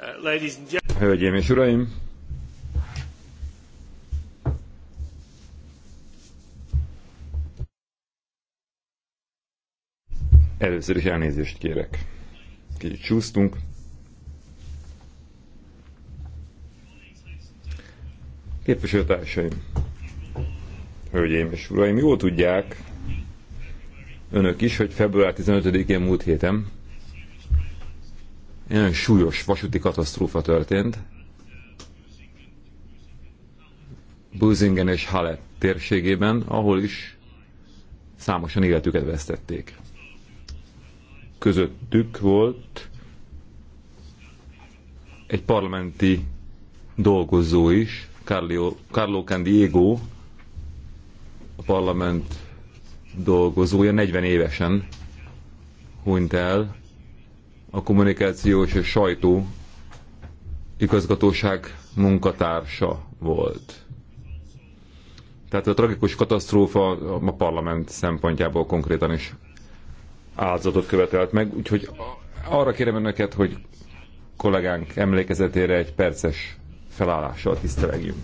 Uh, hölgyeim és uraim! Először is elnézést kérek. Kicsit csúsztunk. Képviselőtársaim, hölgyeim és uraim, jól tudják önök is, hogy február 15-én múlt héten egy nagyon súlyos vasúti katasztrófa történt. Buzingen és Halle térségében, ahol is számosan életüket vesztették. Közöttük volt egy parlamenti dolgozó is, Carlo, Carlo Candiego, a parlament dolgozója, 40 évesen hunyt el a kommunikációs és sajtó igazgatóság munkatársa volt. Tehát a tragikus katasztrófa a parlament szempontjából konkrétan is áldozatot követelt meg, úgyhogy arra kérem önöket, hogy kollégánk emlékezetére egy perces felállással tisztelegjünk.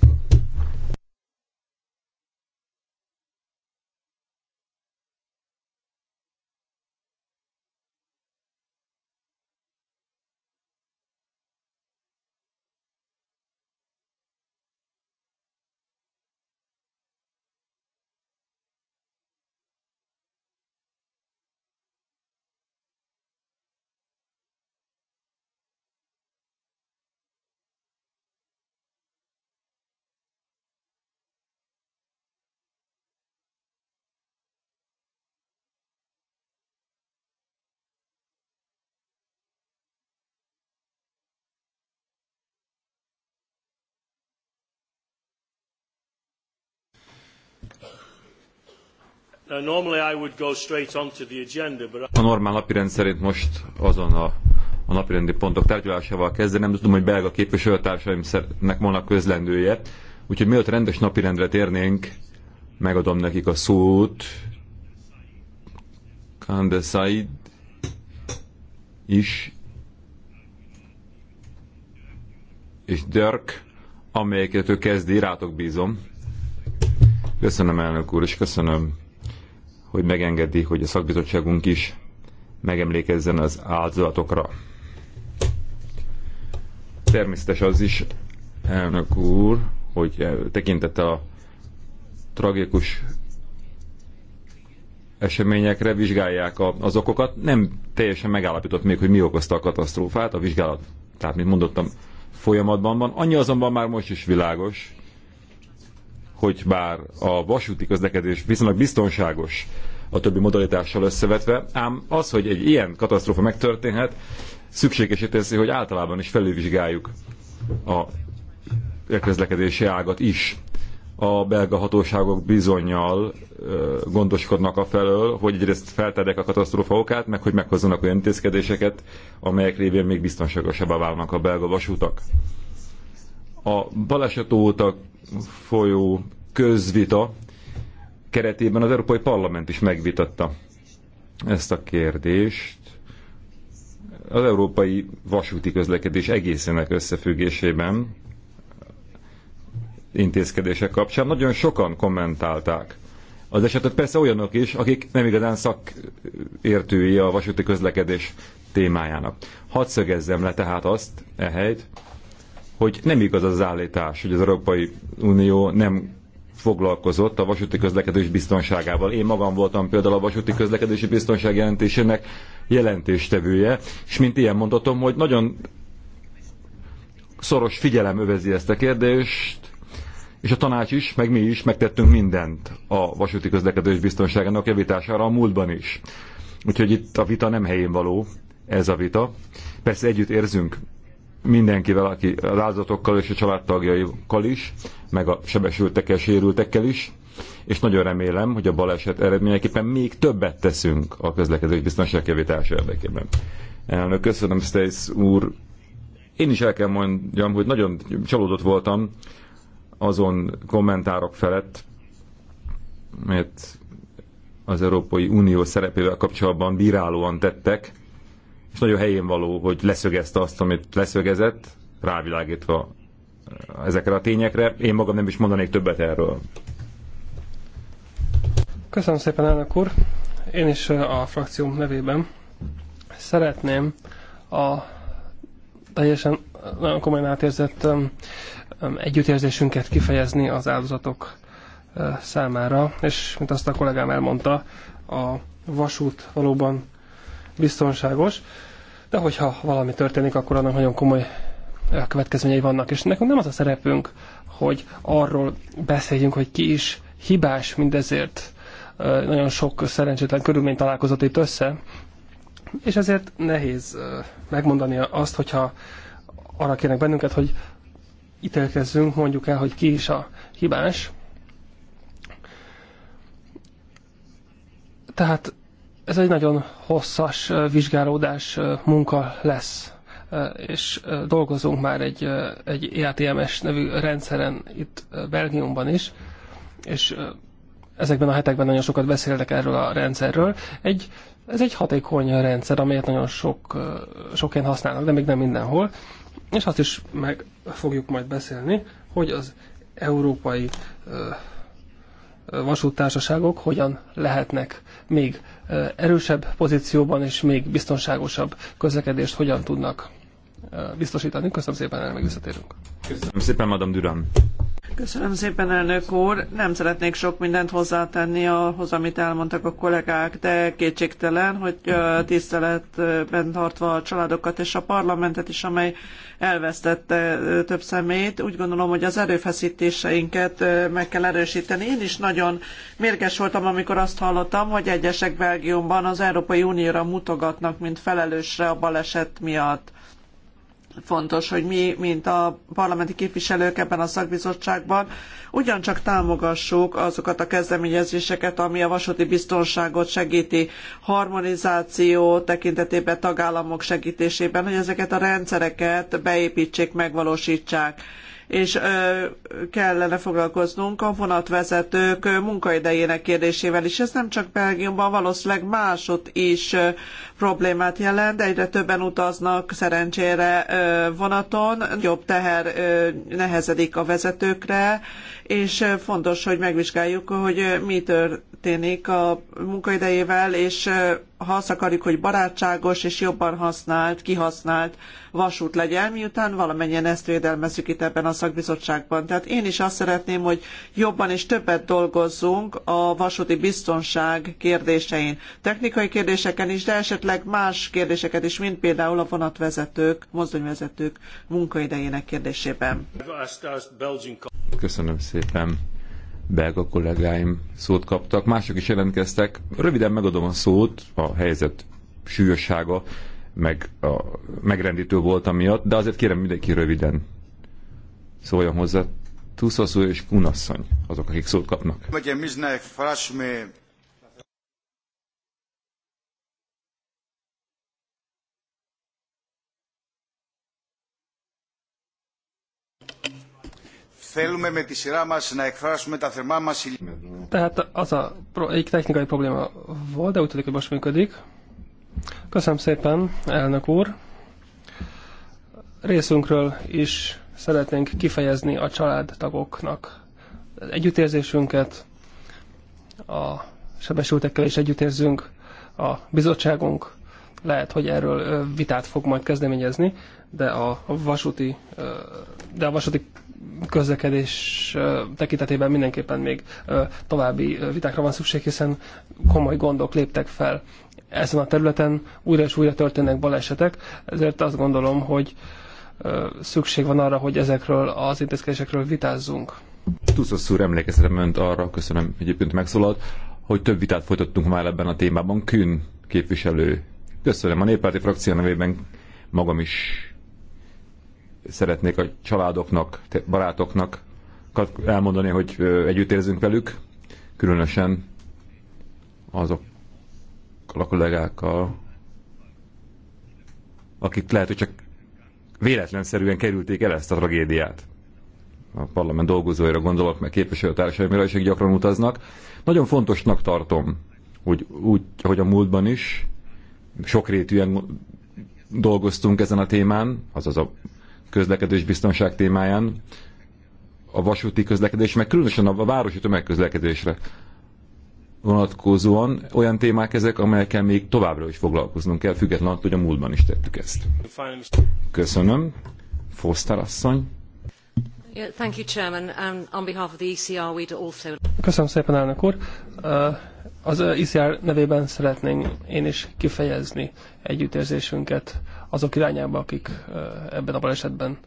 A normál napirend szerint most azon a, a napirendi pontok tárgyalásával kezdenem, de tudom, hogy belga szeretnek volna közlendője, úgyhogy mielőtt rendes napirendre térnénk, megadom nekik a szót. Kandeszaid is és Dirk, amelyeket ő kezdi, rátok bízom. Köszönöm, elnök úr, és köszönöm hogy megengedi, hogy a szakbizottságunk is megemlékezzen az áldozatokra. Természetes az is, elnök úr, hogy eh, tekintete a tragikus eseményekre vizsgálják az okokat. Nem teljesen megállapított még, hogy mi okozta a katasztrófát. A vizsgálat, tehát mint mondottam, folyamatban van. Annyi azonban már most is világos, hogy bár a vasúti közlekedés viszonylag biztonságos a többi modalitással összevetve, ám az, hogy egy ilyen katasztrófa megtörténhet, szükségesé teszi, hogy általában is felülvizsgáljuk a közlekedési ágat is. A belga hatóságok bizonyal gondoskodnak a felől, hogy egyrészt feltedek a katasztrófa okát, meg hogy meghozzanak olyan intézkedéseket, amelyek révén még biztonságosabbá válnak a belga vasútak a baleset óta folyó közvita keretében az Európai Parlament is megvitatta ezt a kérdést az európai vasúti közlekedés egészének összefüggésében intézkedések kapcsán nagyon sokan kommentálták az esetet persze olyanok is, akik nem igazán szakértői a vasúti közlekedés témájának. Hadd szögezzem le tehát azt ehelyt, hogy nem igaz az állítás, hogy az Európai Unió nem foglalkozott a vasúti közlekedés biztonságával. Én magam voltam például a vasúti közlekedési biztonság jelentésének jelentéstevője, és mint ilyen mondhatom, hogy nagyon szoros figyelem övezi ezt a kérdést, és a tanács is, meg mi is megtettünk mindent a vasúti közlekedés biztonságának javítására a múltban is. Úgyhogy itt a vita nem helyén való, ez a vita. Persze együtt érzünk mindenkivel, aki az áldozatokkal és a családtagjaikkal is, meg a sebesültekkel, sérültekkel is, és nagyon remélem, hogy a baleset eredményeképpen még többet teszünk a közlekedés biztonság javítása érdekében. Elnök, köszönöm, Stace úr. Én is el kell mondjam, hogy nagyon csalódott voltam azon kommentárok felett, mert az Európai Unió szerepével kapcsolatban bírálóan tettek, és nagyon helyén való, hogy leszögezte azt, amit leszögezett, rávilágítva ezekre a tényekre. Én magam nem is mondanék többet erről. Köszönöm szépen, elnök úr. Én is a frakcióm nevében szeretném a teljesen nagyon komolyan átérzett együttérzésünket kifejezni az áldozatok számára, és mint azt a kollégám elmondta, a vasút valóban biztonságos, de hogyha valami történik, akkor annak nagyon komoly következményei vannak. És nekünk nem az a szerepünk, hogy arról beszéljünk, hogy ki is hibás mindezért. Nagyon sok szerencsétlen körülmény találkozott itt össze, és ezért nehéz megmondani azt, hogyha arra kérnek bennünket, hogy ítélkezzünk, mondjuk el, hogy ki is a hibás. Tehát ez egy nagyon hosszas vizsgálódás munka lesz, és dolgozunk már egy, egy EATMS nevű rendszeren itt Belgiumban is, és ezekben a hetekben nagyon sokat beszéltek erről a rendszerről. Egy, ez egy hatékony rendszer, amelyet nagyon sok, sokan használnak, de még nem mindenhol. És azt is meg fogjuk majd beszélni, hogy az európai vasútársaságok hogyan lehetnek még erősebb pozícióban és még biztonságosabb közlekedést hogyan tudnak biztosítani. Köszönöm szépen, erre meg visszatérünk. Köszönöm szépen, Madame Durán. Köszönöm szépen, elnök úr. Nem szeretnék sok mindent hozzátenni ahhoz, amit elmondtak a kollégák, de kétségtelen, hogy tiszteletben tartva a családokat és a parlamentet is, amely elvesztette több szemét. Úgy gondolom, hogy az erőfeszítéseinket meg kell erősíteni. Én is nagyon mérges voltam, amikor azt hallottam, hogy egyesek Belgiumban az Európai Unióra mutogatnak, mint felelősre a baleset miatt fontos, hogy mi, mint a parlamenti képviselők ebben a szakbizottságban ugyancsak támogassuk azokat a kezdeményezéseket, ami a vasúti biztonságot segíti harmonizáció tekintetében tagállamok segítésében, hogy ezeket a rendszereket beépítsék, megvalósítsák és kellene foglalkoznunk a vonatvezetők munkaidejének kérdésével is. Ez nem csak Belgiumban, valószínűleg másod is problémát jelent. Egyre többen utaznak szerencsére vonaton, jobb teher nehezedik a vezetőkre, és fontos, hogy megvizsgáljuk, hogy mi történik a munkaidejével, és ha azt akarjuk, hogy barátságos és jobban használt, kihasznált vasút legyen, miután valamennyien ezt védelmezzük itt ebben a szakbizottságban. Tehát én is azt szeretném, hogy jobban és többet dolgozzunk a vasúti biztonság kérdésein. Technikai kérdéseken is, de esetleg más kérdéseket is, mint például a vonatvezetők, mozdonyvezetők munkaidejének kérdésében. Köszönöm szépen belga kollégáim szót kaptak, mások is jelentkeztek. Röviden megadom a szót, a helyzet súlyossága meg a megrendítő volt amiatt, de azért kérem mindenki röviden szóljon hozzá. Tuszoszó és Kunasszony azok, akik szót kapnak. Tehát az a, egy technikai probléma volt, de úgy tudjuk, hogy most működik. Köszönöm szépen, elnök úr. Részünkről is szeretnénk kifejezni a családtagoknak az együttérzésünket, a sebesültekkel is együttérzünk, a bizottságunk lehet, hogy erről vitát fog majd kezdeményezni, de a vasúti, de a vasúti közlekedés tekintetében mindenképpen még további vitákra van szükség, hiszen komoly gondok léptek fel ezen a területen, újra és újra történnek balesetek, ezért azt gondolom, hogy szükség van arra, hogy ezekről az intézkedésekről vitázzunk. Tuszosz úr, emlékeztetem önt arra, köszönöm egyébként megszólalt, hogy több vitát folytattunk már ebben a témában. Kün képviselő. Köszönöm a néppárti frakció nevében magam is szeretnék a családoknak, barátoknak elmondani, hogy együtt érzünk velük, különösen azokkal a kollégákkal, akik lehet, hogy csak véletlenszerűen kerülték el ezt a tragédiát. A parlament dolgozóira gondolok, meg képviselőtársaimra is, akik gyakran utaznak. Nagyon fontosnak tartom, hogy úgy, hogy a múltban is sokrétűen dolgoztunk ezen a témán, azaz a közlekedés biztonság témáján, a vasúti közlekedés, meg különösen a városi tömegközlekedésre vonatkozóan olyan témák ezek, amelyekkel még továbbra is foglalkoznunk kell, függetlenül attól, hogy a múltban is tettük ezt. Köszönöm. Foster asszony. Köszönöm szépen, elnök úr. Uh, az ICR nevében szeretnénk én is kifejezni együttérzésünket azok irányába, akik ebben a balesetben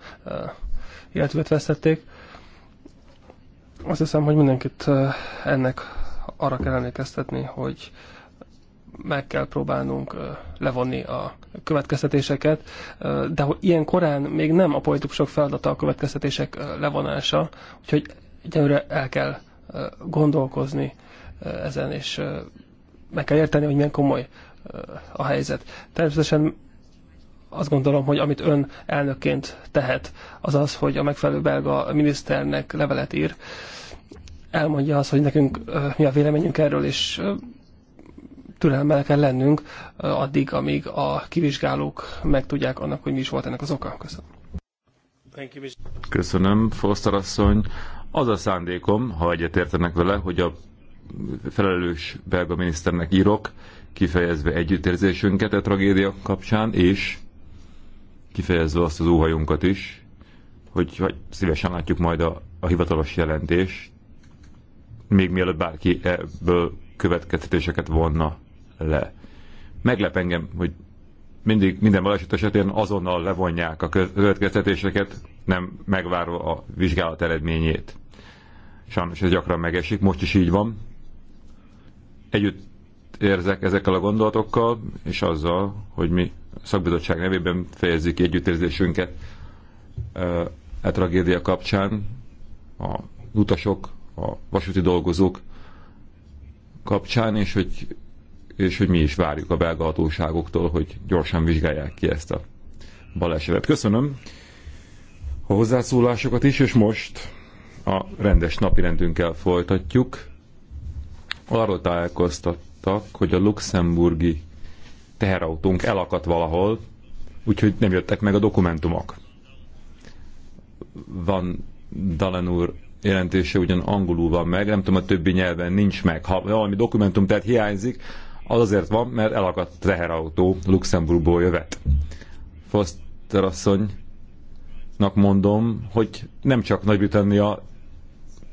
életüket vesztették. Azt hiszem, hogy mindenkit ennek arra kell emlékeztetni, hogy meg kell próbálnunk levonni a következtetéseket, de hogy ilyen korán még nem a politikusok feladata a következtetések levonása, úgyhogy egyelőre el kell gondolkozni ezen, és meg kell érteni, hogy milyen komoly a helyzet. Természetesen azt gondolom, hogy amit ön elnökként tehet, az az, hogy a megfelelő belga miniszternek levelet ír, elmondja azt, hogy nekünk mi a véleményünk erről, és türelemmel kell lennünk addig, amíg a kivizsgálók megtudják annak, hogy mi is volt ennek az oka. Köszönöm. Köszönöm, Foster asszony. Az a szándékom, ha egyetértenek vele, hogy a felelős belga miniszternek írok, kifejezve együttérzésünket a tragédia kapcsán, és kifejezve azt az óhajunkat is, hogy, vagy szívesen látjuk majd a, a hivatalos jelentést, még mielőtt bárki ebből következtetéseket vonna le. Meglep engem, hogy mindig minden baleset esetén azonnal levonják a következtetéseket, nem megvárva a vizsgálat eredményét. Sajnos ez gyakran megesik, most is így van. Együtt érzek ezekkel a gondolatokkal, és azzal, hogy mi a szakbizottság nevében fejezzük ki együttérzésünket e tragédia kapcsán, a utasok, a vasúti dolgozók kapcsán, és hogy, és hogy mi is várjuk a belga hatóságoktól, hogy gyorsan vizsgálják ki ezt a balesetet. Köszönöm a hozzászólásokat is, és most a rendes napirendünkkel folytatjuk arról találkoztattak, hogy a luxemburgi teherautónk elakadt valahol, úgyhogy nem jöttek meg a dokumentumok. Van Dalen úr jelentése ugyan angolul van meg, nem tudom, a többi nyelven nincs meg. Ha valami dokumentum tehát hiányzik, az azért van, mert elakadt teherautó Luxemburgból jövet. Foster asszonynak mondom, hogy nem csak Nagy-Britannia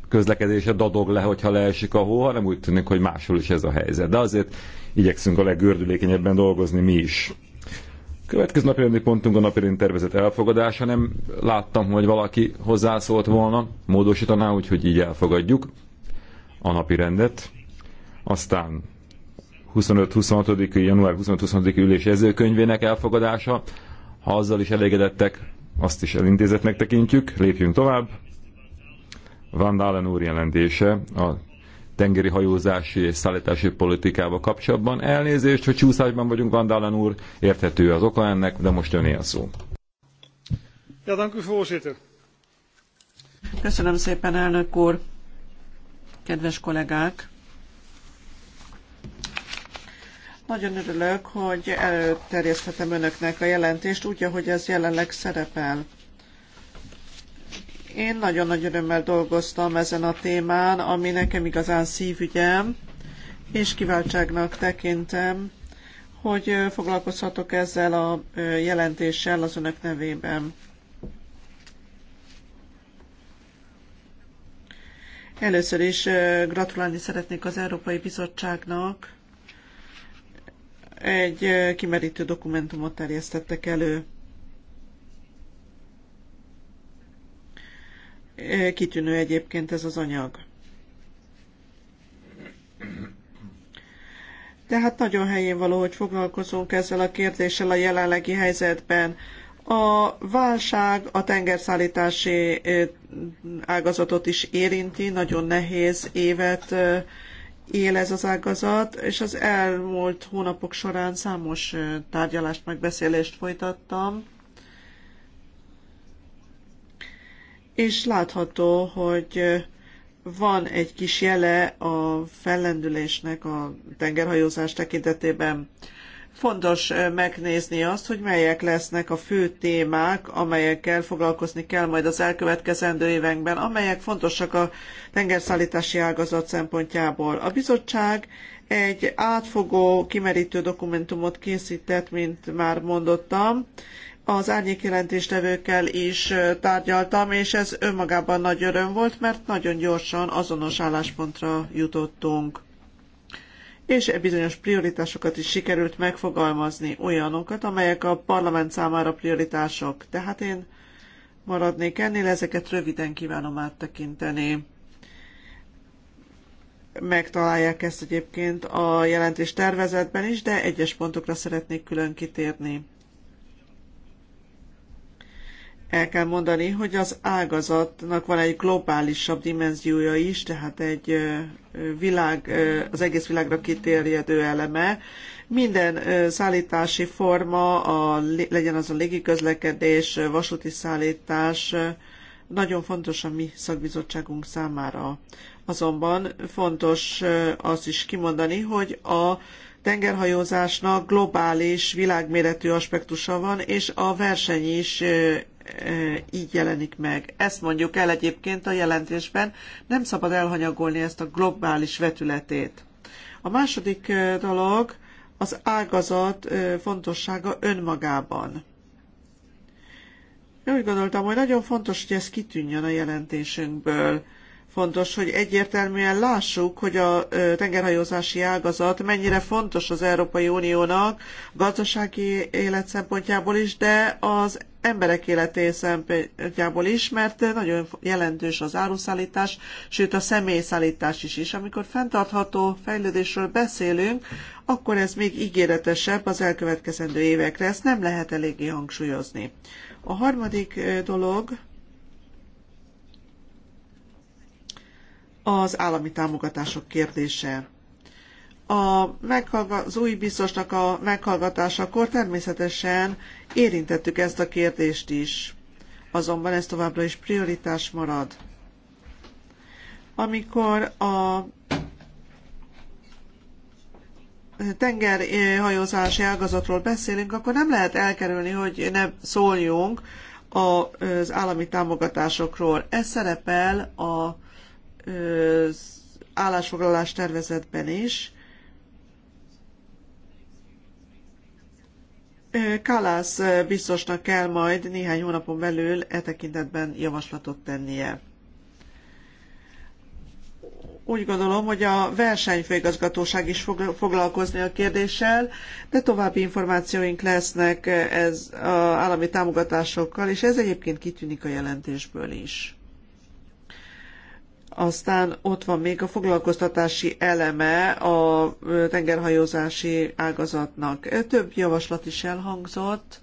közlekedése dadog le, hogyha leesik a hó, hanem úgy tűnik, hogy máshol is ez a helyzet. De azért igyekszünk a leggördülékenyebben dolgozni mi is. Következő napirendi pontunk a napi tervezett elfogadása. Nem láttam, hogy valaki hozzászólt volna, módosítaná, úgyhogy így elfogadjuk a napirendet. Aztán 25-26. január 25-26. ülés ezőkönyvének elfogadása. Ha azzal is elégedettek, azt is elintézetnek tekintjük. Lépjünk tovább. Van Dalen úr jelentése a tengeri hajózási és szállítási politikával kapcsolatban. Elnézést, hogy csúszásban vagyunk, Van Dalen úr, érthető az oka ennek, de most öné a szó. Ja, dank Köszönöm szépen, elnök úr. Kedves kollégák! Nagyon örülök, hogy előterjeszthetem önöknek a jelentést úgy, ahogy ez jelenleg szerepel. Én nagyon nagy örömmel dolgoztam ezen a témán, ami nekem igazán szívügyem, és kiváltságnak tekintem, hogy foglalkozhatok ezzel a jelentéssel az önök nevében. Először is gratulálni szeretnék az Európai Bizottságnak. Egy kimerítő dokumentumot terjesztettek elő. Eh, kitűnő egyébként ez az anyag. Tehát nagyon helyén való, hogy foglalkozunk ezzel a kérdéssel a jelenlegi helyzetben. A válság a tengerszállítási eh, ágazatot is érinti, nagyon nehéz évet eh, él ez az ágazat, és az elmúlt hónapok során számos tárgyalást, megbeszélést folytattam és látható, hogy van egy kis jele a fellendülésnek a tengerhajózás tekintetében. Fontos megnézni azt, hogy melyek lesznek a fő témák, amelyekkel foglalkozni kell majd az elkövetkezendő években, amelyek fontosak a tengerszállítási ágazat szempontjából. A bizottság egy átfogó, kimerítő dokumentumot készített, mint már mondottam, az árnyék jelentéstevőkkel is tárgyaltam, és ez önmagában nagy öröm volt, mert nagyon gyorsan azonos álláspontra jutottunk. És e bizonyos prioritásokat is sikerült megfogalmazni, olyanokat, amelyek a parlament számára prioritások. Tehát én maradnék ennél, ezeket röviden kívánom áttekinteni. Megtalálják ezt egyébként a jelentés tervezetben is, de egyes pontokra szeretnék külön kitérni el kell mondani, hogy az ágazatnak van egy globálisabb dimenziója is, tehát egy világ, az egész világra kiterjedő eleme. Minden szállítási forma, a, legyen az a légiközlekedés, vasúti szállítás, nagyon fontos a mi szakbizottságunk számára. Azonban fontos azt is kimondani, hogy a tengerhajózásnak globális, világméretű aspektusa van, és a verseny is így jelenik meg. Ezt mondjuk el egyébként a jelentésben, nem szabad elhanyagolni ezt a globális vetületét. A második dolog az ágazat fontossága önmagában. Én úgy gondoltam, hogy nagyon fontos, hogy ez kitűnjön a jelentésünkből. Fontos, hogy egyértelműen lássuk, hogy a tengerhajózási ágazat mennyire fontos az Európai Uniónak gazdasági élet szempontjából is, de az emberek életé szempontjából is, mert nagyon jelentős az áruszállítás, sőt a személyszállítás is is. Amikor fenntartható fejlődésről beszélünk, akkor ez még ígéretesebb az elkövetkezendő évekre, ezt nem lehet eléggé hangsúlyozni. A harmadik dolog az állami támogatások kérdése a meghallga- az új biztosnak a meghallgatásakor természetesen Érintettük ezt a kérdést is, azonban ez továbbra is prioritás marad. Amikor a tengerhajózási eh, ágazatról beszélünk, akkor nem lehet elkerülni, hogy ne szóljunk az állami támogatásokról. Ez szerepel a eh, állásfoglalás tervezetben is, Kalász biztosnak kell majd néhány hónapon belül e tekintetben javaslatot tennie. Úgy gondolom, hogy a versenyfőigazgatóság is fog foglalkozni a kérdéssel, de további információink lesznek ez a állami támogatásokkal, és ez egyébként kitűnik a jelentésből is. Aztán ott van még a foglalkoztatási eleme a tengerhajózási ágazatnak. Több javaslat is elhangzott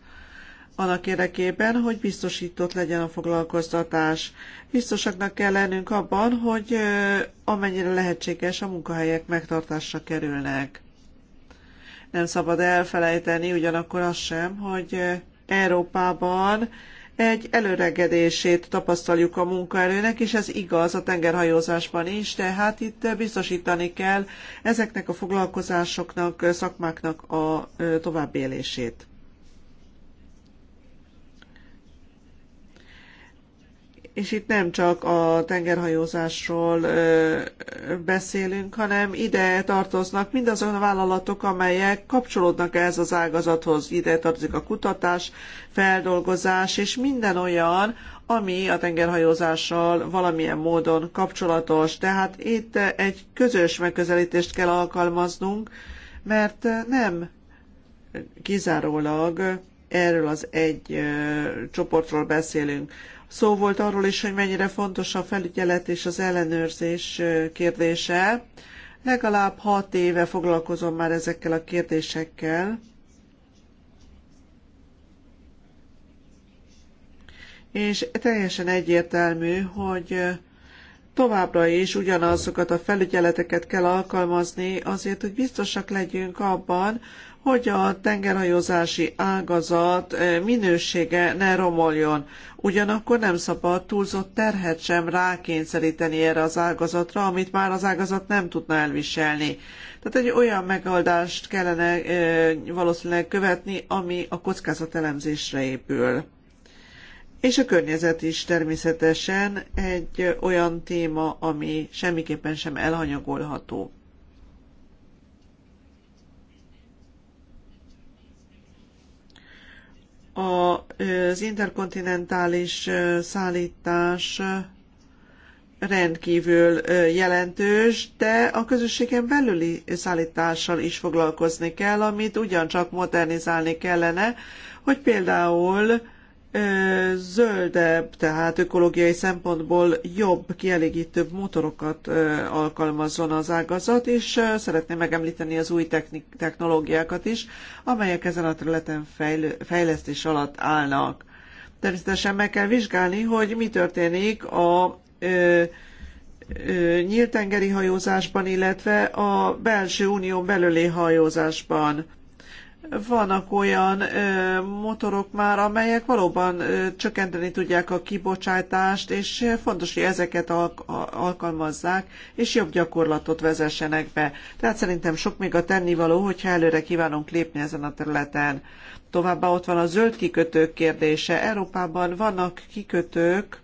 annak érdekében, hogy biztosított legyen a foglalkoztatás. Biztosaknak kell lennünk abban, hogy amennyire lehetséges a munkahelyek megtartásra kerülnek. Nem szabad elfelejteni ugyanakkor azt sem, hogy Európában egy előregedését tapasztaljuk a munkaerőnek, és ez igaz a tengerhajózásban is, tehát itt biztosítani kell ezeknek a foglalkozásoknak, szakmáknak a élését. és itt nem csak a tengerhajózásról beszélünk, hanem ide tartoznak mindazok a vállalatok, amelyek kapcsolódnak ehhez az ágazathoz. Ide tartozik a kutatás, feldolgozás, és minden olyan, ami a tengerhajózással valamilyen módon kapcsolatos. Tehát itt egy közös megközelítést kell alkalmaznunk, mert nem kizárólag erről az egy csoportról beszélünk. Szó volt arról is, hogy mennyire fontos a felügyelet és az ellenőrzés kérdése. Legalább hat éve foglalkozom már ezekkel a kérdésekkel. És teljesen egyértelmű, hogy továbbra is ugyanazokat a felügyeleteket kell alkalmazni azért, hogy biztosak legyünk abban, hogy a tengerhajózási ágazat eh, minősége ne romoljon. Ugyanakkor nem szabad túlzott terhet sem rákényszeríteni erre az ágazatra, amit már az ágazat nem tudna elviselni. Tehát egy olyan megoldást kellene eh, valószínűleg követni, ami a kockázatelemzésre épül. És a környezet is természetesen egy olyan téma, ami semmiképpen sem elhanyagolható. az interkontinentális szállítás rendkívül jelentős, de a közösségen belüli szállítással is foglalkozni kell, amit ugyancsak modernizálni kellene, hogy például zöldebb, tehát ökológiai szempontból jobb, kielégítőbb motorokat alkalmazzon az ágazat, és szeretném megemlíteni az új technológiákat is, amelyek ezen a területen fejlesztés alatt állnak. Természetesen meg kell vizsgálni, hogy mi történik a ö, ö, nyíltengeri hajózásban, illetve a belső unió belüli hajózásban vannak olyan ö, motorok már, amelyek valóban ö, csökkenteni tudják a kibocsátást, és fontos, hogy ezeket alkalmazzák, és jobb gyakorlatot vezessenek be. Tehát szerintem sok még a tennivaló, hogyha előre kívánunk lépni ezen a területen. Továbbá ott van a zöld kikötők kérdése. Európában vannak kikötők,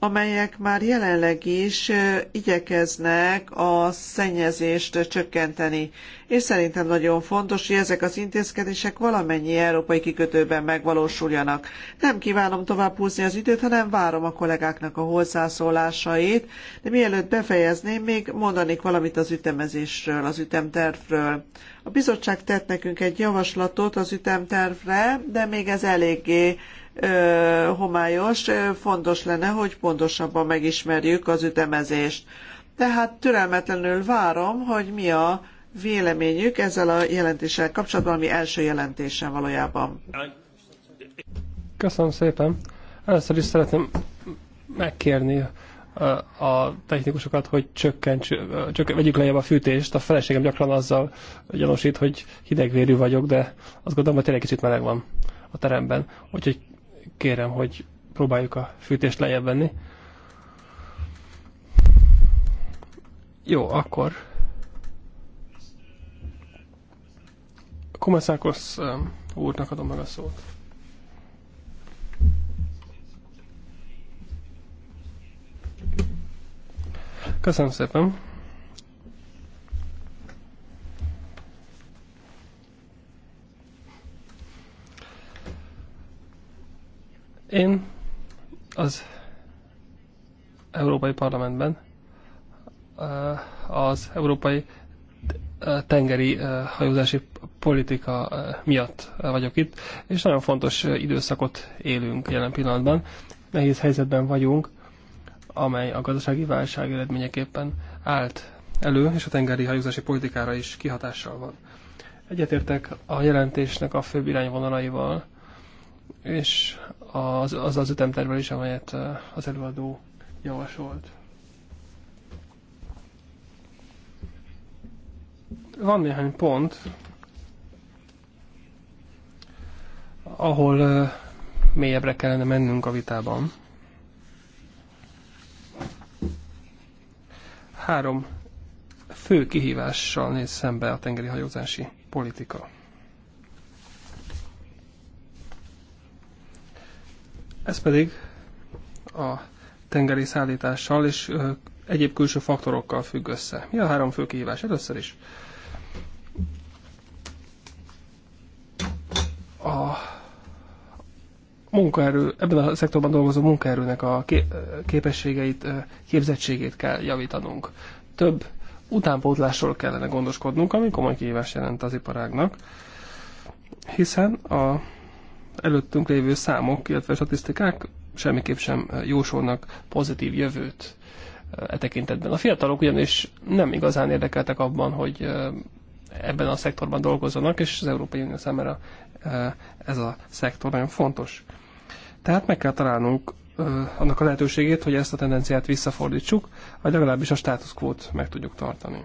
amelyek már jelenleg is igyekeznek a szennyezést csökkenteni. És szerintem nagyon fontos, hogy ezek az intézkedések valamennyi európai kikötőben megvalósuljanak. Nem kívánom tovább húzni az időt, hanem várom a kollégáknak a hozzászólásait, de mielőtt befejezném, még mondanék valamit az ütemezésről, az ütemtervről. A bizottság tett nekünk egy javaslatot az ütemtervre, de még ez eléggé homályos, fontos lenne, hogy pontosabban megismerjük az ütemezést. Tehát türelmetlenül várom, hogy mi a véleményük ezzel a jelentéssel kapcsolatban, ami első jelentésem valójában. Köszönöm szépen. Először is szeretném megkérni a technikusokat, hogy csökkentsük, vegyük lejjebb a fűtést. A feleségem gyakran azzal gyanúsít, hogy hidegvérű vagyok, de azt gondolom, hogy tényleg kicsit meleg van a teremben. Úgyhogy kérem, hogy próbáljuk a fűtést lejjebb venni. Jó, akkor... Komeszákos um, úrnak adom meg a szót. Köszönöm szépen. Én az Európai Parlamentben eh, az Európai eh, tengeri eh, hajózási politika miatt vagyok itt, és nagyon fontos időszakot élünk jelen pillanatban. Nehéz helyzetben vagyunk, amely a gazdasági válság eredményeképpen állt elő, és a tengeri hajózási politikára is kihatással van. Egyetértek a jelentésnek a főbb irányvonalaival, és az, az, az ütemtervvel is, amelyet az előadó javasolt. Van néhány pont, ahol mélyebbre kellene mennünk a vitában. Három fő kihívással néz szembe a tengeri hajózási politika. Ez pedig a tengeri szállítással és egyéb külső faktorokkal függ össze. Mi a három fő kihívás? Először is a munkaerő, ebben a szektorban dolgozó munkaerőnek a képességeit, képzettségét kell javítanunk. Több utánpótlásról kellene gondoskodnunk, ami komoly kihívást jelent az iparágnak, hiszen a előttünk lévő számok, illetve statisztikák semmiképp sem jósolnak pozitív jövőt e tekintetben. A fiatalok ugyanis nem igazán érdekeltek abban, hogy e, ebben a szektorban dolgozzanak, és az Európai Unió számára e, ez a szektor nagyon fontos. Tehát meg kell találnunk e, annak a lehetőségét, hogy ezt a tendenciát visszafordítsuk, vagy legalábbis a státuszkvót meg tudjuk tartani.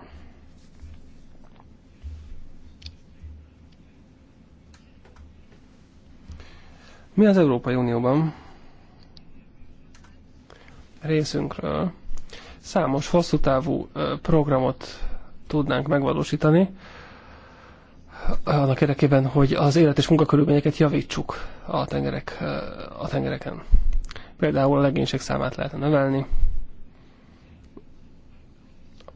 Mi az Európai Unióban részünkről számos hosszú távú programot tudnánk megvalósítani, annak érdekében, hogy az élet és munkakörülményeket javítsuk a, tengerek, a tengereken. Például a legénység számát lehetne növelni,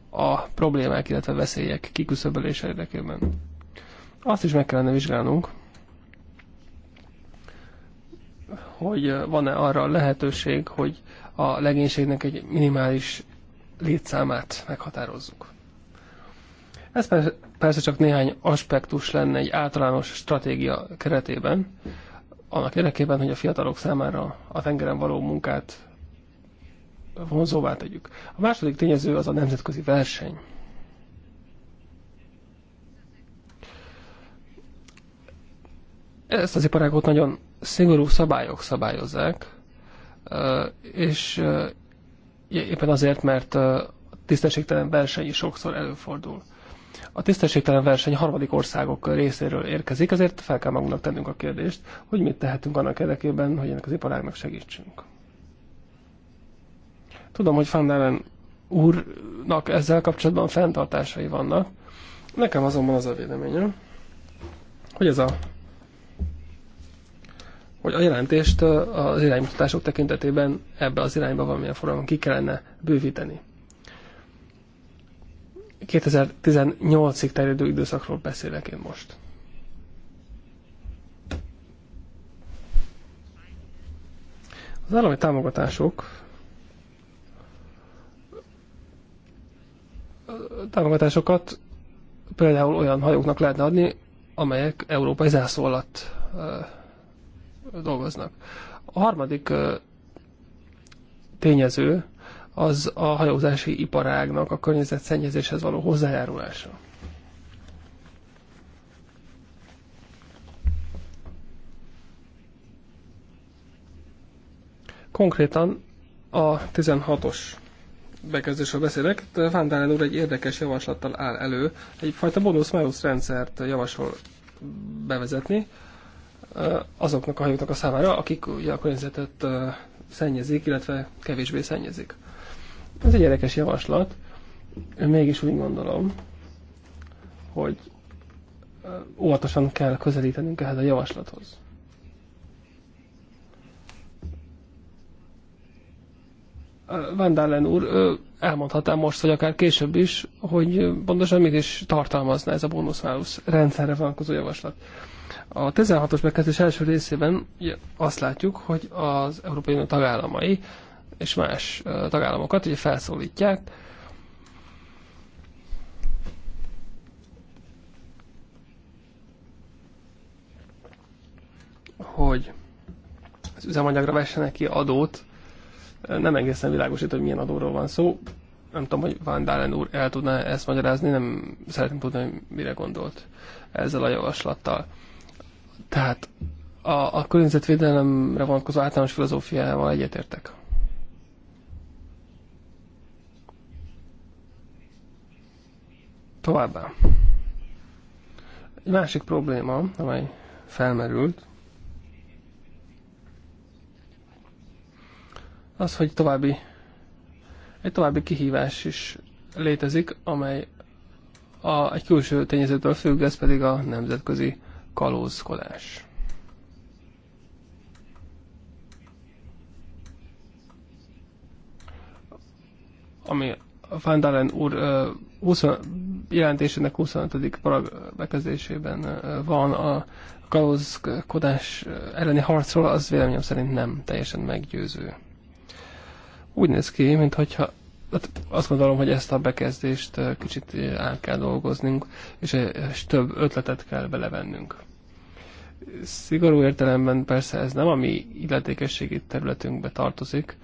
a problémák, illetve veszélyek kiküszöbölése érdekében. Azt is meg kellene vizsgálnunk, hogy van-e arra lehetőség, hogy a legénységnek egy minimális létszámát meghatározzuk. Ez persze csak néhány aspektus lenne egy általános stratégia keretében, annak érdekében, hogy a fiatalok számára a tengeren való munkát vonzóvá tegyük. A második tényező az a nemzetközi verseny. Ezt az iparágot nagyon szigorú szabályok szabályozzák, és éppen azért, mert a tisztességtelen verseny is sokszor előfordul. A tisztességtelen verseny harmadik országok részéről érkezik, ezért fel kell magunknak tennünk a kérdést, hogy mit tehetünk annak érdekében, hogy ennek az iparágnak segítsünk. Tudom, hogy Fandelen úrnak ezzel kapcsolatban fenntartásai vannak. Nekem azonban az a véleményem, hogy ez a hogy a jelentést az iránymutatások tekintetében ebbe az irányba valamilyen formában ki kellene bővíteni. 2018-ig terjedő időszakról beszélek én most. Az állami támogatások támogatásokat például olyan hajóknak lehetne adni, amelyek európai zászló alatt dolgoznak. A harmadik tényező az a hajózási iparágnak a környezetszennyezéshez való hozzájárulása. Konkrétan a 16-os bekezdésről beszélek, Vándálen úr egy érdekes javaslattal áll elő, egyfajta bonus májusz rendszert javasol bevezetni, azoknak a hajóknak a számára, akik ugye a környezetet szennyezik, illetve kevésbé szennyezik. Ez egy érdekes javaslat. Mégis úgy gondolom, hogy óvatosan kell közelítenünk ehhez a javaslathoz. Van Dalen úr, elmondhatnám most, vagy akár később is, hogy pontosan mit is tartalmazna ez a bónusz rendszerre vonatkozó javaslat. A 16-os bekezdés első részében azt látjuk, hogy az Európai Unió tagállamai és más tagállamokat ugye felszólítják, hogy az üzemanyagra vessenek ki adót nem egészen világosít, hogy milyen adóról van szó. Nem tudom, hogy Van Dalen úr el tudná ezt magyarázni, nem szeretném tudni, hogy mire gondolt ezzel a javaslattal. Tehát a, a környezetvédelemre vonatkozó általános filozófiával egyetértek. Továbbá. Egy másik probléma, amely felmerült, az, hogy további, egy további kihívás is létezik, amely a, egy külső tényezőtől függ, ez pedig a nemzetközi kalózkodás. Ami Van Dalen úr 20, jelentésének 25. parag bekezdésében van a kalózkodás elleni harcról, az véleményem szerint nem teljesen meggyőző úgy néz ki, mintha hát azt gondolom, hogy ezt a bekezdést kicsit át kell dolgoznunk, és, és több ötletet kell belevennünk. Szigorú értelemben persze ez nem a mi illetékességi területünkbe tartozik,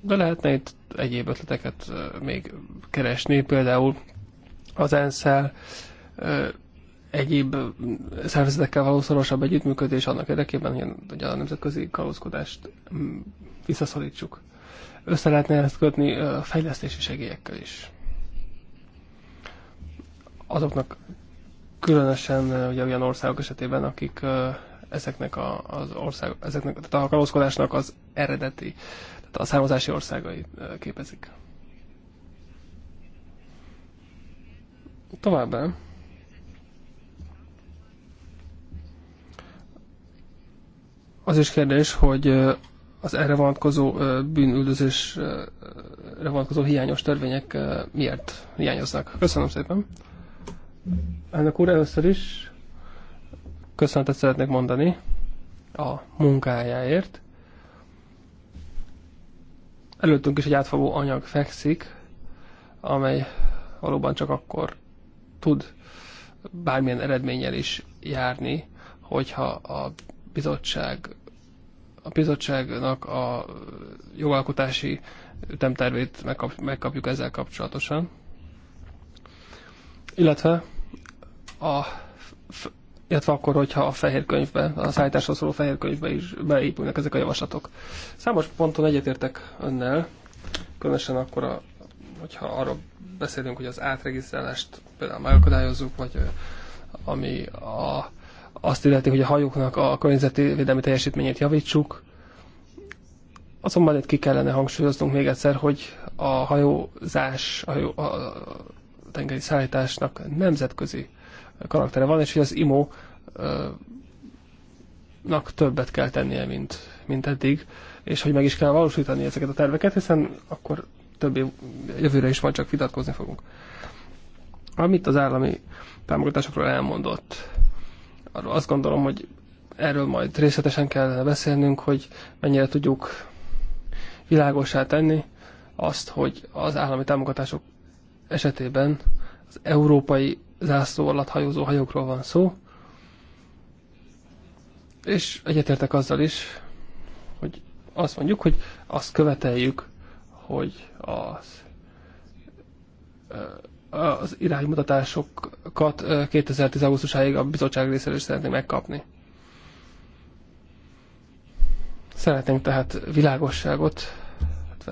de lehetne itt egyéb ötleteket még keresni, például az ensz egyéb szervezetekkel való szorosabb együttműködés annak érdekében, hogy a nemzetközi kalózkodást visszaszorítsuk. Össze lehetne ezt kötni a fejlesztési segélyekkel is. Azoknak különösen ugye olyan országok esetében, akik ezeknek a, az ország, ezeknek, tehát a kalózkodásnak az eredeti, tehát a származási országai képezik. Továbbá az is kérdés, hogy az erre vonatkozó bűnüldözésre vonatkozó hiányos törvények miért hiányoznak. Köszönöm szépen. Elnök úr, először is köszönetet szeretnék mondani a munkájáért. Előttünk is egy átfogó anyag fekszik, amely valóban csak akkor tud bármilyen eredménnyel is járni, hogyha a bizottság a bizottságnak a jogalkotási ütemtervét megkap, megkapjuk ezzel kapcsolatosan. Illetve a illetve akkor, hogyha a fehér könyvbe, a szállításról szóló fehér könyvbe is beépülnek ezek a javaslatok. Számos ponton egyetértek önnel, különösen akkor, a, hogyha arról beszélünk, hogy az átregisztrálást például megakadályozzuk, vagy ami a azt illeti, hogy a hajóknak a környezeti védelmi teljesítményét javítsuk. Azonban itt ki kellene hangsúlyoznunk még egyszer, hogy a hajózás, a, hajó, a tengeri szállításnak nemzetközi karaktere van, és hogy az IMO nak többet kell tennie, mint, mint eddig, és hogy meg is kell valósítani ezeket a terveket, hiszen akkor többé jövőre is majd csak vitatkozni fogunk. Amit az állami támogatásokról elmondott, arról azt gondolom, hogy erről majd részletesen kell beszélnünk, hogy mennyire tudjuk világosá tenni azt, hogy az állami támogatások esetében az európai zászló alatt hajózó hajókról van szó, és egyetértek azzal is, hogy azt mondjuk, hogy azt követeljük, hogy az az iránymutatásokat 2010. augusztusáig a bizottság részéről is szeretnénk megkapni. Szeretnénk tehát világosságot,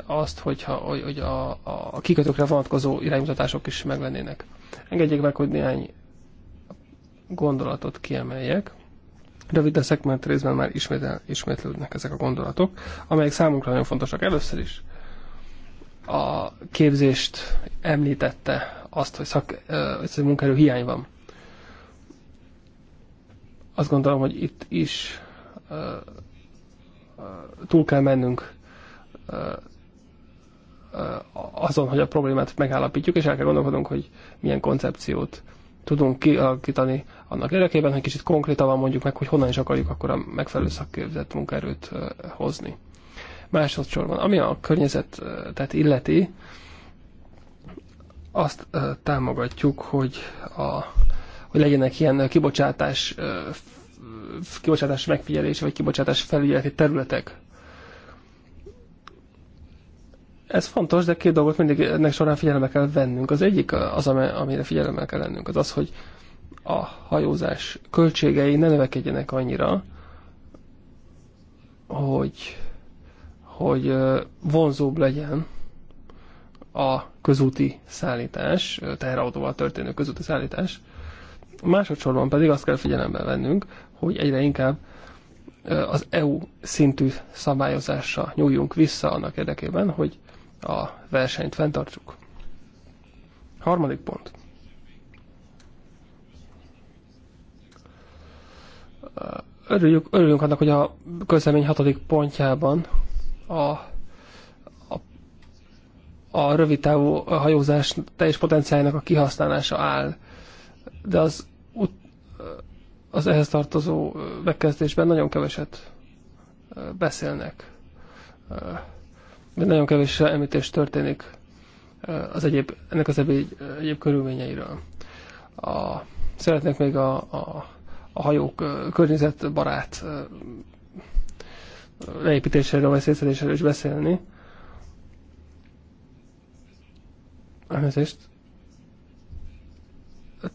azt, hogyha, hogy a, a kikötőkre vonatkozó iránymutatások is meglennének. Engedjék meg, hogy néhány gondolatot kiemeljek. Rövid a mert részben már ismétel, ismétlődnek ezek a gondolatok, amelyek számunkra nagyon fontosak. Először is a képzést említette azt, hogy, szak, hogy munkaerő hiány van. Azt gondolom, hogy itt is túl kell mennünk azon, hogy a problémát megállapítjuk, és el kell gondolkodnunk, hogy milyen koncepciót tudunk kialakítani annak érdekében, hogy kicsit konkrétabban mondjuk meg, hogy honnan is akarjuk akkor a megfelelő szakképzett munkaerőt hozni. Másodszorban, ami a környezetet illeti, azt támogatjuk, hogy, a, hogy legyenek ilyen kibocsátás, kibocsátás megfigyelése vagy kibocsátás felügyeleti területek. Ez fontos, de két dolgot mindig ennek során figyelembe kell vennünk. Az egyik az, amire figyelembe kell lennünk, az az, hogy a hajózás költségei ne növekedjenek annyira, hogy, hogy vonzóbb legyen a közúti szállítás, teherautóval történő közúti szállítás. Másodszorban pedig azt kell figyelembe vennünk, hogy egyre inkább az EU szintű szabályozásra nyúljunk vissza annak érdekében, hogy a versenyt fenntartsuk. Harmadik pont. Örüljük, örüljünk annak, hogy a közlemény hatodik pontjában a a rövid távú hajózás teljes potenciáljának a kihasználása áll. De az, az ehhez tartozó megkezdésben nagyon keveset beszélnek. De nagyon kevés említés történik az egyéb, ennek az egyéb, egyéb körülményeiről. A, szeretnek még a, a, a hajók környezetbarát leépítéséről vagy szétszedéséről is beszélni, Elnézést.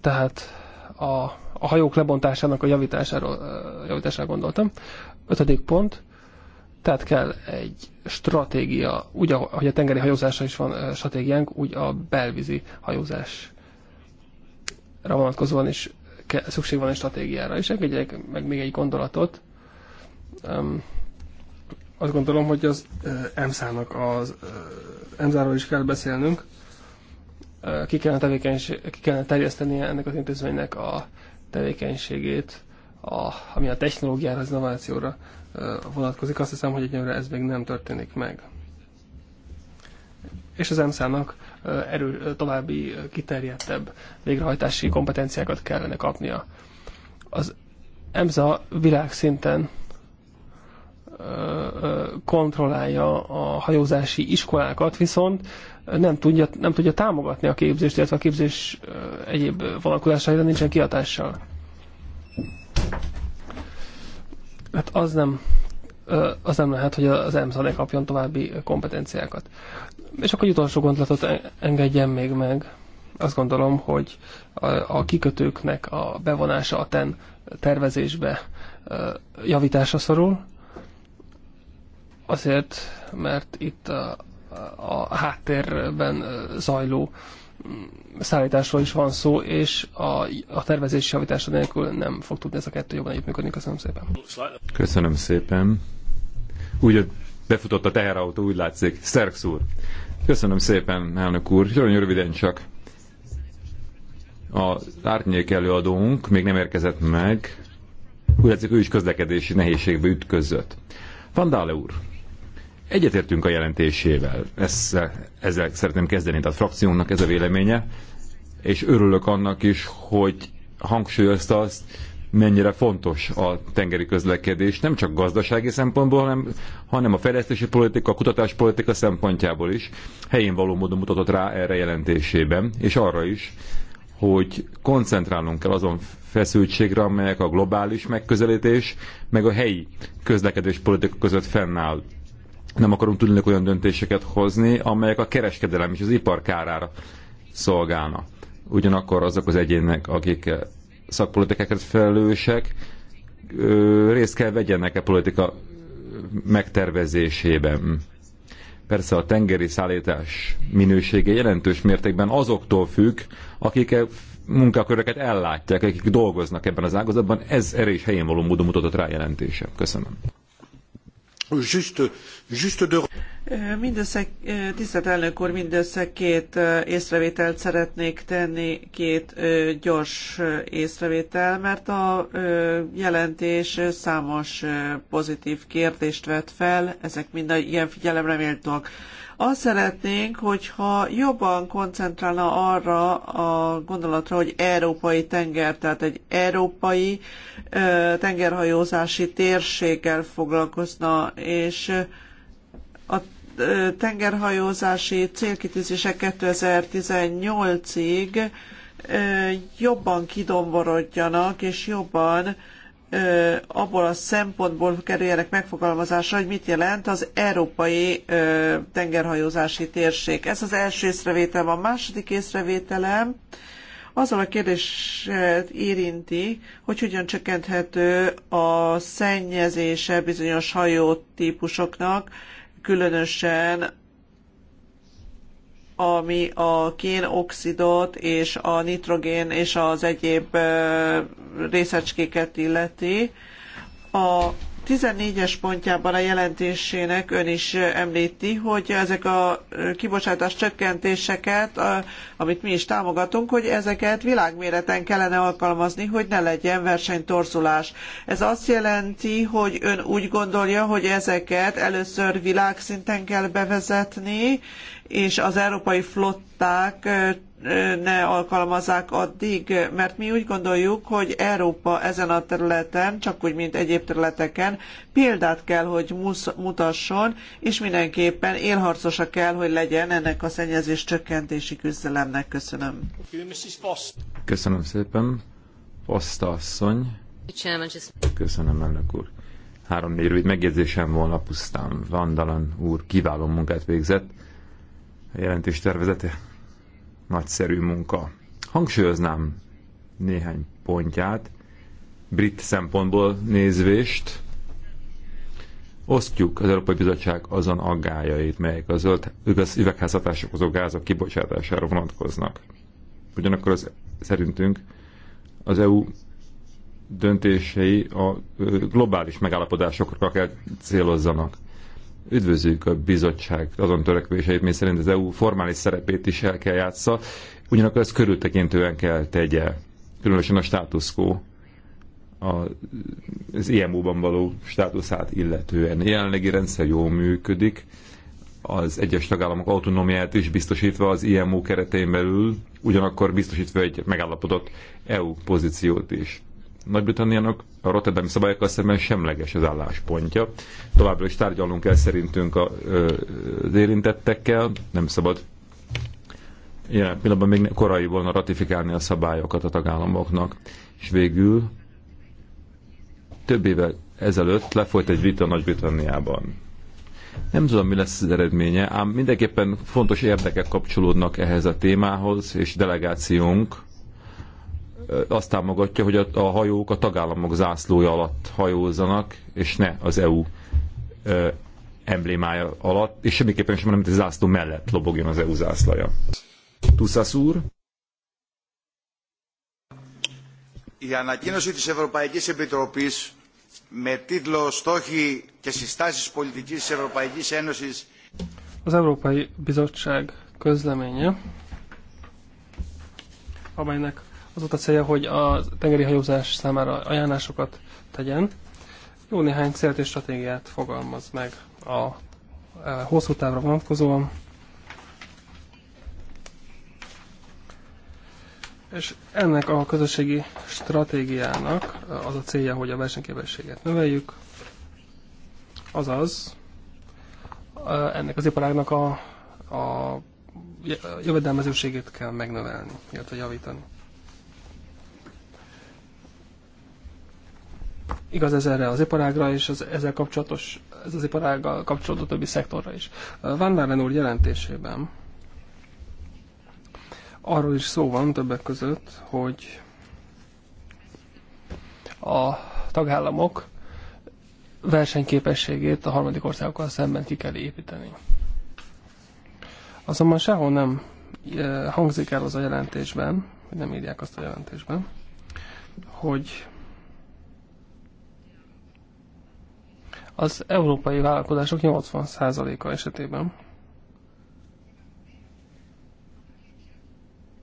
Tehát a, a hajók lebontásának a javításáról, javítására gondoltam. Ötödik pont. Tehát kell egy stratégia, úgy ahogy a tengeri hajózásra is van stratégiánk, úgy a belvízi hajózásra vonatkozóan is kell, szükség van egy stratégiára. És engedjék meg még egy gondolatot. Um, azt gondolom, hogy az uh, EMSZ-nak az uh, emsz is kell beszélnünk ki kellene, ki kellene terjesztenie ennek az intézménynek a tevékenységét, a, ami a technológiára, az innovációra vonatkozik. Azt hiszem, hogy egyelőre ez még nem történik meg. És az EMSZ-nak erő, további kiterjedtebb végrehajtási kompetenciákat kellene kapnia. Az EMSZA világszinten kontrollálja a hajózási iskolákat, viszont nem tudja, nem tudja támogatni a képzést, illetve a képzés egyéb vonalkozásaira nincsen kihatással. Hát az nem, az nem lehet, hogy az EMSZ ne kapjon további kompetenciákat. És akkor egy utolsó gondolatot engedjen még meg. Azt gondolom, hogy a kikötőknek a bevonása a TEN tervezésbe javításra szorul, Azért, mert itt a, a háttérben zajló szállításról is van szó, és a, a tervezési javítása nélkül nem fog tudni ez a kettő jobban együttműködni. Köszönöm szépen. Köszönöm szépen. Úgy, hogy befutott a teherautó, úgy látszik. Szerksz úr. Köszönöm szépen, elnök úr. Nagyon röviden csak. A árnyék előadónk még nem érkezett meg. Úgy látszik, ő is közlekedési nehézségbe ütközött. Van Dále úr. Egyetértünk a jelentésével. Ezzel, ezzel szeretném kezdeni, tehát a frakciónak ez a véleménye, és örülök annak is, hogy hangsúlyozta azt, mennyire fontos a tengeri közlekedés, nem csak gazdasági szempontból, hanem, hanem a fejlesztési politika, a politika szempontjából is. Helyén való módon mutatott rá erre jelentésében, és arra is, hogy koncentrálnunk kell azon feszültségre, amelyek a globális megközelítés, meg a helyi közlekedés politika között fennáll nem akarunk tudni olyan döntéseket hozni, amelyek a kereskedelem és az ipar kárára szolgálna. Ugyanakkor azok az egyének, akik szakpolitikákat felelősek, részt kell vegyenek a e politika megtervezésében. Persze a tengeri szállítás minősége jelentős mértékben azoktól függ, akik e munkaköröket ellátják, akik dolgoznak ebben az ágazatban. Ez erős helyén való módon mutatott rá jelentése. Köszönöm. Mindössze, tisztelt elnök úr, mindössze két észrevételt szeretnék tenni, két gyors észrevétel, mert a jelentés számos pozitív kérdést vet fel, ezek mind ilyen figyelemre méltóak. Azt szeretnénk, hogyha jobban koncentrálna arra a gondolatra, hogy európai tenger, tehát egy európai ö, tengerhajózási térséggel foglalkozna, és a ö, tengerhajózási célkitűzések 2018-ig jobban kidomborodjanak, és jobban abból a szempontból kerüljenek megfogalmazásra, hogy mit jelent az európai tengerhajózási térség. Ez az első észrevételem. A második észrevételem azzal a kérdést érinti, hogy hogyan csökkenthető a szennyezése bizonyos hajótípusoknak, különösen ami a kénoxidot és a nitrogén és az egyéb részecskéket illeti. A 14-es pontjában a jelentésének ön is említi, hogy ezek a kibocsátás csökkentéseket, amit mi is támogatunk, hogy ezeket világméreten kellene alkalmazni, hogy ne legyen versenytorzulás. Ez azt jelenti, hogy ön úgy gondolja, hogy ezeket először világszinten kell bevezetni, és az európai flották ne alkalmazzák addig, mert mi úgy gondoljuk, hogy Európa ezen a területen, csak úgy, mint egyéb területeken, példát kell, hogy mutasson, és mindenképpen élharcosa kell, hogy legyen ennek a szennyezés csökkentési küzdelemnek. Köszönöm. Köszönöm szépen. Foszta asszony. Köszönöm, elnök úr. Három-négy rövid megjegyzésem volna pusztán. Vandalan úr kiváló munkát végzett a jelentés tervezete nagyszerű munka. Hangsúlyoznám néhány pontját, brit szempontból nézvést. Osztjuk az Európai Bizottság azon aggájait, melyek a zöld üvegházhatások okozó gázok kibocsátására vonatkoznak. Ugyanakkor az, szerintünk az EU döntései a globális megállapodásokra kell célozzanak üdvözlük a bizottság azon törekvéseit, mi szerint az EU formális szerepét is el kell játsza, ugyanakkor ezt körültekintően kell tegye, különösen a státuszkó az IMO-ban e való státuszát illetően. Jelenlegi rendszer jól működik, az egyes tagállamok autonómiát is biztosítva az IMO e keretein belül, ugyanakkor biztosítva egy megállapodott EU pozíciót is. Nagy-Britanniának a Rotterdami szabályokkal szemben semleges az álláspontja. Továbbra is tárgyalunk el szerintünk a, az érintettekkel, nem szabad jelen pillanatban még korai volna ratifikálni a szabályokat a tagállamoknak. És végül több éve ezelőtt lefolyt egy vita Nagy-Britanniában. Nem tudom, mi lesz az eredménye, ám mindenképpen fontos érdekek kapcsolódnak ehhez a témához, és delegációnk azt támogatja, hogy a, a hajók a tagállamok zászlója alatt hajózzanak, és ne az EU ö, emblémája alatt, és semmiképpen sem, hanem a zászló mellett lobogjon az EU zászlaja. Tuszasz úr? Η ανακοίνωση της Ευρωπαϊκής Επιτροπής με τίτλο «Στόχοι και συστάσεις πολιτικής της Ευρωπαϊκής Ένωσης» Az Európai Bizottság közleménye, amelynek az volt a célja, hogy a tengeri hajózás számára ajánlásokat tegyen. Jó néhány célt és stratégiát fogalmaz meg a e, hosszú távra vonatkozóan. És ennek a közösségi stratégiának az a célja, hogy a versenyképességet növeljük, azaz e, ennek az iparágnak a, a jövedelmezőségét kell megnövelni, illetve javítani. Igaz ez erre az iparágra és az, ezzel kapcsolatos, ez az iparággal kapcsolódó többi szektorra is. Van már úr jelentésében arról is szó van többek között, hogy a tagállamok versenyképességét a harmadik országokkal szemben ki kell építeni. Azonban sehol nem eh, hangzik el az a jelentésben, nem írják azt a jelentésben, hogy az európai vállalkozások 80%-a esetében.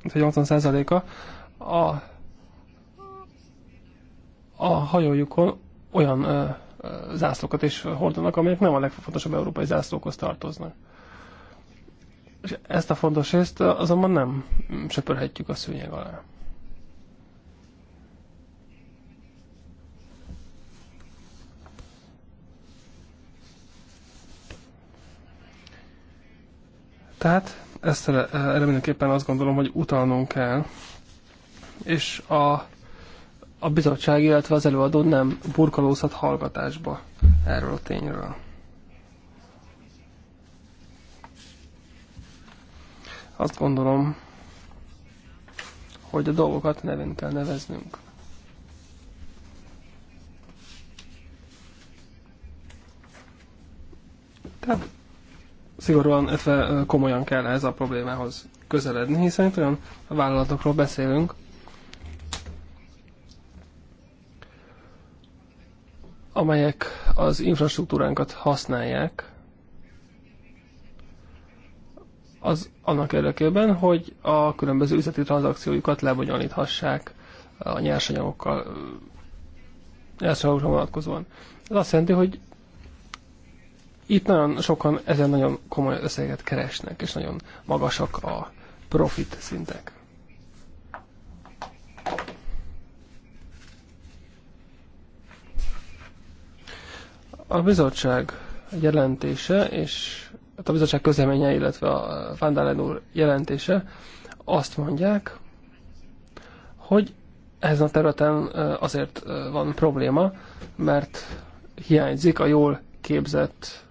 Tehát 80%-a a, a hajójukon olyan ö, ö, zászlókat is hordanak, amelyek nem a legfontosabb európai zászlókhoz tartoznak. És ezt a fontos részt azonban nem söpörhetjük a szőnyeg alá. Tehát ezt erre mindenképpen azt gondolom, hogy utalnunk kell, és a, a bizottság, illetve az előadó nem burkolózhat hallgatásba erről a tényről. Azt gondolom, hogy a dolgokat nevén kell neveznünk. Tehát szigorúan, illetve komolyan kell ez a problémához közeledni, hiszen itt olyan vállalatokról beszélünk, amelyek az infrastruktúránkat használják az annak érdekében, hogy a különböző üzleti tranzakciójukat lebonyolíthassák a nyersanyagokkal, nyersanyagokra vonatkozóan. Ez azt jelenti, hogy itt nagyon sokan ezen nagyon komoly összeget keresnek, és nagyon magasak a profit szintek. A bizottság jelentése, és hát a bizottság közleménye, illetve a Fandalen úr jelentése azt mondják, hogy ezen a területen azért van probléma, mert hiányzik a jól képzett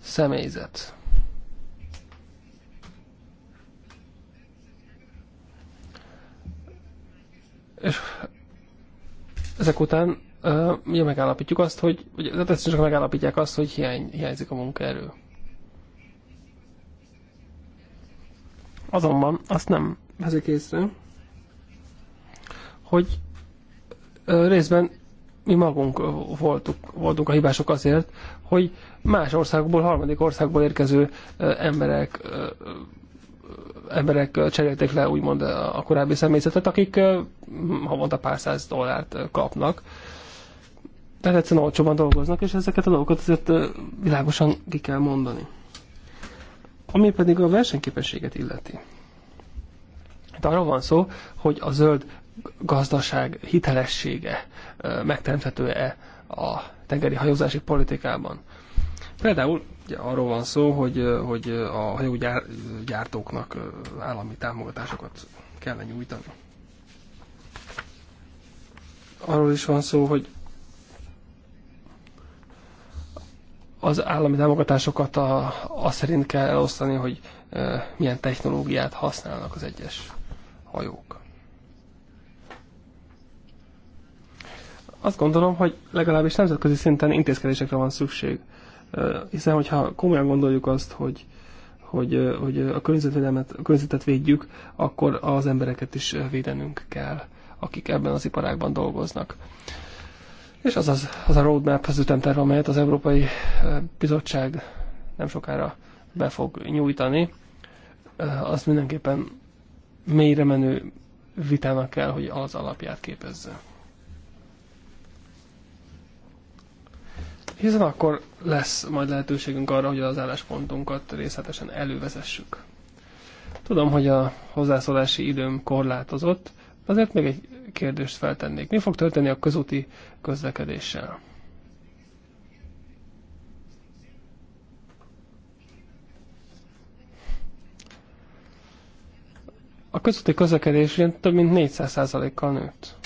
személyzet. És ezek után ugye megállapítjuk azt, hogy, ugye, csak megállapítják azt, hogy hiány, hiányzik a munkaerő. Azonban azt nem veszik észre, hogy részben mi magunk voltuk, voltunk a hibások azért, hogy más országból, harmadik országból érkező emberek emberek cserélték le úgymond a korábbi személyzetet, akik havonta pár száz dollárt kapnak. Tehát egyszerűen olcsóban dolgoznak, és ezeket a dolgokat azért világosan ki kell mondani. Ami pedig a versenyképességet illeti. Itt hát arról van szó, hogy a zöld gazdaság hitelessége megteremthető-e a tengeri hajózási politikában. Például ugye, arról van szó, hogy, hogy a hajógyártóknak állami támogatásokat kellene nyújtani. Arról is van szó, hogy az állami támogatásokat a, a szerint kell elosztani, hogy milyen technológiát használnak az egyes hajók. azt gondolom, hogy legalábbis nemzetközi szinten intézkedésekre van szükség. Hiszen, hogyha komolyan gondoljuk azt, hogy, hogy, hogy a, környezetvédelmet, a környezetet védjük, akkor az embereket is védenünk kell, akik ebben az iparágban dolgoznak. És az, az, az a roadmap, az ütemterv, amelyet az Európai Bizottság nem sokára be fog nyújtani, az mindenképpen mélyre menő vitának kell, hogy az alapját képezze. hiszen akkor lesz majd lehetőségünk arra, hogy az álláspontunkat részletesen elővezessük. Tudom, hogy a hozzászólási időm korlátozott, azért még egy kérdést feltennék. Mi fog történni a közúti közlekedéssel? A közúti közlekedés több mint 400%-kal nőtt.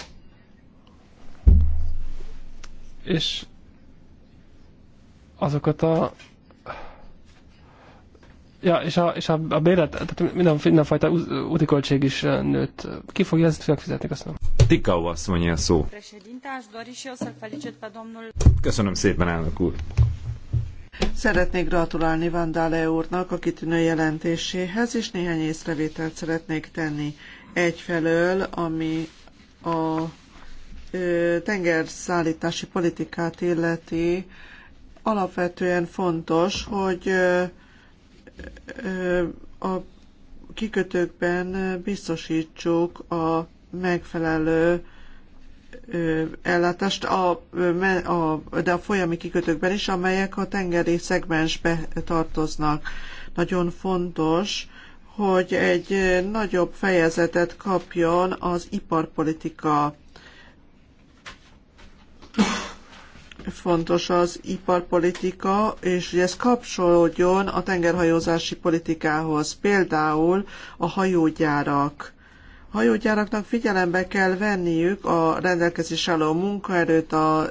És azokat a Ja, és a, és a, a bérlet, tehát minden, mindenfajta úti költség is eh, nőtt. Ki fogja ezt fizetni, köszönöm. Tikau mondja a szó. Köszönöm szépen, elnök úr. Szeretnék gratulálni Vandále úrnak a kitűnő jelentéséhez, és néhány észrevételt szeretnék tenni. Egyfelől, ami a tengerszállítási politikát illeti, alapvetően fontos, hogy a kikötőkben biztosítsuk a megfelelő ellátást, a, a, de a folyami kikötőkben is, amelyek a tengeri szegmensbe tartoznak. Nagyon fontos, hogy egy nagyobb fejezetet kapjon az iparpolitika fontos az iparpolitika, és hogy ez kapcsolódjon a tengerhajózási politikához. Például a hajógyárak. A hajógyáraknak figyelembe kell venniük a rendelkezés álló munkaerőt, a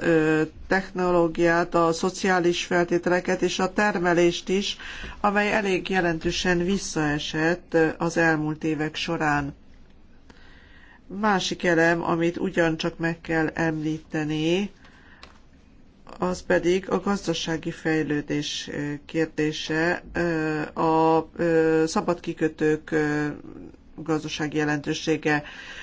technológiát, a szociális feltételeket és a termelést is, amely elég jelentősen visszaesett az elmúlt évek során. Másik elem, amit ugyancsak meg kell említeni, az pedig a gazdasági fejlődés kérdése, a szabad kikötők gazdasági jelentősége.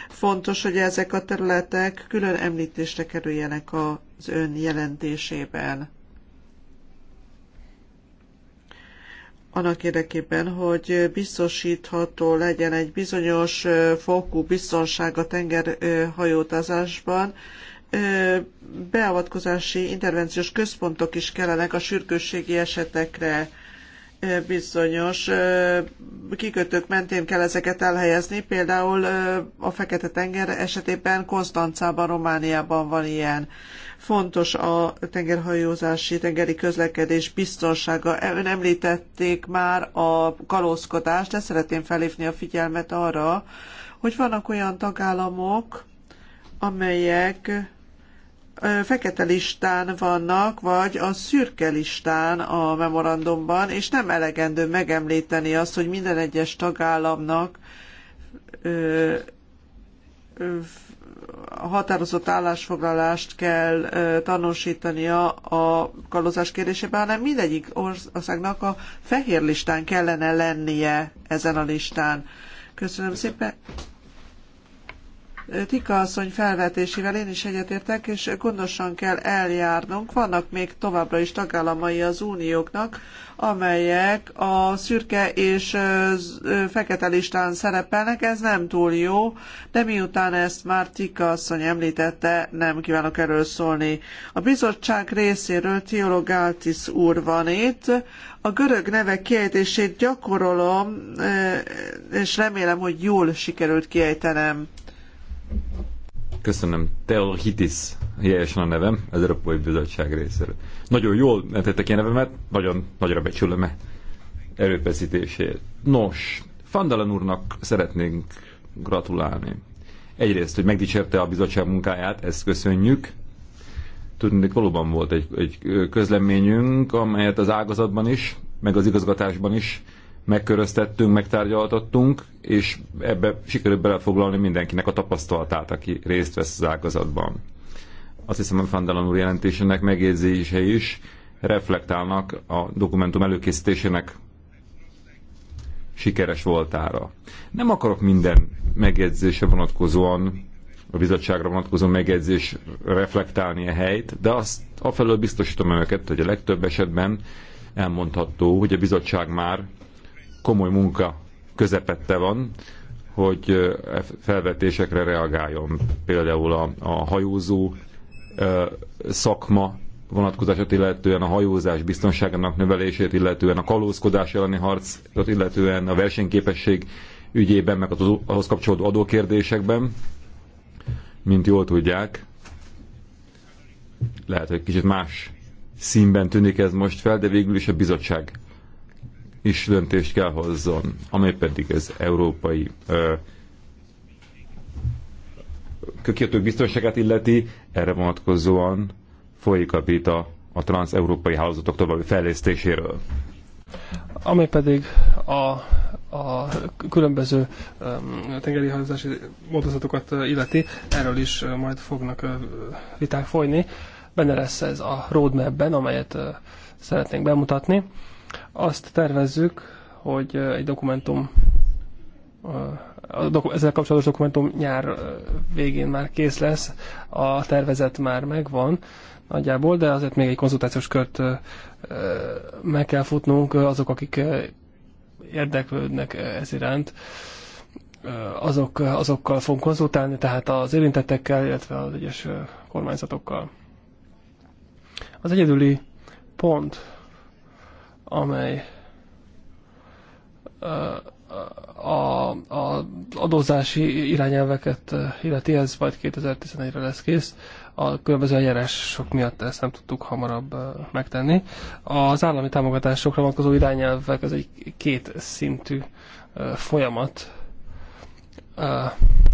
Fontos, hogy ezek a területek külön említésre kerüljenek az ön jelentésében. annak érdekében, hogy biztosítható legyen egy bizonyos fokú biztonság a tengerhajótázásban, beavatkozási intervenciós központok is kellenek a sürgősségi esetekre bizonyos kikötők mentén kell ezeket elhelyezni, például a Fekete-tenger esetében Konstancában, Romániában van ilyen. Fontos a tengerhajózási, tengeri közlekedés biztonsága. Ön említették már a kalózkodást, de szeretném felhívni a figyelmet arra, hogy vannak olyan tagállamok, amelyek fekete listán vannak, vagy a szürke listán a memorandumban, és nem elegendő megemlíteni azt, hogy minden egyes tagállamnak ö, ö, határozott állásfoglalást kell ö, tanúsítania a kalózás kérdésében, hanem mindegyik országnak a fehér listán kellene lennie ezen a listán. Köszönöm szépen. Tika asszony felvetésével én is egyetértek, és gondosan kell eljárnunk. Vannak még továbbra is tagállamai az unióknak, amelyek a szürke és fekete listán szerepelnek. Ez nem túl jó, de miután ezt már Tika asszony említette, nem kívánok erről szólni. A bizottság részéről Tiologáltis úr van itt. A görög nevek kiejtését gyakorolom, és remélem, hogy jól sikerült kiejtenem. Köszönöm. Teohitis helyesen a nevem, az Európai Bizottság részéről. Nagyon jól mentettek ki a nevemet, nagyon nagyra becsülöm erőfeszítését. Nos, Fandalen úrnak szeretnénk gratulálni. Egyrészt, hogy megdicsérte a bizottság munkáját, ezt köszönjük. hogy valóban volt egy, egy közleményünk, amelyet az ágazatban is, meg az igazgatásban is megköröztettünk, megtárgyaltattunk, és ebbe sikerült belefoglalni mindenkinek a tapasztalatát, aki részt vesz az ágazatban. Azt hiszem, a Fandalan úr jelentésének megjegyzése is reflektálnak a dokumentum előkészítésének sikeres voltára. Nem akarok minden megjegyzése vonatkozóan, a bizottságra vonatkozó megjegyzés reflektálni a helyt, de azt afelől biztosítom önöket, hogy a legtöbb esetben elmondható, hogy a bizottság már komoly munka közepette van, hogy e felvetésekre reagáljon. Például a, a hajózó szakma vonatkozását illetően, a hajózás biztonságának növelését illetően, a kalózkodás elleni harcot illetően, a versenyképesség ügyében, meg az ahhoz kapcsolódó adókérdésekben, mint jól tudják. Lehet, hogy kicsit más színben tűnik ez most fel, de végül is a bizottság is döntést kell hozzon, amely pedig az európai ö, biztonságát illeti, erre vonatkozóan folyik a vita a transeurópai hálózatok további fejlesztéséről. Ami pedig a, a különböző um, tengeri hajózási módozatokat illeti, erről is uh, majd fognak uh, viták folyni. Benne lesz ez a roadmapben, amelyet uh, szeretnénk bemutatni. Azt tervezzük, hogy egy dokumentum, a doku, ezzel kapcsolatos dokumentum nyár végén már kész lesz, a tervezet már megvan nagyjából, de azért még egy konzultációs kört meg kell futnunk azok, akik érdeklődnek ez iránt azok, azokkal fogunk konzultálni, tehát az érintettekkel, illetve az egyes kormányzatokkal. Az egyedüli pont, amely a, a adózási irányelveket illeti, ez majd 2011-re lesz kész. A különböző eljárások miatt ezt nem tudtuk hamarabb megtenni. Az állami támogatásokra vonatkozó irányelvek az egy két szintű folyamat.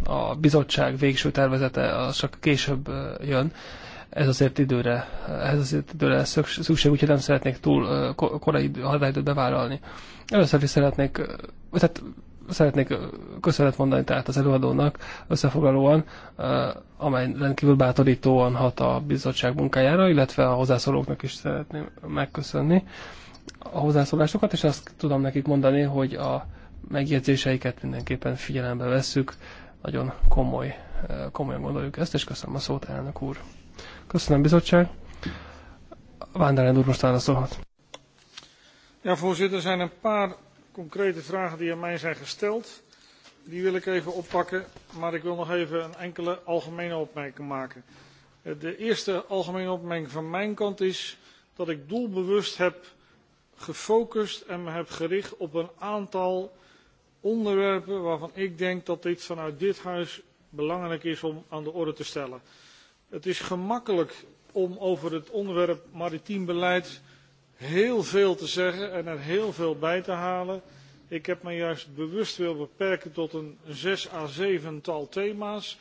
A bizottság végső tervezete az csak később jön ez azért időre, ez azért időre szükség, úgyhogy nem szeretnék túl korai határidőt bevállalni. Először is szeretnék, tehát szeretnék köszönet mondani tehát az előadónak összefoglalóan, amely rendkívül bátorítóan hat a bizottság munkájára, illetve a hozzászólóknak is szeretném megköszönni a hozzászólásokat, és azt tudom nekik mondani, hogy a megjegyzéseiket mindenképpen figyelembe vesszük, nagyon komoly, komolyan gondoljuk ezt, és köszönöm a szót, elnök úr. Köszönöm, bizottság. Vándorán úr most válaszolhat. Ja, voorzitter, er zijn een paar concrete vragen die aan mij zijn gesteld. Die wil ik even oppakken, maar ik wil nog even een enkele algemene opmerking maken. Eh, de eerste algemene opmerking van mijn kant is dat ik doelbewust heb gefocust en me heb gericht op een aantal onderwerpen waarvan ik denk dat dit vanuit dit huis belangrijk is om aan de orde te stellen. Het is gemakkelijk om over het onderwerp maritiem beleid heel veel te zeggen en er heel veel bij te halen. Ik heb me juist bewust wil beperken tot een zes à zevental thema's,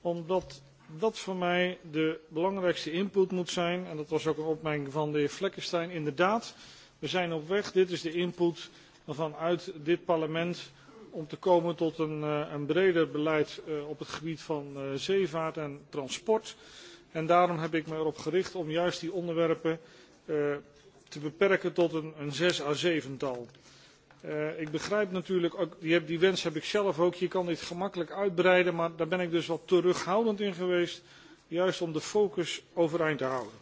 omdat dat voor mij de belangrijkste input moet zijn. En dat was ook een opmerking van de heer Fleckenstein. Inderdaad, we zijn op weg. Dit is de input vanuit dit parlement om te komen tot een, eh, een breder beleid eh, op het gebied van eh, zeevaart en transport. En daarom heb ik me erop gericht om juist die onderwerpen te beperken tot een, een zes à zevental. Uh, ik begrijp natuurlijk, ook, die, heb, die wens heb ik zelf ook, je kan dit gemakkelijk uitbreiden, maar daar ben ik dus wat terughoudend in geweest, juist om de focus overeind te houden.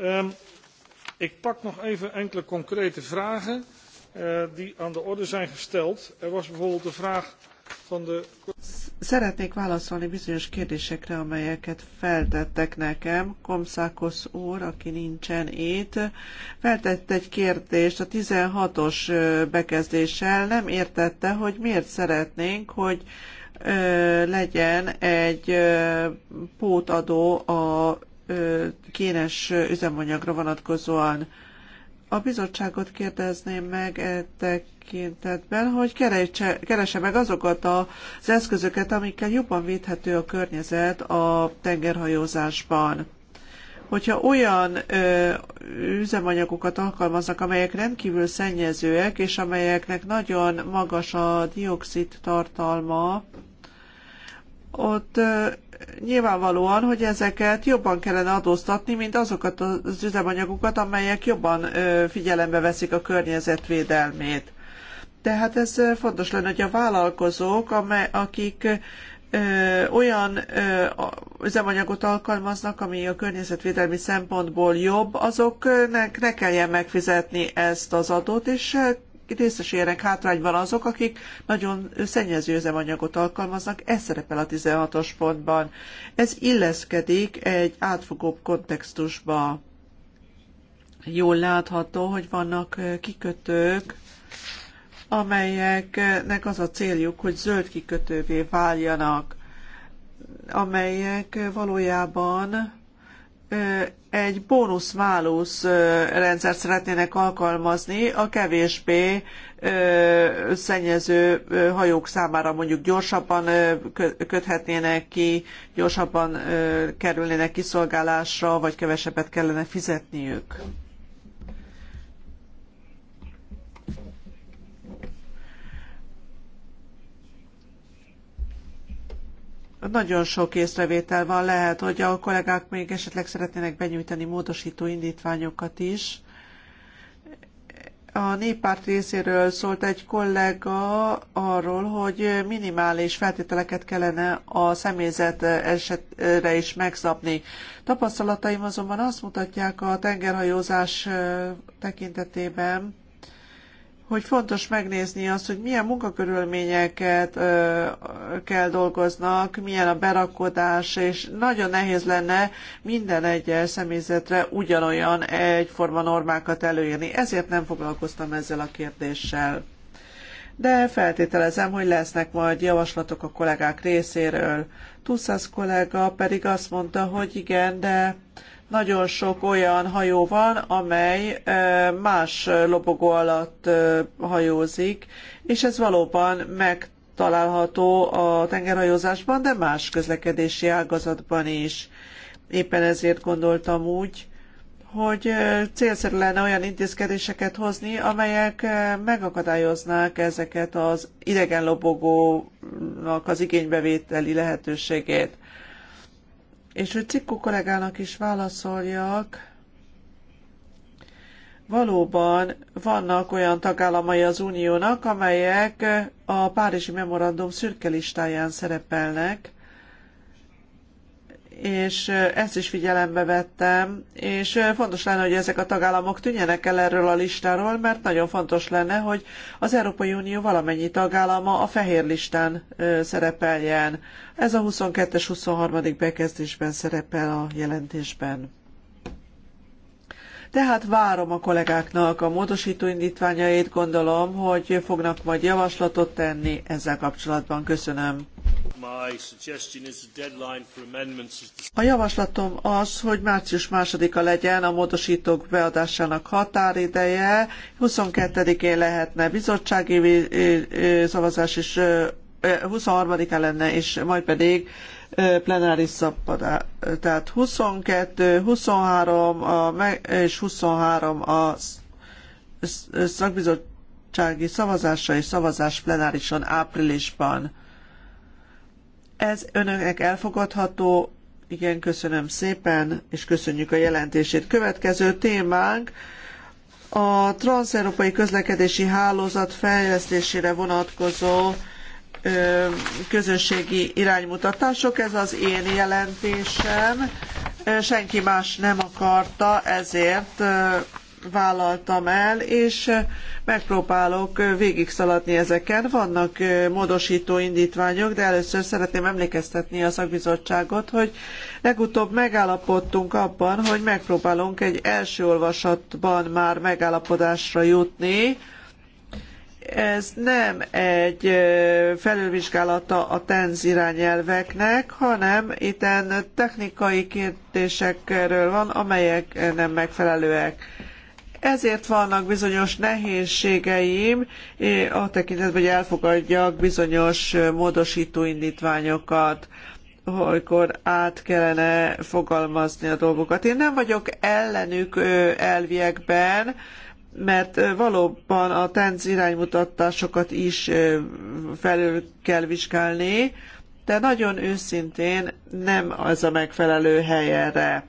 Um, ik pak nog even enkele concrete vragen. Eh, die aan de orde zijn gesteld. Er was bijvoorbeeld de vraag van de... Szeretnék válaszolni bizonyos kérdésekre, amelyeket feltettek nekem. Komszákos úr, aki nincsen itt, feltett egy kérdést a 16-os bekezdéssel. Nem értette, hogy miért szeretnénk, hogy legyen egy pótadó a kénes üzemanyagra vonatkozóan. A bizottságot kérdezném meg e tekintetben, hogy keresse, keresse meg azokat az eszközöket, amikkel jobban védhető a környezet a tengerhajózásban hogyha olyan ö, üzemanyagokat alkalmaznak, amelyek rendkívül szennyezőek, és amelyeknek nagyon magas a dioxid tartalma, ott ö, nyilvánvalóan, hogy ezeket jobban kellene adóztatni, mint azokat az üzemanyagokat, amelyek jobban figyelembe veszik a környezetvédelmét. Tehát ez fontos lenne, hogy a vállalkozók, amely, akik ö, olyan ö, üzemanyagot alkalmaznak, ami a környezetvédelmi szempontból jobb, azoknak ne kelljen megfizetni ezt az adót, és részesüljenek hátrányban azok, akik nagyon szennyező üzemanyagot alkalmaznak, ez szerepel a 16-os pontban. Ez illeszkedik egy átfogóbb kontextusba. Jól látható, hogy vannak eh, kikötők, amelyeknek az a céljuk, hogy zöld kikötővé váljanak, amelyek valójában egy bónusz-válusz rendszert szeretnének alkalmazni a kevésbé szennyező hajók számára mondjuk gyorsabban köthetnének ki, gyorsabban kerülnének kiszolgálásra, vagy kevesebbet kellene fizetniük. Nagyon sok észrevétel van, lehet, hogy a kollégák még esetleg szeretnének benyújtani módosító indítványokat is. A néppárt részéről szólt egy kollega arról, hogy minimális feltételeket kellene a személyzet esetre is megszabni. Tapasztalataim azonban azt mutatják a tengerhajózás tekintetében, hogy fontos megnézni azt, hogy milyen munkakörülményeket ö, kell dolgoznak, milyen a berakodás, és nagyon nehéz lenne minden egyes személyzetre ugyanolyan egyforma normákat előírni. Ezért nem foglalkoztam ezzel a kérdéssel. De feltételezem, hogy lesznek majd javaslatok a kollégák részéről. Tuszasz kollega pedig azt mondta, hogy igen, de nagyon sok olyan hajó van, amely más lobogó alatt hajózik, és ez valóban megtalálható a tengerhajózásban, de más közlekedési ágazatban is. Éppen ezért gondoltam úgy, hogy célszerű lenne olyan intézkedéseket hozni, amelyek megakadályoznák ezeket az idegen lobogónak az igénybevételi lehetőségét és hogy Cikku kollégának is válaszoljak, valóban vannak olyan tagállamai az Uniónak, amelyek a Párizsi Memorandum szürke listáján szerepelnek, és ezt is figyelembe vettem, és fontos lenne, hogy ezek a tagállamok tűnjenek el erről a listáról, mert nagyon fontos lenne, hogy az Európai Unió valamennyi tagállama a fehér listán szerepeljen. Ez a 22-es 23. bekezdésben szerepel a jelentésben. Tehát várom a kollégáknak a módosító indítványait, gondolom, hogy fognak majd javaslatot tenni ezzel kapcsolatban. Köszönöm. A javaslatom az, hogy március másodika legyen a módosítók beadásának határideje, 22-én lehetne bizottsági szavazás is, 23-án lenne, és majd pedig plenáris szabadá, tehát 22, 23 a, és 23 a szakbizottsági szavazásra és szavazás plenárison áprilisban. Ez önöknek elfogadható. Igen, köszönöm szépen, és köszönjük a jelentését. Következő témánk a transzeurópai közlekedési hálózat fejlesztésére vonatkozó közösségi iránymutatások. Ez az én jelentésem. Senki más nem akarta, ezért vállaltam el, és megpróbálok végigszaladni ezeken. Vannak módosító indítványok, de először szeretném emlékeztetni a szakbizottságot, hogy legutóbb megállapodtunk abban, hogy megpróbálunk egy első olvasatban már megállapodásra jutni, ez nem egy felülvizsgálata a TENZ irányelveknek, hanem itten technikai kérdésekről van, amelyek nem megfelelőek. Ezért vannak bizonyos nehézségeim a tekintetben, hogy elfogadjak bizonyos módosító indítványokat amikor át kellene fogalmazni a dolgokat. Én nem vagyok ellenük elviekben, mert valóban a TENC iránymutatásokat is felül kell vizsgálni, de nagyon őszintén nem az a megfelelő hely erre.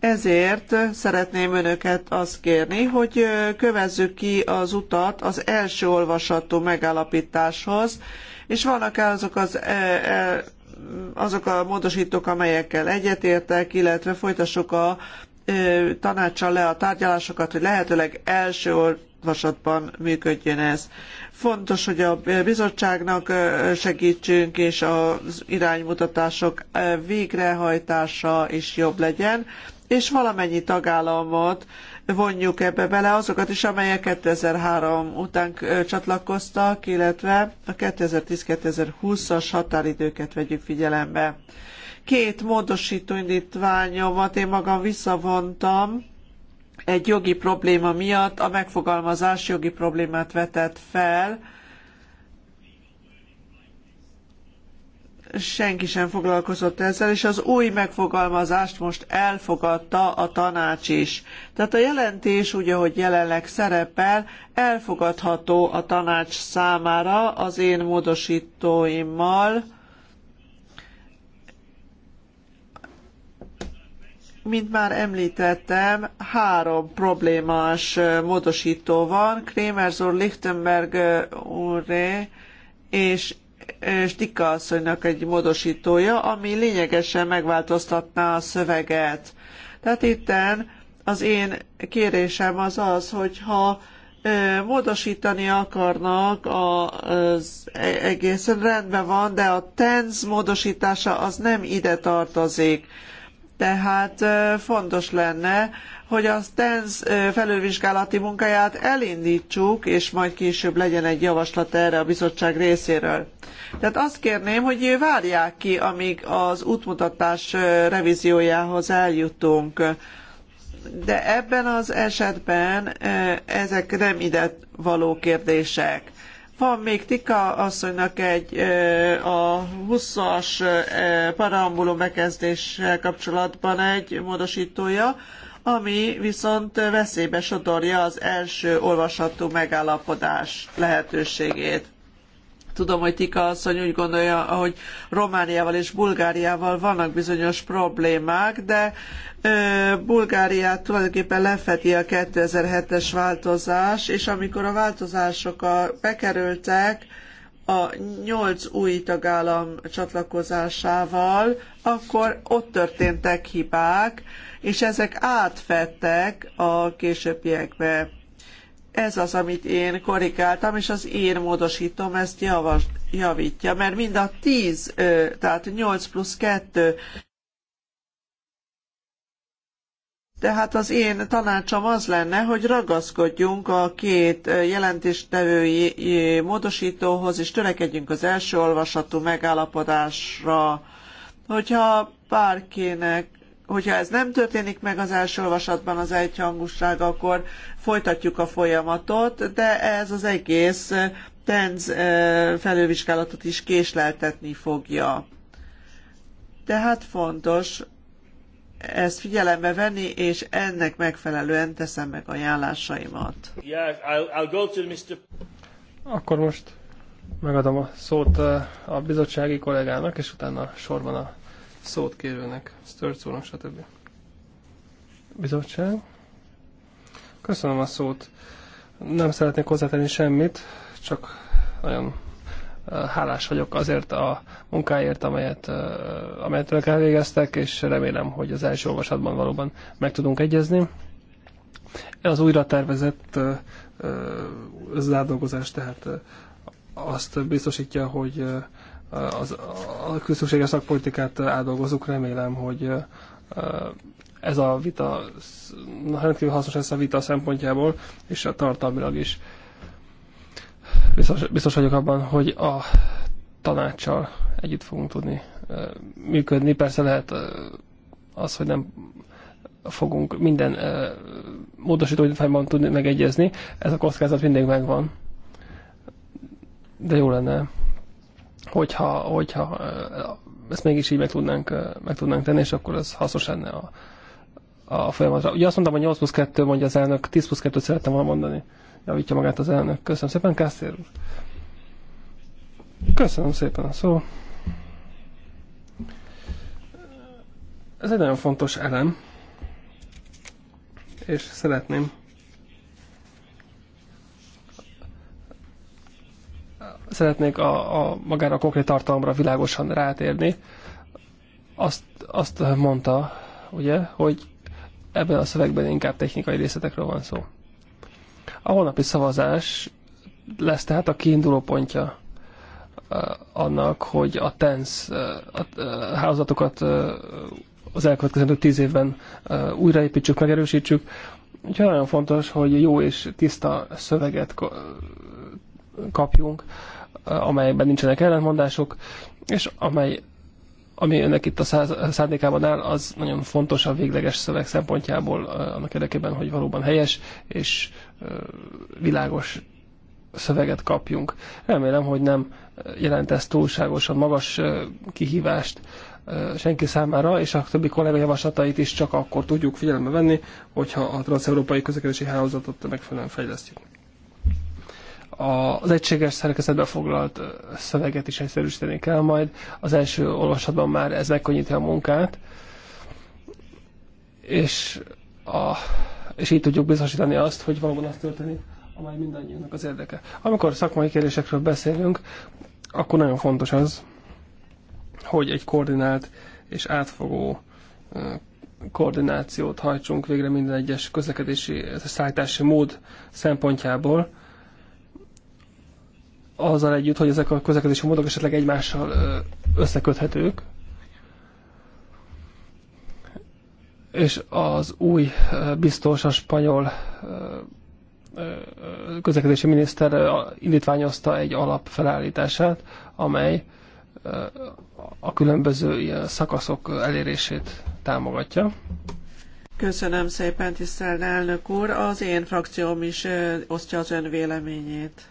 Ezért szeretném önöket azt kérni, hogy kövezzük ki az utat az első olvasatú megállapításhoz, és vannak-e azok az e, e, azok a módosítók, amelyekkel egyetértek, illetve folytassuk a tanácssal le a tárgyalásokat, hogy lehetőleg első olvasatban működjön ez. Fontos, hogy a bizottságnak segítsünk, és az iránymutatások végrehajtása is jobb legyen, és valamennyi tagállamot vonjuk ebbe bele, azokat is, amelyek 2003 után csatlakoztak, illetve a 2010-2020-as határidőket vegyük figyelembe. Két módosító indítványomat én magam visszavontam, egy jogi probléma miatt a megfogalmazás jogi problémát vetett fel, senki sem foglalkozott ezzel, és az új megfogalmazást most elfogadta a tanács is. Tehát a jelentés, úgy ahogy jelenleg szerepel, elfogadható a tanács számára az én módosítóimmal, Mint már említettem, három problémás módosító van, Krémerzor, Lichtenberg úré és Stika asszonynak egy módosítója, ami lényegesen megváltoztatná a szöveget. Tehát itten az én kérésem az az, hogyha módosítani akarnak, az egészen rendben van, de a tenz módosítása az nem ide tartozik. Tehát fontos lenne, hogy a TENSZ felülvizsgálati munkáját elindítsuk, és majd később legyen egy javaslat erre a bizottság részéről. Tehát azt kérném, hogy várják ki, amíg az útmutatás revíziójához eljutunk. De ebben az esetben ezek nem ide való kérdések. Van még Tika asszonynak egy a 20-as parambulum bekezdéssel kapcsolatban egy módosítója, ami viszont veszélybe sodorja az első olvasható megállapodás lehetőségét. Tudom, hogy Tika asszony úgy gondolja, hogy Romániával és Bulgáriával vannak bizonyos problémák, de Bulgáriát tulajdonképpen lefedi a 2007-es változás, és amikor a változások a, bekerültek, a nyolc új tagállam csatlakozásával, akkor ott történtek hibák, és ezek átfettek a későbbiekbe. Ez az, amit én korrigáltam, és az én módosítom ezt javas, javítja, mert mind a 10, tehát 8 plusz 2 Tehát az én tanácsom az lenne, hogy ragaszkodjunk a két jelentéstevői módosítóhoz, és törekedjünk az első olvasatú megállapodásra. Hogyha bárkinek hogyha ez nem történik meg az első olvasatban az egyhangúság, akkor folytatjuk a folyamatot, de ez az egész eh, TENZ eh, felővizsgálatot is késleltetni fogja. Tehát fontos ezt figyelembe venni, és ennek megfelelően teszem meg ajánlásaimat. Yeah, I'll, I'll go to Mr. Akkor most megadom a szót eh, a bizottsági kollégának, és utána sorban a szót kérőnek, Sturz úrnak, stb. Bizottság. Köszönöm a szót. Nem szeretnék hozzátenni semmit, csak nagyon hálás vagyok azért a munkáért, amelyet, amelyet önök elvégeztek, és remélem, hogy az első olvasatban valóban meg tudunk egyezni. Az újra tervezett az tehát azt biztosítja, hogy az, a külszükséges szakpolitikát átdolgozunk, remélem, hogy ez a vita rendkívül hasznos lesz a vita szempontjából, és a tartalmilag is. Biztos, biztos vagyok abban, hogy a tanácssal együtt fogunk tudni működni. Persze lehet az, hogy nem fogunk minden módosító indítványban tudni megegyezni. Ez a kockázat mindig megvan. De jó lenne hogyha, hogyha ezt mégis így meg tudnánk, meg tudnánk tenni, és akkor ez hasznos lenne a, a folyamatra. Ugye azt mondtam, hogy 8 plusz 2 mondja az elnök, 10 plusz 2-t szerettem volna mondani. Javítja magát az elnök. Köszönöm szépen, Kásztér úr. Köszönöm szépen a szó. Ez egy nagyon fontos elem, és szeretném szeretnék a, a magára a konkrét tartalomra világosan rátérni. Azt, azt mondta, ugye, hogy ebben a szövegben inkább technikai részletekről van szó. A holnapi szavazás lesz tehát a kiinduló pontja eh, annak, hogy a TENSZ eh, a eh, hálózatokat az elkövetkező tíz évben újraépítsük, megerősítsük. Úgyhogy nagyon fontos, hogy jó és tiszta szöveget kapjunk amelyben nincsenek ellentmondások, és amely, ami önnek itt a szándékában áll, az nagyon fontos a végleges szöveg szempontjából, annak érdekében, hogy valóban helyes és világos szöveget kapjunk. Remélem, hogy nem jelent ez túlságosan magas kihívást senki számára, és a többi kollega javaslatait is csak akkor tudjuk figyelembe venni, hogyha a transeurópai közlekedési hálózatot megfelelően fejlesztjük az egységes szerkezetbe foglalt szöveget is egyszerűsíteni kell majd. Az első olvasatban már ez megkönnyíti a munkát, és, a, és így tudjuk biztosítani azt, hogy valóban azt történik, amely mindannyiunknak az érdeke. Amikor szakmai kérdésekről beszélünk, akkor nagyon fontos az, hogy egy koordinált és átfogó koordinációt hajtsunk végre minden egyes közlekedési szállítási mód szempontjából, azzal együtt, hogy ezek a közlekedési módok esetleg egymással összeköthetők. És az új biztos, a spanyol közlekedési miniszter indítványozta egy alap felállítását, amely a különböző szakaszok elérését támogatja. Köszönöm szépen, tisztelt elnök úr! Az én frakcióm is osztja az ön véleményét.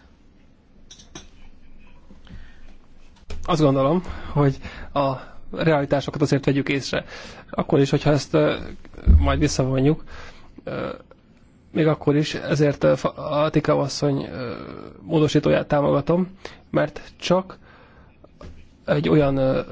Azt gondolom, hogy a realitásokat azért vegyük észre. Akkor is, hogyha ezt majd visszavonjuk, még akkor is, ezért a Tika asszony módosítóját támogatom, mert csak egy olyan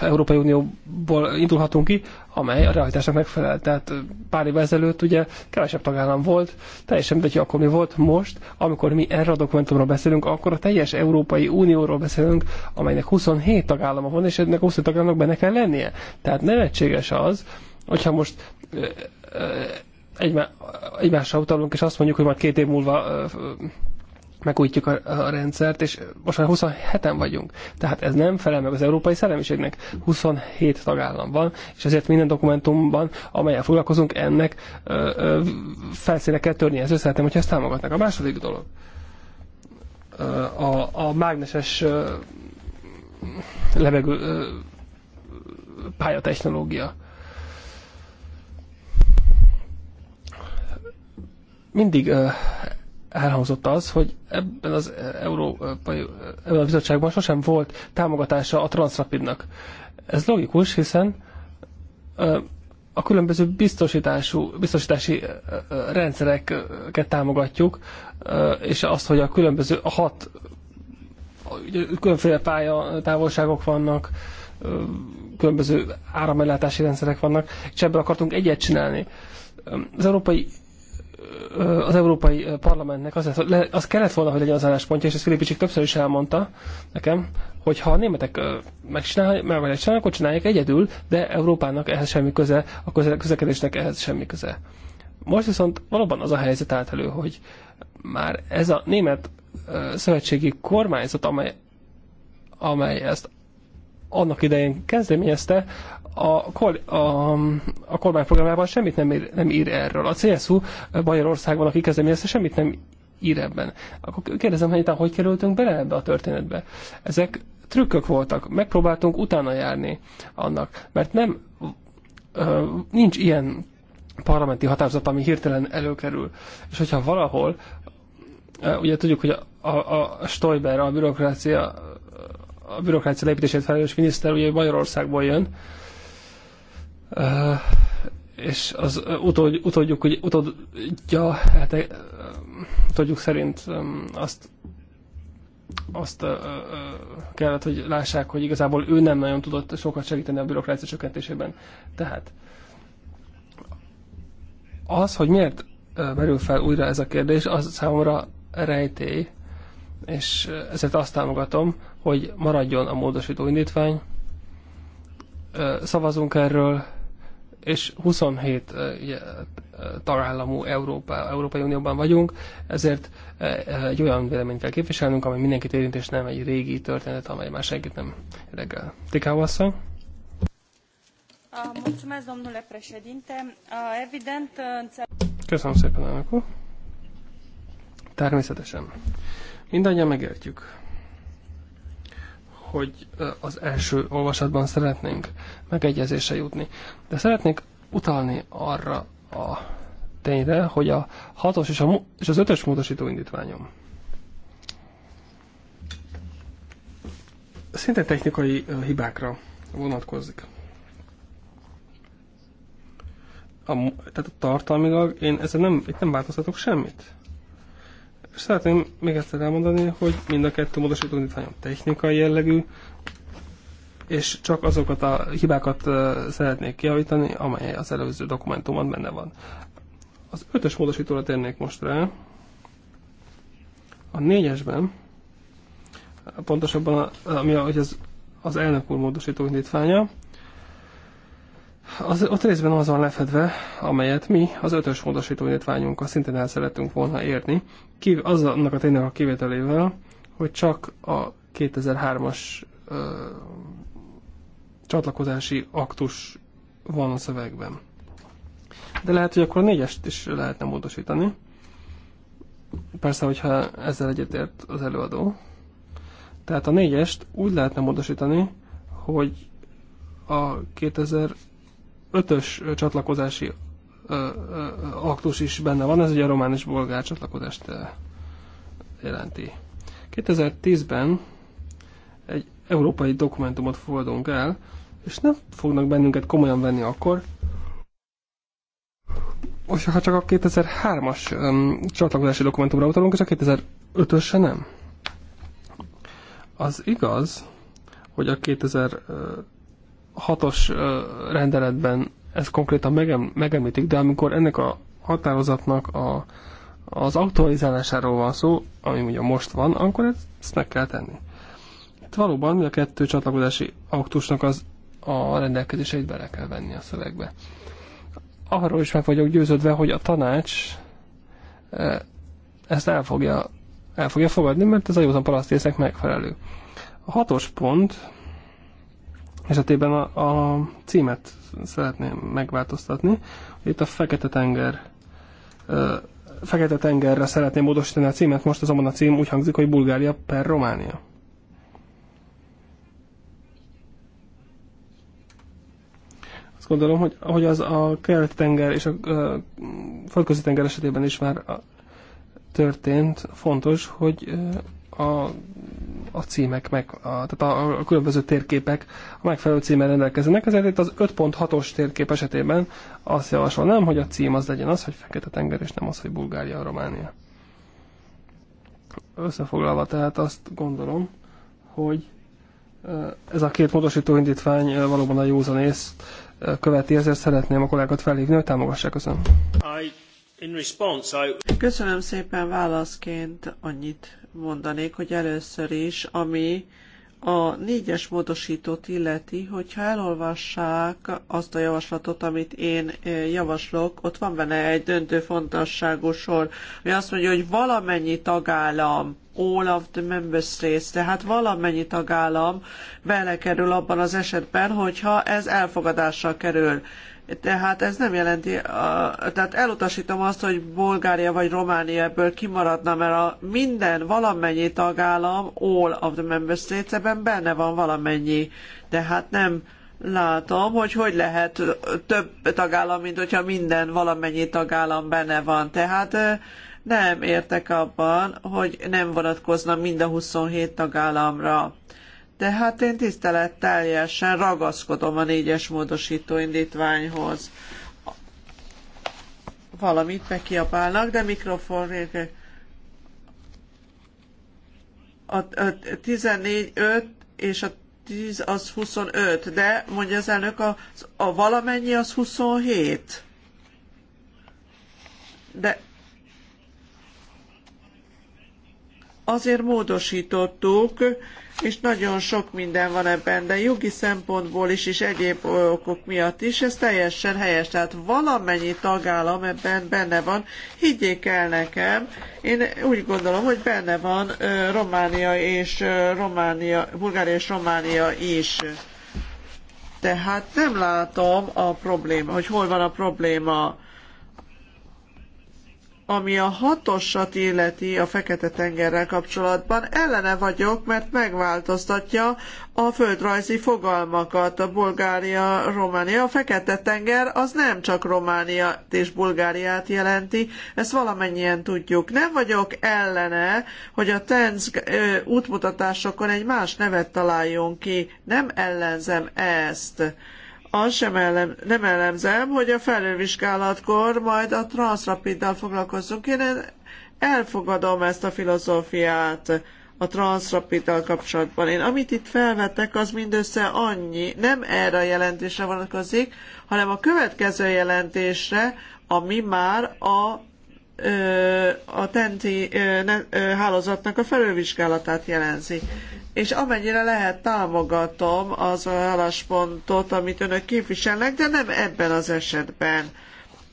Európai Unióból indulhatunk ki, amely a realitásnak megfelel. Tehát pár évvel ezelőtt ugye kevesebb tagállam volt, teljesen mindegy, hogy akkor mi volt most, amikor mi erre a dokumentumról beszélünk, akkor a teljes Európai Unióról beszélünk, amelynek 27 tagállama van, és ennek 20 tagállamnak benne kell lennie. Tehát nevetséges az, hogyha most egymá, egymásra utalunk, és azt mondjuk, hogy majd két év múlva megújítjuk a, a rendszert, és most már 27-en vagyunk. Tehát ez nem felel meg az európai szellemiségnek. 27 tagállam van, és ezért minden dokumentumban, amelyen foglalkozunk, ennek felszíne kell törni. Ez összehetem, hogyha ezt támogatnak. A második dolog. a, a mágneses levegő pályatechnológia. Mindig elhangzott az, hogy ebben az Európai ebben a Bizottságban sosem volt támogatása a Transrapidnak. Ez logikus, hiszen a különböző biztosítású, biztosítási rendszereket támogatjuk, és azt, hogy a különböző a hat különféle pálya távolságok vannak, különböző áramellátási rendszerek vannak, és ebből akartunk egyet csinálni. Az Európai az Európai Parlamentnek az, az kellett volna, hogy legyen az álláspontja, és ezt Filipicsik többször is elmondta nekem, hogy ha a németek megcsinálják, megcsinálják, akkor csinálják egyedül, de Európának ehhez semmi köze, a közlekedésnek ehhez semmi köze. Most viszont valóban az a helyzet állt elő, hogy már ez a német szövetségi kormányzat, amely, amely ezt annak idején kezdeményezte, a, kor, a, a kormányprogramában semmit nem ír, nem ír erről. A CSU Magyarországban, aki kezdeményezte, semmit nem ír ebben. Akkor kérdezem, hogy hogy kerültünk bele ebbe a történetbe? Ezek trükkök voltak, megpróbáltunk utána járni annak, mert nem ö, nincs ilyen parlamenti határozat, ami hirtelen előkerül. És hogyha valahol, ugye tudjuk, hogy a, a, a Stoiber, a bürokrácia a bürokrácia leépítését felelős miniszter ugye Magyarországból jön, és az utód, utódjuk, hogy utódja, hát, utódjuk szerint azt, azt kellett, hogy lássák, hogy igazából ő nem nagyon tudott sokat segíteni a bürokrácia csökkentésében. Tehát az, hogy miért merül fel újra ez a kérdés, az számomra rejtély, és ezért azt támogatom, hogy maradjon a módosító indítvány, szavazunk erről, és 27 tagállamú Európa, Európai Unióban vagyunk, ezért egy olyan véleményt kell képviselnünk, amely mindenkit érint, és nem egy régi történet, amely már senkit nem érdekel. Tikáva asszony? Köszönöm szépen, elnök Természetesen. Mindannyian megértjük, hogy az első olvasatban szeretnénk megegyezésre jutni. De szeretnék utalni arra a tényre, hogy a hatos és, a, és az ötös módosító indítványom szinte technikai hibákra vonatkozik. A, tehát a tartalmilag én ezzel nem, itt nem változtatok semmit. Szeretném még egyszer elmondani, hogy mind a kettő módosító indítványon technikai jellegű, és csak azokat a hibákat szeretnék javítani, amely az előző dokumentumon benne van. Az ötös módosítóra térnék most rá. A négyesben, pontosabban ami az, az elnök úr módosító indítványa, az, ott részben az van lefedve, amelyet mi az ötös módosító a szintén el szerettünk volna érni, kív, az annak a tényleg a kivételével, hogy csak a 2003-as csatlakozási aktus van a szövegben. De lehet, hogy akkor a négyest is lehetne módosítani. Persze, hogyha ezzel egyetért az előadó. Tehát a négyest úgy lehetne módosítani, hogy a 2000 ötös csatlakozási aktus is benne van, ez ugye a román és bolgár csatlakozást jelenti. 2010-ben egy európai dokumentumot fogadunk el, és nem fognak bennünket komolyan venni akkor, most ha csak a 2003-as csatlakozási dokumentumra utalunk, és a 2005-ösre nem. Az igaz, hogy a 2000 hatos rendeletben ez konkrétan megem, megemlítik, de amikor ennek a határozatnak a, az aktualizálásáról van szó, ami ugye most van, akkor ezt meg kell tenni. Hát valóban a kettő csatlakozási aktusnak az a rendelkezéseit bele kell venni a szövegbe. Arról is meg vagyok győződve, hogy a tanács ezt el fogja, el fogja fogadni, mert ez a józan parasztésznek megfelelő. A hatos pont esetében a, a címet szeretném megváltoztatni. Itt a Fekete-tenger Fekete-tengerre szeretném módosítani a címet, most azonban a cím úgy hangzik, hogy Bulgária per Románia. Azt gondolom, hogy, hogy az a Keleti-tenger és a, Földközi-tenger esetében is már a, történt. Fontos, hogy a a címek, meg a, tehát a, a különböző térképek a megfelelő címmel rendelkeznek, ezért itt az 5.6-os térkép esetében azt javasolnám, hogy a cím az legyen az, hogy Fekete-tenger, és nem az, hogy Bulgária, Románia. Összefoglalva tehát azt gondolom, hogy ez a két módosító indítvány valóban a józan ész követi, ezért szeretném a kollégákat felhívni, hogy támogassák. Köszönöm. I, I... Köszönöm szépen válaszként annyit mondanék, hogy először is, ami a négyes módosítót illeti, hogyha elolvassák azt a javaslatot, amit én eh, javaslok, ott van benne egy döntő fontosságú sor, ami azt mondja, hogy valamennyi tagállam, all of the member states, tehát valamennyi tagállam belekerül abban az esetben, hogyha ez elfogadásra kerül. Tehát ez nem jelenti, a, tehát elutasítom azt, hogy Bulgária vagy Románia ebből kimaradna, mert a minden, valamennyi tagállam, all of the member states, ebben benne van valamennyi. De hát nem látom, hogy hogy lehet több tagállam, mint hogyha minden, valamennyi tagállam benne van. Tehát nem értek abban, hogy nem vonatkozna mind a 27 tagállamra de hát én tiszteletteljesen ragaszkodom a négyes módosító indítványhoz. Valamit megkiabálnak, de mikrofon nélkül. a 14, 5 és a 10 az 25, de mondja az elnök, a, a valamennyi az 27. De azért módosítottuk, és nagyon sok minden van ebben, de jogi szempontból is, és egyéb okok miatt is, ez teljesen helyes. Tehát valamennyi tagállam ebben benne van, higgyék el nekem, én úgy gondolom, hogy benne van Románia és Románia, Bulgária és Románia is. Tehát nem látom a probléma, hogy hol van a probléma ami a hatosat illeti a Fekete-tengerrel kapcsolatban, ellene vagyok, mert megváltoztatja a földrajzi fogalmakat. A Bulgária, Románia, a Fekete-tenger az nem csak Romániát és Bulgáriát jelenti, ezt valamennyien tudjuk. Nem vagyok ellene, hogy a TENSZ útmutatásokon egy más nevet találjon ki. Nem ellenzem ezt azt sem ellen, nem elemzem, hogy a felülvizsgálatkor majd a transzrapiddal foglalkozzunk. Én elfogadom ezt a filozófiát a transzrapiddal kapcsolatban. Én amit itt felvettek, az mindössze annyi, nem erre a jelentésre vonatkozik, hanem a következő jelentésre, ami már a a tenti hálózatnak a felülvizsgálatát jelenzi és amennyire lehet támogatom az álláspontot, amit önök képviselnek, de nem ebben az esetben.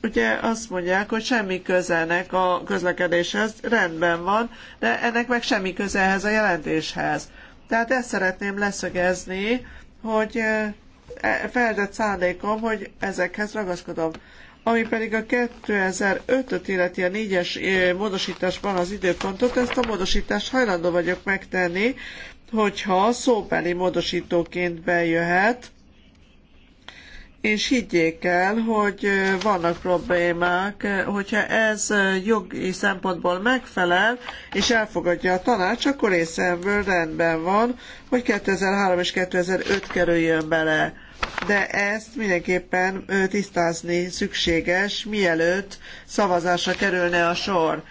Ugye azt mondják, hogy semmi közenek a közlekedéshez, rendben van, de ennek meg semmi közehez a jelentéshez. Tehát ezt szeretném leszögezni, hogy eh, eh, feltett szándékom, hogy ezekhez ragaszkodom. Ami pedig a 2005-öt illeti a 4-es eh, módosításban az időpontot, ezt a módosítást hajlandó vagyok megtenni, hogyha szóbeli módosítóként bejöhet, és higgyék el, hogy eh, vannak problémák, eh, hogyha ez jogi szempontból megfelel, és elfogadja a tanács, akkor részemből rendben van, hogy 2003 és 2005 kerüljön bele de ezt mindenképpen tisztázni szükséges, mielőtt szavazásra kerülne a sor.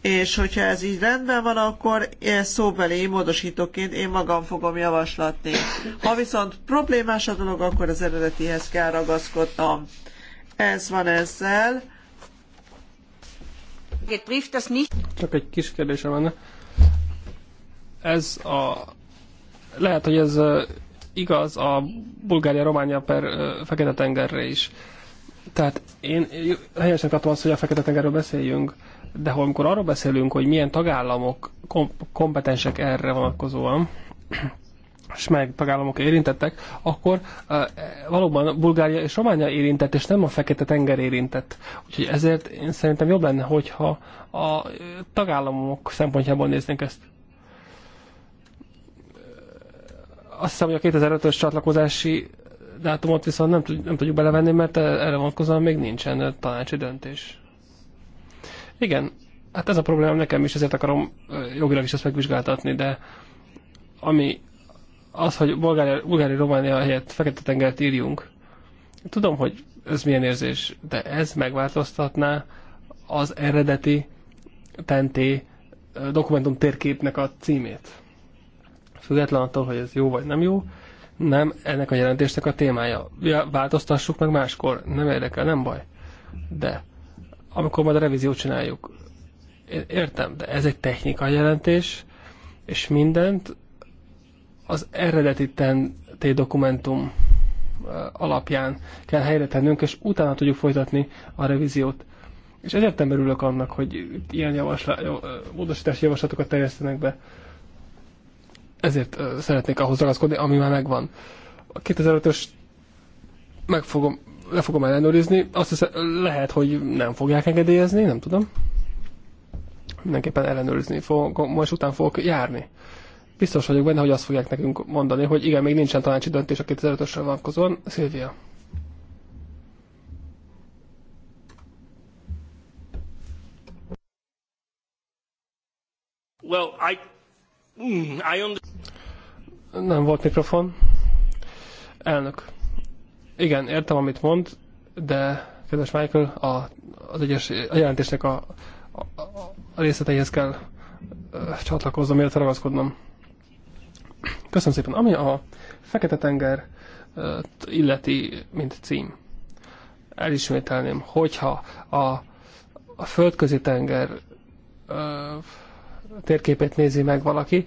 És hogyha ez így rendben van, akkor ezt szóbeli módosítóként én magam fogom javaslatni. Ha viszont problémás a dolog, akkor az eredetihez kell ragaszkodnom. Ez van ezzel. Csak egy kis kérdésem lenne. Ez a... Lehet, hogy ez igaz a Bulgária-Románia per Fekete-tengerre is. Tehát én helyesnek tartom azt, hogy a Fekete-tengerről beszéljünk, de ha amikor arról beszélünk, hogy milyen tagállamok kom- kompetensek erre vonatkozóan, és meg tagállamok érintettek, akkor uh, valóban Bulgária és Románia érintett, és nem a Fekete-tenger érintett. Úgyhogy ezért én szerintem jobb lenne, hogyha a tagállamok szempontjából néznénk ezt. Azt hiszem, hogy a 2005-ös csatlakozási dátumot viszont nem, nem tudjuk belevenni, mert eh, erre vonatkozóan még nincsen eh, tanácsi döntés. Igen, hát ez a probléma nekem is, ezért akarom eh, jogilag is ezt megvizsgáltatni, de ami az, hogy Bulgári, Bulgária Románia helyett Fekete-tengert írjunk, tudom, hogy ez milyen érzés, de ez megváltoztatná az eredeti tenté dokumentum térképnek a címét független attól, hogy ez jó vagy nem jó, nem ennek a jelentésnek a témája. Ja, változtassuk meg máskor, nem érdekel, nem baj. De amikor majd a revíziót csináljuk, értem, de ez egy technikai jelentés, és mindent az eredeti tenté dokumentum eh, alapján kell helyre tennünk, és utána tudjuk folytatni a revíziót. És ezért nem örülök annak, hogy ilyen javasla, eh, módosítási javaslatokat terjesztenek be ezért szeretnék ahhoz ragaszkodni, ami már megvan. A 2005-ös meg fogom, le fogom ellenőrizni, azt hiszem, lehet, hogy nem fogják engedélyezni, nem tudom. Mindenképpen ellenőrizni fog, most után fogok járni. Biztos vagyok benne, hogy azt fogják nekünk mondani, hogy igen, még nincsen tanácsi döntés a 2005-ösre vonatkozóan. Szilvia. Well, I nem volt mikrofon. Elnök. Igen, értem, amit mond, de kedves Michael, a, az egyes, a jelentésnek a, a, a részleteihez kell csatlakoznom, illetve ragaszkodnom. Köszönöm szépen. Ami a Fekete-tenger illeti, mint cím, elismételném, hogyha a, a földközi tenger ö, térképet nézi meg valaki,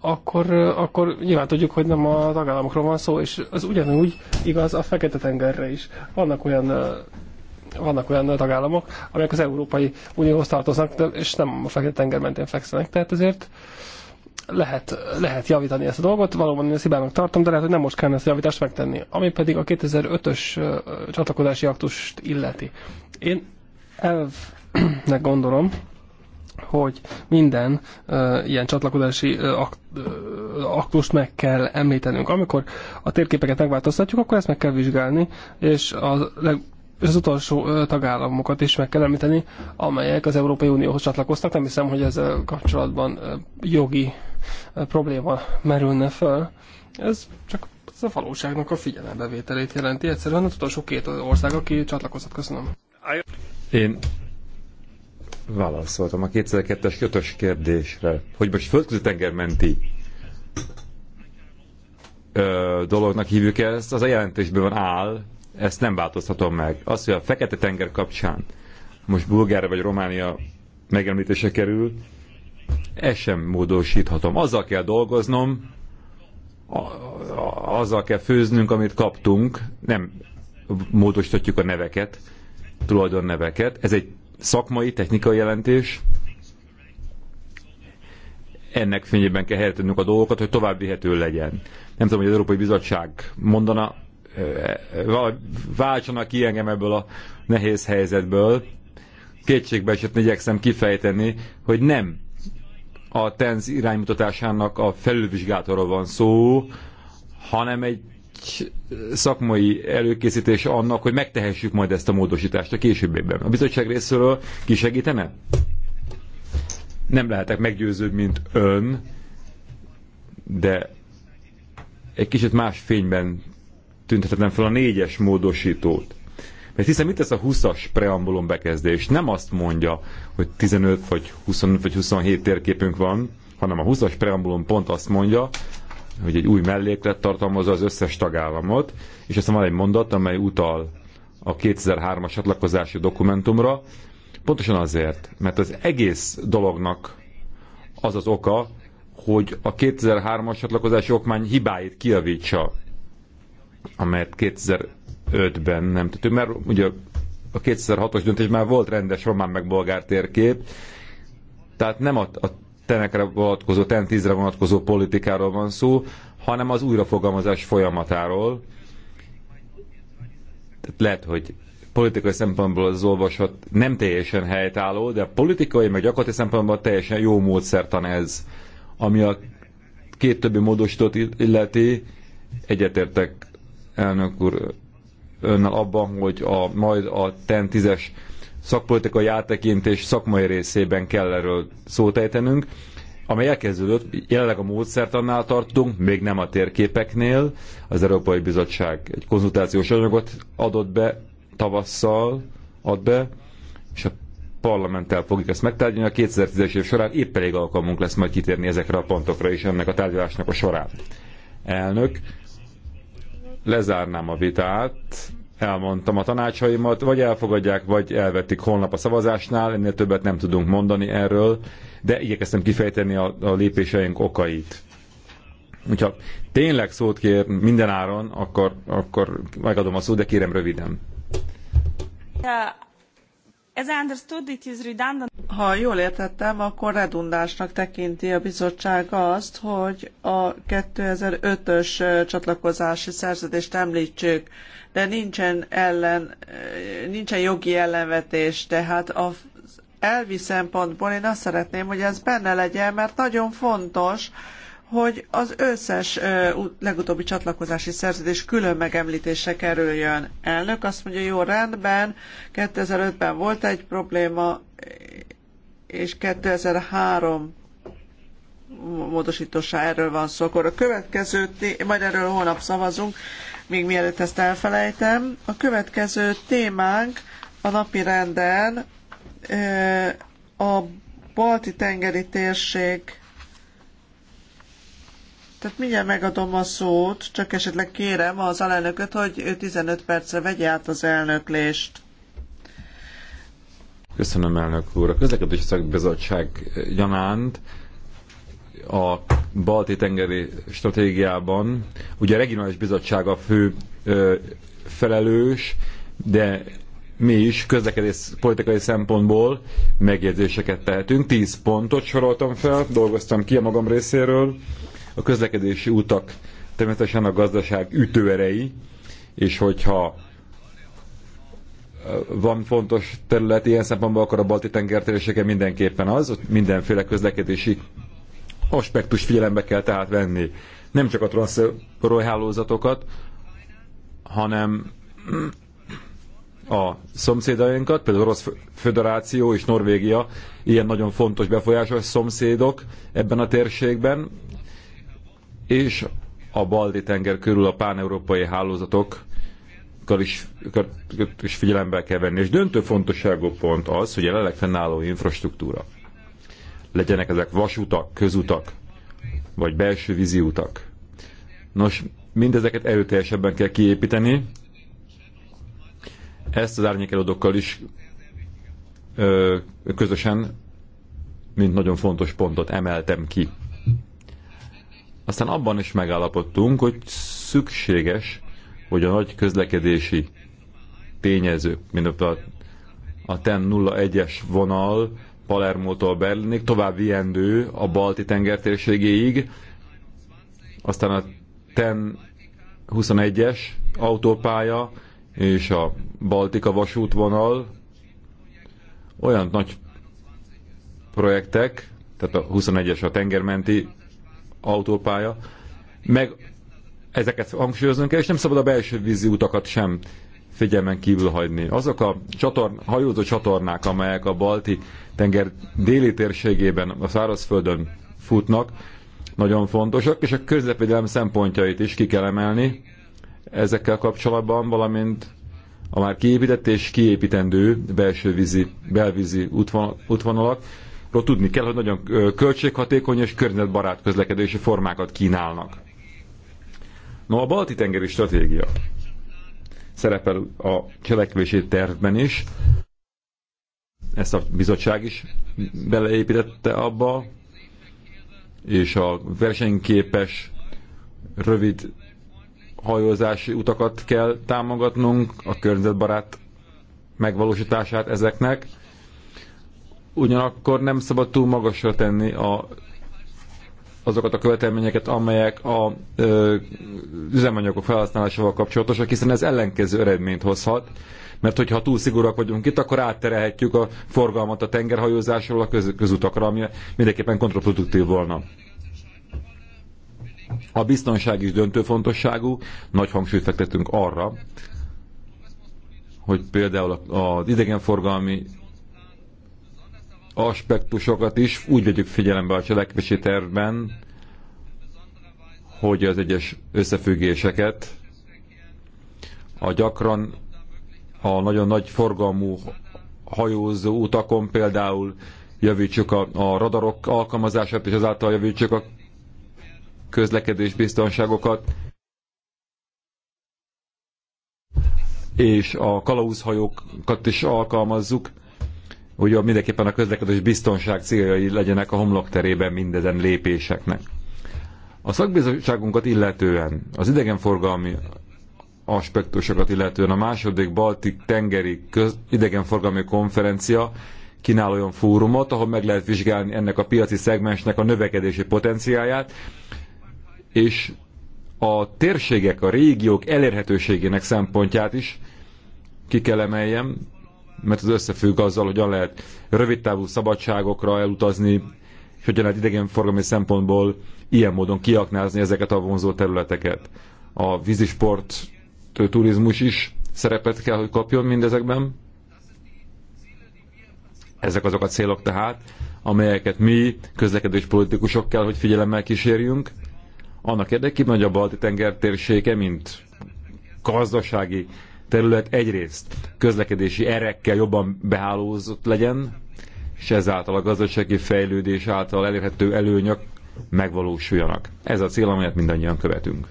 akkor, akkor nyilván tudjuk, hogy nem a tagállamokról van szó, és az ugyanúgy igaz a Fekete-tengerre is. Vannak olyan vannak olyan tagállamok, amelyek az Európai Unióhoz tartoznak, de, és nem a Fekete-tenger mentén fekszenek. Tehát ezért lehet, lehet javítani ezt a dolgot, valóban én ezt hibának tartom, de lehet, hogy nem most kellene ezt a javítást megtenni. Ami pedig a 2005-ös csatlakozási aktust illeti. Én elvnek gondolom, hogy minden ö, ilyen csatlakozási ö, akt, ö, aktust meg kell említenünk. Amikor a térképeket megváltoztatjuk, akkor ezt meg kell vizsgálni, és a leg, az utolsó ö, tagállamokat is meg kell említeni, amelyek az Európai Unióhoz csatlakoztak. Nem hiszem, hogy ezzel kapcsolatban ö, jogi ö, probléma merülne föl. Ez csak ez a valóságnak a figyelembevételét jelenti. Egyszerűen az utolsó két ország, aki csatlakozott. Köszönöm. Én válaszoltam a 2002-es kötös kérdésre, hogy most földközi tengermenti ö, dolognak hívjuk ezt, az a jelentésben van áll, ezt nem változtatom meg. Az, hogy a fekete tenger kapcsán most Bulgária vagy Románia megemlítése kerül, ezt sem módosíthatom. Azzal kell dolgoznom, azzal kell főznünk, amit kaptunk, nem módosíthatjuk a neveket, tulajdonneveket. Ez egy szakmai, technikai jelentés. Ennek fényében kell helyetennünk a dolgokat, hogy tovább vihető legyen. Nem tudom, hogy az Európai Bizottság mondana, eh, váltsanak ki engem ebből a nehéz helyzetből. Kétségbe esetleg igyekszem kifejteni, hogy nem a TENZ iránymutatásának a felülvizsgátorról van szó, hanem egy egy szakmai előkészítés annak, hogy megtehessük majd ezt a módosítást a későbbiben. A bizottság részéről ki segítene? Nem lehetek meggyőzőbb, mint ön, de egy kicsit más fényben tüntetetlen fel a négyes módosítót. Mert hiszen mit tesz a 20-as preambulum bekezdés? Nem azt mondja, hogy 15 vagy 25 vagy 27 térképünk van, hanem a 20-as preambulum pont azt mondja, hogy egy új melléklet tartalmazza az összes tagállamot, és aztán van egy mondat, amely utal a 2003-as csatlakozási dokumentumra, pontosan azért, mert az egész dolognak az az oka, hogy a 2003-as csatlakozási okmány hibáit kiavítsa, amelyet 2005-ben nem tudtuk, mert ugye a 2006-os döntés már volt rendes román meg bolgár térkép, tehát nem a, a tenekre vonatkozó, ten tízre vonatkozó politikáról van szó, hanem az újrafogalmazás folyamatáról. Tehát lehet, hogy politikai szempontból az olvasat nem teljesen helytálló, de politikai, meg gyakorlati szempontból teljesen jó módszertan ez, ami a két többi módosítót illeti. Egyetértek elnök úr önnel abban, hogy a, majd a TEN tízes es szakpolitikai áttekintés szakmai részében kell erről szót ejtenünk, amely elkezdődött, jelenleg a módszertannál tartunk, még nem a térképeknél. Az Európai Bizottság egy konzultációs anyagot adott be tavasszal, ad be, és a parlamenttel fogjuk ezt megtárgyalni. A 2010-es év során épp elég alkalmunk lesz majd kitérni ezekre a pontokra is ennek a tárgyalásnak a során. Elnök, lezárnám a vitát, elmondtam a tanácsaimat, vagy elfogadják, vagy elvetik holnap a szavazásnál, ennél többet nem tudunk mondani erről, de igyekeztem kifejteni a, a lépéseink okait. Hogyha tényleg szót kér mindenáron, akkor, akkor megadom a szót, de kérem röviden. Ha jól értettem, akkor redundásnak tekinti a bizottság azt, hogy a 2005-ös csatlakozási szerződést említsük, de nincsen, ellen, nincsen jogi ellenvetés, tehát a elvi szempontból én azt szeretném, hogy ez benne legyen, mert nagyon fontos, hogy az összes legutóbbi csatlakozási szerződés külön megemlítése kerüljön. Elnök azt mondja, jó rendben, 2005-ben volt egy probléma, és 2003 módosítása erről van szó. Akkor a következő, majd erről holnap szavazunk, még mielőtt ezt elfelejtem. A következő témánk a napi renden a balti tengeri térség tehát mindjárt megadom a szót, csak esetleg kérem az alelnököt, hogy 15 percre vegye át az elnöklést. Köszönöm, elnök úr. A közlekedési szakbizottság gyanánt a balti tengeri stratégiában, ugye a regionális bizottság a fő ö, felelős, de mi is közlekedés politikai szempontból megjegyzéseket tehetünk. Tíz pontot soroltam fel, dolgoztam ki a magam részéről a közlekedési utak természetesen a gazdaság ütőerei, és hogyha van fontos terület ilyen szempontból, akkor a balti tenger mindenképpen az, hogy mindenféle közlekedési aspektus figyelembe kell tehát venni. Nem csak a transzporoly hálózatokat, hanem a szomszédainkat, például Orosz Föderáció és Norvégia ilyen nagyon fontos befolyásos szomszédok ebben a térségben, és a balti tenger körül a páneurópai hálózatok is, is figyelembe kell venni. És döntő fontosságú pont az, hogy a jelenleg fennálló infrastruktúra legyenek ezek vasutak, közutak, vagy belső vízi utak. Nos, mindezeket erőteljesebben kell kiépíteni. Ezt az árnyékelődokkal is ö, közösen, mint nagyon fontos pontot emeltem ki. Aztán abban is megállapodtunk, hogy szükséges, hogy a nagy közlekedési tényező, mint a, a TEN 01-es vonal Palermótól Berlinig tovább viendő a balti tenger térségéig, aztán a TEN 21-es autópálya és a Baltika vasútvonal olyan nagy projektek, tehát a 21-es a tengermenti autópálya, meg ezeket hangsúlyoznunk kell, és nem szabad a belső vízi utakat sem figyelmen kívül hagyni. Azok a csatorn, hajózó csatornák, amelyek a balti tenger déli térségében, a szárazföldön futnak, nagyon fontosak, és a közlekedelem szempontjait is ki kell emelni ezekkel kapcsolatban, valamint a már kiépített és kiépítendő belső vízi, belvízi útvonalak, Ról tudni kell, hogy nagyon költséghatékony és környezetbarát közlekedési formákat kínálnak. No, a balti tengeri stratégia szerepel a cselekvési tervben is. Ezt a bizottság is beleépítette abba, és a versenyképes, rövid hajózási utakat kell támogatnunk, a környezetbarát megvalósítását ezeknek, ugyanakkor nem szabad túl magasra tenni a, azokat a követelményeket, amelyek a ö, üzemanyagok felhasználásával kapcsolatosak, hiszen ez ellenkező eredményt hozhat, mert hogyha túl szigorúak vagyunk itt, akkor átterelhetjük a forgalmat a tengerhajózásról a köz, közutakra, ami mindenképpen kontraproduktív volna. A biztonság is döntő fontosságú, nagy hangsúlyt fektetünk arra, hogy például az idegenforgalmi aspektusokat is úgy vegyük figyelembe a cselekvési tervben, hogy az egyes összefüggéseket a gyakran a nagyon nagy forgalmú hajózó utakon például javítsuk a, a radarok alkalmazását, és azáltal javítsuk a közlekedés biztonságokat, és a kalauzhajókat is alkalmazzuk, hogy mindenképpen a közlekedés biztonság céljai legyenek a homlokterében mindezen lépéseknek. A szakbizottságunkat illetően, az idegenforgalmi aspektusokat illetően a második Baltik tengeri köz, idegenforgalmi konferencia kínál olyan fórumot, ahol meg lehet vizsgálni ennek a piaci szegmensnek a növekedési potenciáját, és a térségek, a régiók elérhetőségének szempontját is ki kell emeljem, mert az összefügg azzal, hogyan lehet rövidtávú szabadságokra elutazni, és hogyan lehet idegenforgalmi szempontból ilyen módon kiaknázni ezeket a vonzó területeket. A vízisport, turizmus is szerepet kell, hogy kapjon mindezekben. Ezek azok a célok tehát, amelyeket mi közlekedés politikusok kell, hogy figyelemmel kísérjünk. Annak érdekében, hogy a Balti tenger térsége, mint gazdasági terület egyrészt közlekedési erekkel jobban behálózott legyen, és ezáltal a gazdasági fejlődés által elérhető előnyök megvalósuljanak. Ez a cél, amelyet mindannyian követünk.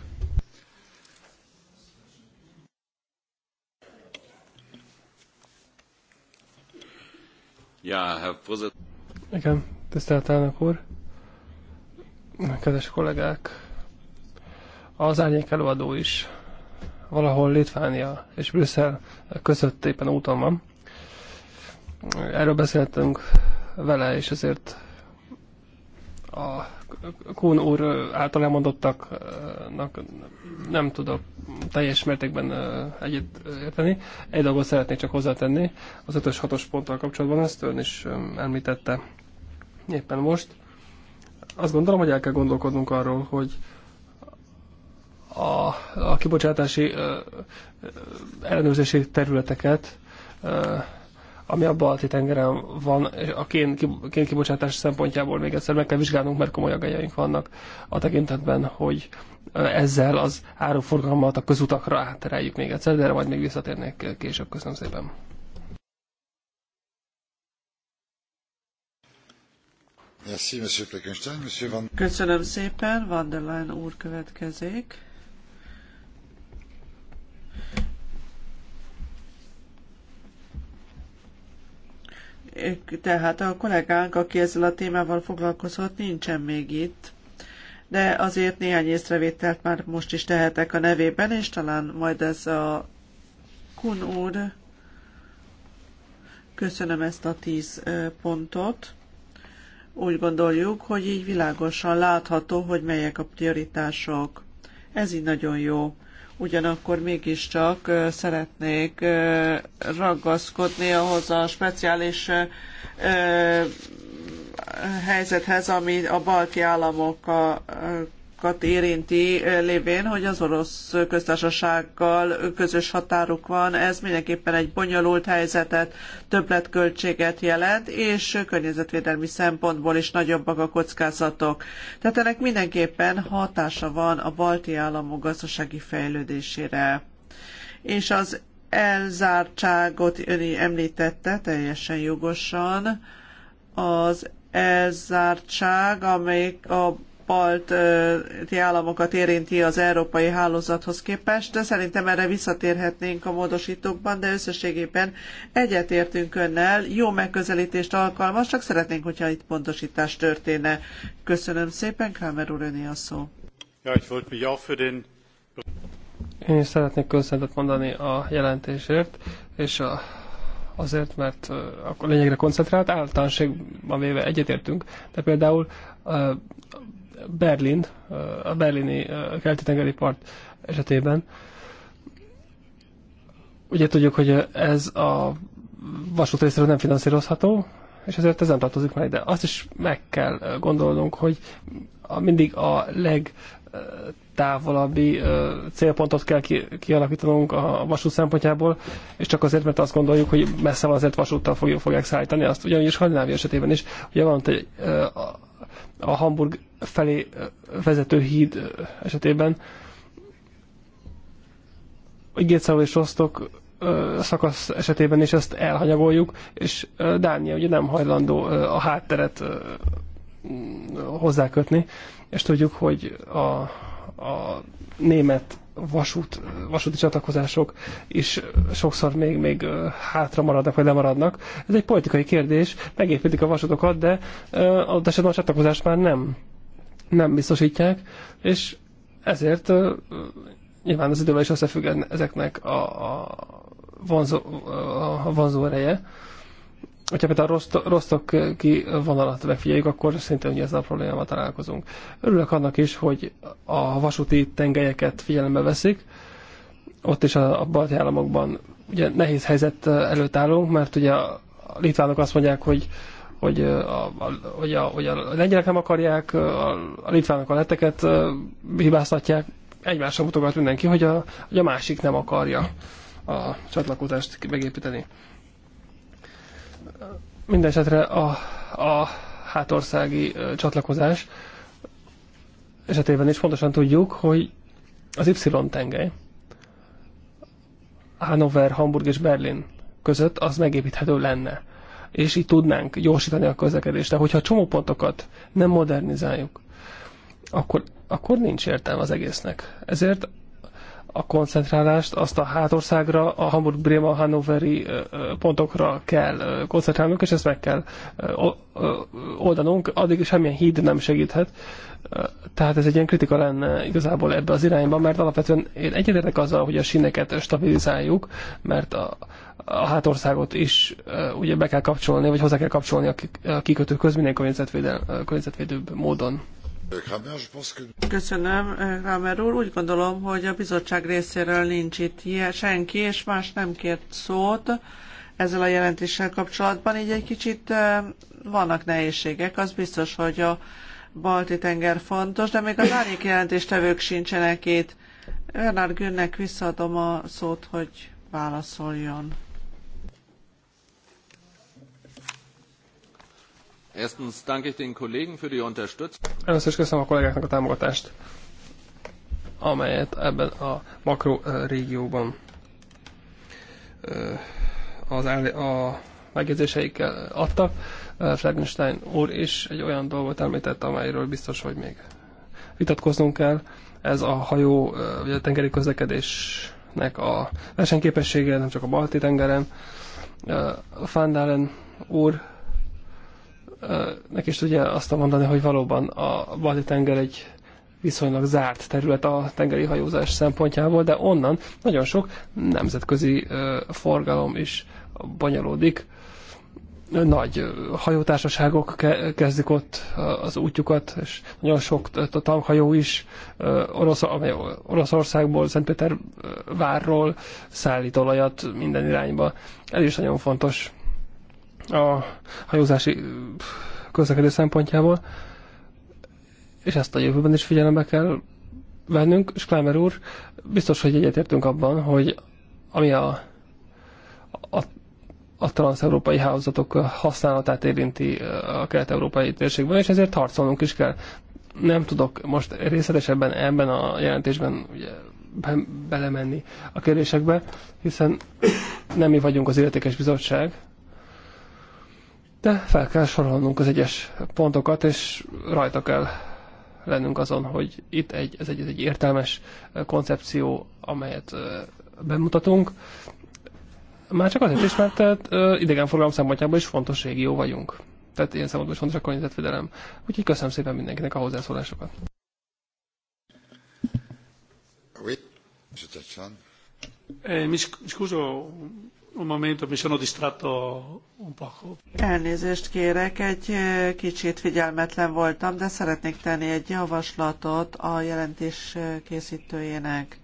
Ja, Igen, tisztelt elnök úr, kedves kollégák, az árnyék előadó is valahol Litvánia és Brüsszel között éppen úton van. Erről beszéltünk vele, és ezért a Kuhn úr által elmondottaknak nem tudok teljes mértékben egyet érteni. Egy dolgot szeretnék csak hozzátenni, az 5 hatos 6 ponttal kapcsolatban ezt ön is említette éppen most. Azt gondolom, hogy el kell gondolkodnunk arról, hogy a, a kibocsátási ö, ellenőrzési területeket, ö, ami a balti tengeren van, és a kén, kén kibocsátás szempontjából még egyszer meg kell vizsgálnunk, mert komoly agajaink vannak a tekintetben, hogy ezzel az áruforgalmat a közutakra áttereljük még egyszer, de erre majd még visszatérnék később. Köszönöm szépen. Köszönöm szépen, Van der Leyen úr következik. Tehát a kollégánk, aki ezzel a témával foglalkozott, nincsen még itt, de azért néhány észrevételt már most is tehetek a nevében, és talán majd ez a Kun úr, köszönöm ezt a tíz pontot. Úgy gondoljuk, hogy így világosan látható, hogy melyek a prioritások. Ez így nagyon jó ugyanakkor mégiscsak szeretnék ragaszkodni ahhoz a speciális helyzethez, ami a balti államokkal országokat érinti, lévén, hogy az orosz köztársasággal közös határuk van. Ez mindenképpen egy bonyolult helyzetet, többletköltséget jelent, és környezetvédelmi szempontból is nagyobbak a kockázatok. Tehát ennek mindenképpen hatása van a balti államok gazdasági fejlődésére. És az elzártságot ön említette teljesen jogosan. Az elzártság, amelyik a balti államokat érinti az európai hálózathoz képest, de szerintem erre visszatérhetnénk a módosítókban, de összességében egyetértünk önnel, jó megközelítést alkalmaz, csak szeretnénk, hogyha itt pontosítás történne. Köszönöm szépen, Kramer úr, öné a szó. én is szeretnék köszönetet mondani a jelentésért, és a, azért, mert a lényegre koncentrált, általánosságban véve egyetértünk, de például Berlin, a berlini kelti-tengeri part esetében. Ugye tudjuk, hogy ez a vasút részéről nem finanszírozható, és ezért ez nem tartozik meg, ide. Azt is meg kell gondolnunk, hogy mindig a legtávolabbi célpontot kell kialakítanunk a vasút szempontjából, és csak azért, mert azt gondoljuk, hogy messze van azért vasúttal fogják szállítani azt. Ugyanis Skandinávia esetében is, ugye van egy a Hamburg felé vezető híd esetében. Gécau és Rostok szakasz esetében is ezt elhanyagoljuk, és Dánia ugye nem hajlandó a hátteret hozzákötni, és tudjuk, hogy a, a német vasút, vasúti csatlakozások is sokszor még, még hátra maradnak, vagy lemaradnak. Ez egy politikai kérdés, megépítik a vasutokat, de adott esetben a csatlakozást már nem, nem biztosítják, és ezért nyilván az idővel is összefügg ezeknek a, a vonzó, a vonzó ereje hogyha például Rostok, Rostoki vonalat megfigyeljük, akkor szerintem ugye ezzel a problémával találkozunk. Örülök annak is, hogy a vasúti tengelyeket figyelembe veszik, ott is a, a balti államokban ugye nehéz helyzet előtt állunk, mert ugye a litvánok azt mondják, hogy hogy a, a, hogy a, hogy a lengyelek nem akarják, a, a litvánok a leteket hibáztatják, egymásra mutogat mindenki, hogy a, hogy a másik nem akarja a csatlakozást megépíteni. Mindenesetre a, a hátországi csatlakozás esetében is fontosan tudjuk, hogy az Y-tengely Hannover, Hamburg és Berlin között az megépíthető lenne. És így tudnánk gyorsítani a közlekedést. De hogyha a csomópontokat nem modernizáljuk, akkor, akkor nincs értelme az egésznek. Ezért a koncentrálást, azt a hátországra, a hamburg bréma hannoveri pontokra kell koncentrálnunk, és ezt meg kell oldanunk, addig semmilyen híd nem segíthet. Tehát ez egy ilyen kritika lenne igazából ebbe az irányba, mert alapvetően én egyetértek azzal, hogy a síneket stabilizáljuk, mert a, a hátországot is ugye be kell kapcsolni, vagy hozzá kell kapcsolni a kikötőkhöz minél környezetvédőbb módon. Köszönöm, Kramer úr. Úgy gondolom, hogy a bizottság részéről nincs itt senki, és más nem kért szót ezzel a jelentéssel kapcsolatban. Így egy kicsit vannak nehézségek. Az biztos, hogy a balti tenger fontos, de még az árnyék jelentéstevők sincsenek itt. Bernard Günnek visszaadom a szót, hogy válaszoljon. Először is köszönöm a kollégáknak a támogatást, amelyet ebben a makrorégióban az a megjegyzéseikkel adtak. Fleckenstein úr is egy olyan dolgot említett, amelyről biztos, hogy még vitatkoznunk kell. Ez a hajó, vagy a tengeri közlekedésnek a versenyképessége, nem csak a balti tengeren. Fandalen úr neki is tudja azt mondani, hogy valóban a Balti-tenger egy viszonylag zárt terület a tengeri hajózás szempontjából, de onnan nagyon sok nemzetközi forgalom is bonyolódik. Nagy hajótársaságok kezdik ott az útjukat, és nagyon sok tankhajó is Orosz, amely Oroszországból, Szentpétervárról szállít olajat minden irányba. Ez is nagyon fontos a hajózási közlekedő szempontjából, és ezt a jövőben is figyelembe kell vennünk. És Klámer úr, biztos, hogy egyetértünk abban, hogy ami a, a, a európai hálózatok használatát érinti a kelet-európai térségben, és ezért harcolnunk is kell. Nem tudok most részletesebben ebben a jelentésben ugye, be, belemenni a kérdésekbe, hiszen nem mi vagyunk az illetékes bizottság, de fel kell sorolnunk az egyes pontokat, és rajta kell lennünk azon, hogy itt egy, ez egy, ez egy értelmes koncepció, amelyet bemutatunk. Már csak azért is, mert tehát, idegenforgalom szempontjából is fontos régió vagyunk. Tehát ilyen szempontból is fontos a környezetvédelem. Úgyhogy köszönöm szépen mindenkinek a hozzászólásokat. Oui, je un momento, mi sono distratto un poco. Elnézést kérek, egy eh, kicsit figyelmetlen voltam, de szeretnék tenni egy javaslatot a jelentés eh, készítőjének.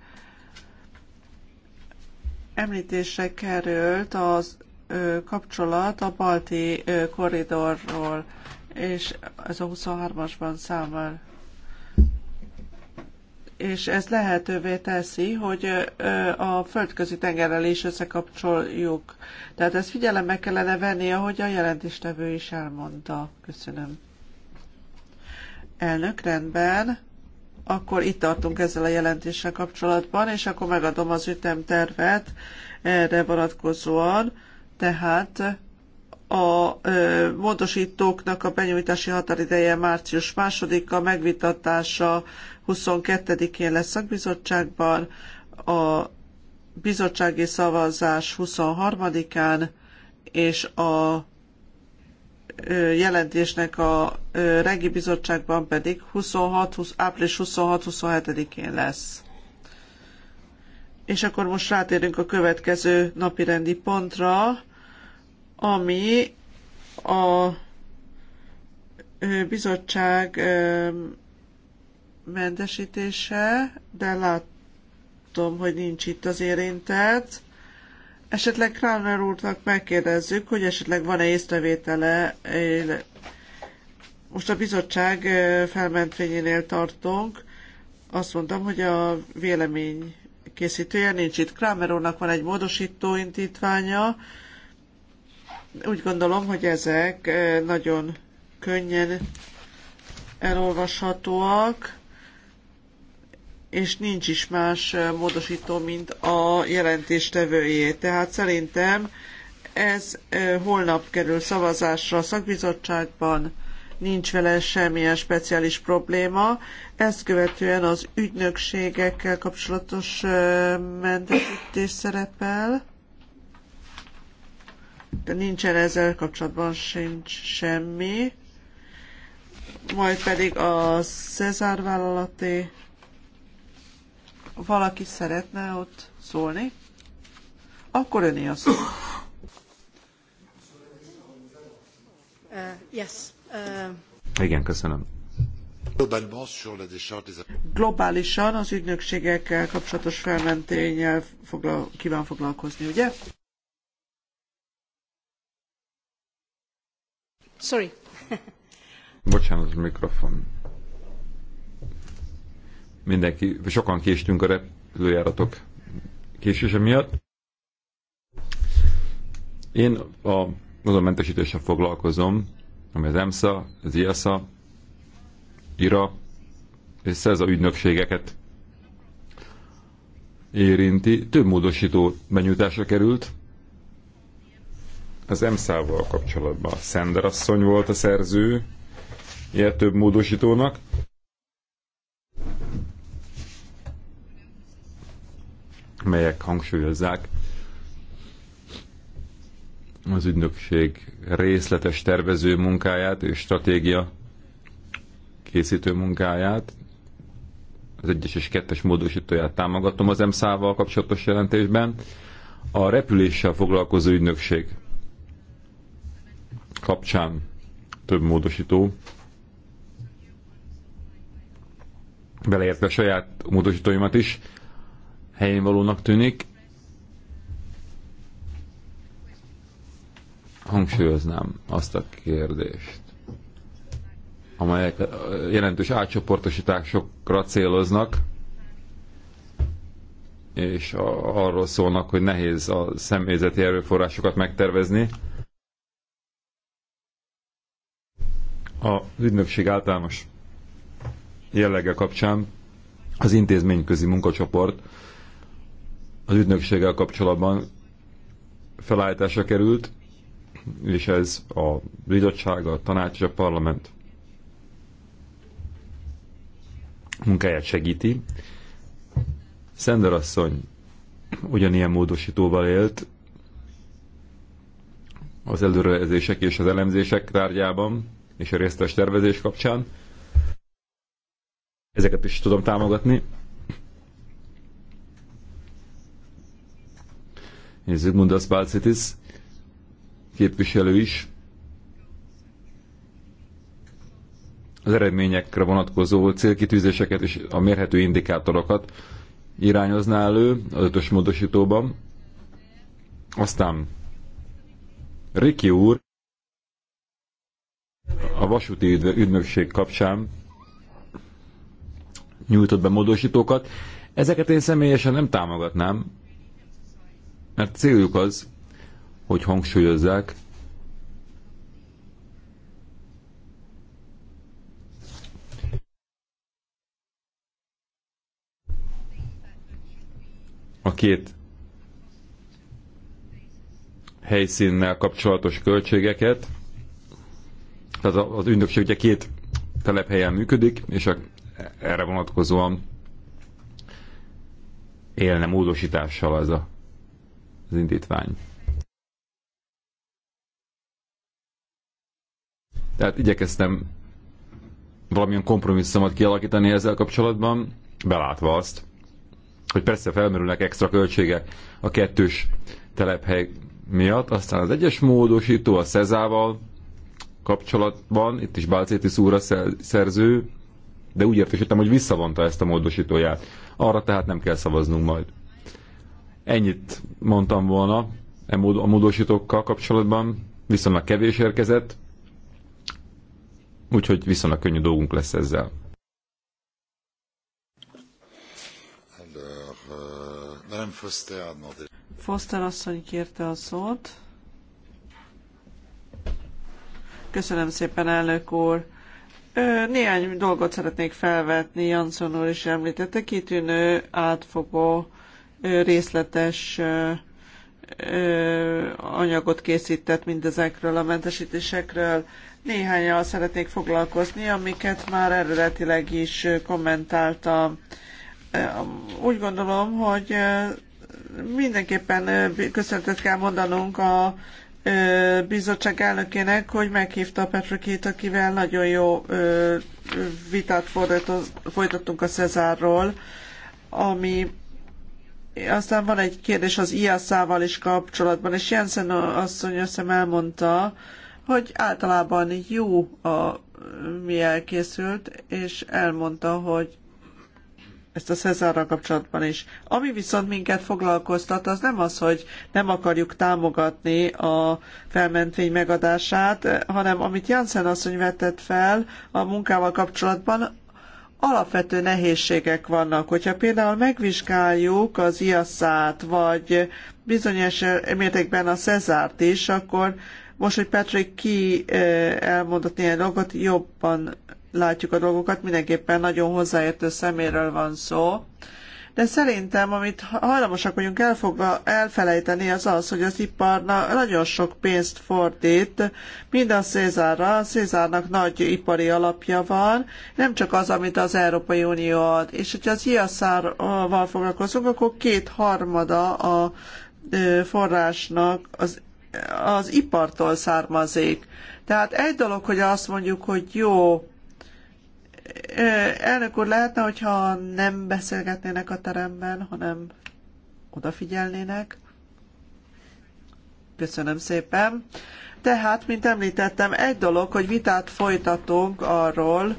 Említésre került az kapcsolat a balti korridorról, és ez a 23-asban számol és ez lehetővé teszi, hogy a földközi tengerrel is összekapcsoljuk. Tehát ezt figyelembe kellene venni, ahogy a jelentéstevő is elmondta. Köszönöm. Elnök, rendben. Akkor itt tartunk ezzel a jelentéssel kapcsolatban, és akkor megadom az ütemtervet erre vonatkozóan. Tehát a ö, módosítóknak a benyújtási határideje március 2-a, megvitatása 22-én lesz szakbizottságban, a bizottsági szavazás 23-án, és a jelentésnek a regi bizottságban pedig 26, 20, április 26-27-én lesz. És akkor most rátérünk a következő napirendi pontra, ami a bizottság mentesítése, de látom, hogy nincs itt az érintett. Esetleg Kramer úrnak megkérdezzük, hogy esetleg van-e észrevétele. Most a bizottság felmentvényénél tartunk. Azt mondtam, hogy a vélemény készítője nincs itt. Kramer úrnak van egy módosító indítványa, úgy gondolom, hogy ezek eh, nagyon könnyen elolvashatóak, és nincs is más eh, módosító, mint a jelentéstevőjé. Tehát szerintem ez eh, holnap kerül szavazásra a szakbizottságban, nincs vele semmilyen speciális probléma. Ezt követően az ügynökségekkel kapcsolatos mentesítés szerepel nincsen ezzel kapcsolatban sincs semmi. Majd pedig a Cezár vállalaté. Valaki szeretne ott szólni? Akkor öné a szó. Uh, yes. Uh... Igen, köszönöm. Globálisan az ügynökségekkel kapcsolatos felmentényel foglal, kíván foglalkozni, ugye? Sorry. Bocsánat, mikrofon. Mindenki, sokan késtünk a repülőjáratok késése miatt. Én a azonmentesítéssel foglalkozom, ami az EMSA, az IASA, IRA és CESA ügynökségeket érinti. Több módosító benyújtásra került, az EMSZ-val kapcsolatban Szender asszony volt a szerző, ilyen több módosítónak. melyek hangsúlyozzák az ügynökség részletes tervező munkáját és stratégia készítő munkáját. Az egyes és kettes módosítóját támogatom az EMSZ-val kapcsolatos jelentésben. A repüléssel foglalkozó ügynökség kapcsán több módosító, beleértve saját módosítóimat is, helyén valónak tűnik. Hangsúlyoznám azt a kérdést, amelyek jelentős átcsoportosításokra céloznak, és arról szólnak, hogy nehéz a személyzeti erőforrásokat megtervezni, az ügynökség általános jellege kapcsán az intézményközi munkacsoport az ügynökséggel kapcsolatban felállításra került, és ez a bizottság, a tanács és a parlament munkáját segíti. Szender asszony ugyanilyen módosítóval élt az előrejelzések és az elemzések tárgyában, és a részletes tervezés kapcsán. Ezeket is tudom támogatni. És Zygmundas Balcitis képviselő is az eredményekre vonatkozó célkitűzéseket és a mérhető indikátorokat irányozná elő az ötös módosítóban. Aztán Riki úr a vasúti ügynökség kapcsán nyújtott be módosítókat. Ezeket én személyesen nem támogatnám, mert céljuk az, hogy hangsúlyozzák, a két helyszínnel kapcsolatos költségeket, tehát az ügynökség ugye két telephelyen működik, és a, erre vonatkozóan élne módosítással ez a, az indítvány. Tehát igyekeztem valamilyen kompromisszumot kialakítani ezzel kapcsolatban, belátva azt, hogy persze felmerülnek extra költségek a kettős telephely miatt, aztán az egyes módosító a Szezával kapcsolatban, itt is Bálcétis úr szerző, de úgy értesítem, hogy visszavonta ezt a módosítóját. Arra tehát nem kell szavaznunk majd. Ennyit mondtam volna e a módosítókkal kapcsolatban, viszonylag kevés érkezett, úgyhogy viszonylag könnyű dolgunk lesz ezzel. Euh, Foster asszony kérte a szót. Köszönöm szépen, elnök úr. Néhány dolgot szeretnék felvetni, Jansson úr is említette, kitűnő, átfogó, részletes anyagot készített mindezekről a mentesítésekről. Néhányal szeretnék foglalkozni, amiket már eredetileg is kommentáltam. Úgy gondolom, hogy mindenképpen köszöntet kell mondanunk a bizottság elnökének, hogy meghívta Petrikét, akivel nagyon jó vitát folytattunk a Cezárról, ami aztán van egy kérdés az IASZ-val is kapcsolatban, és Jensen asszony azt hiszem elmondta, hogy általában jó a mi elkészült, és elmondta, hogy ezt a Cezárral kapcsolatban is. Ami viszont minket foglalkoztat, az nem az, hogy nem akarjuk támogatni a felmentvény megadását, hanem amit Janssen asszony vetett fel a munkával kapcsolatban, alapvető nehézségek vannak. Hogyha például megvizsgáljuk az IASZ-át, vagy bizonyos mértékben a Cezárt is, akkor most, hogy Patrick ki eh, elmondott néhány dolgot, jobban látjuk a dolgokat, mindenképpen nagyon hozzáértő szeméről van szó. De szerintem, amit hajlamosak vagyunk elfogva, elfelejteni, az az, hogy az ipar nagyon sok pénzt fordít, mind a Szézárra, a Szézárnak nagy ipari alapja van, nem csak az, amit az Európai Unió ad. És hogyha az IASZ-val foglalkozunk, akkor kétharmada a forrásnak az, az ipartól származik. Tehát egy dolog, hogy azt mondjuk, hogy jó, Elnök úr, lehetne, hogyha nem beszélgetnének a teremben, hanem odafigyelnének. Köszönöm szépen. Tehát, mint említettem, egy dolog, hogy vitát folytatunk arról,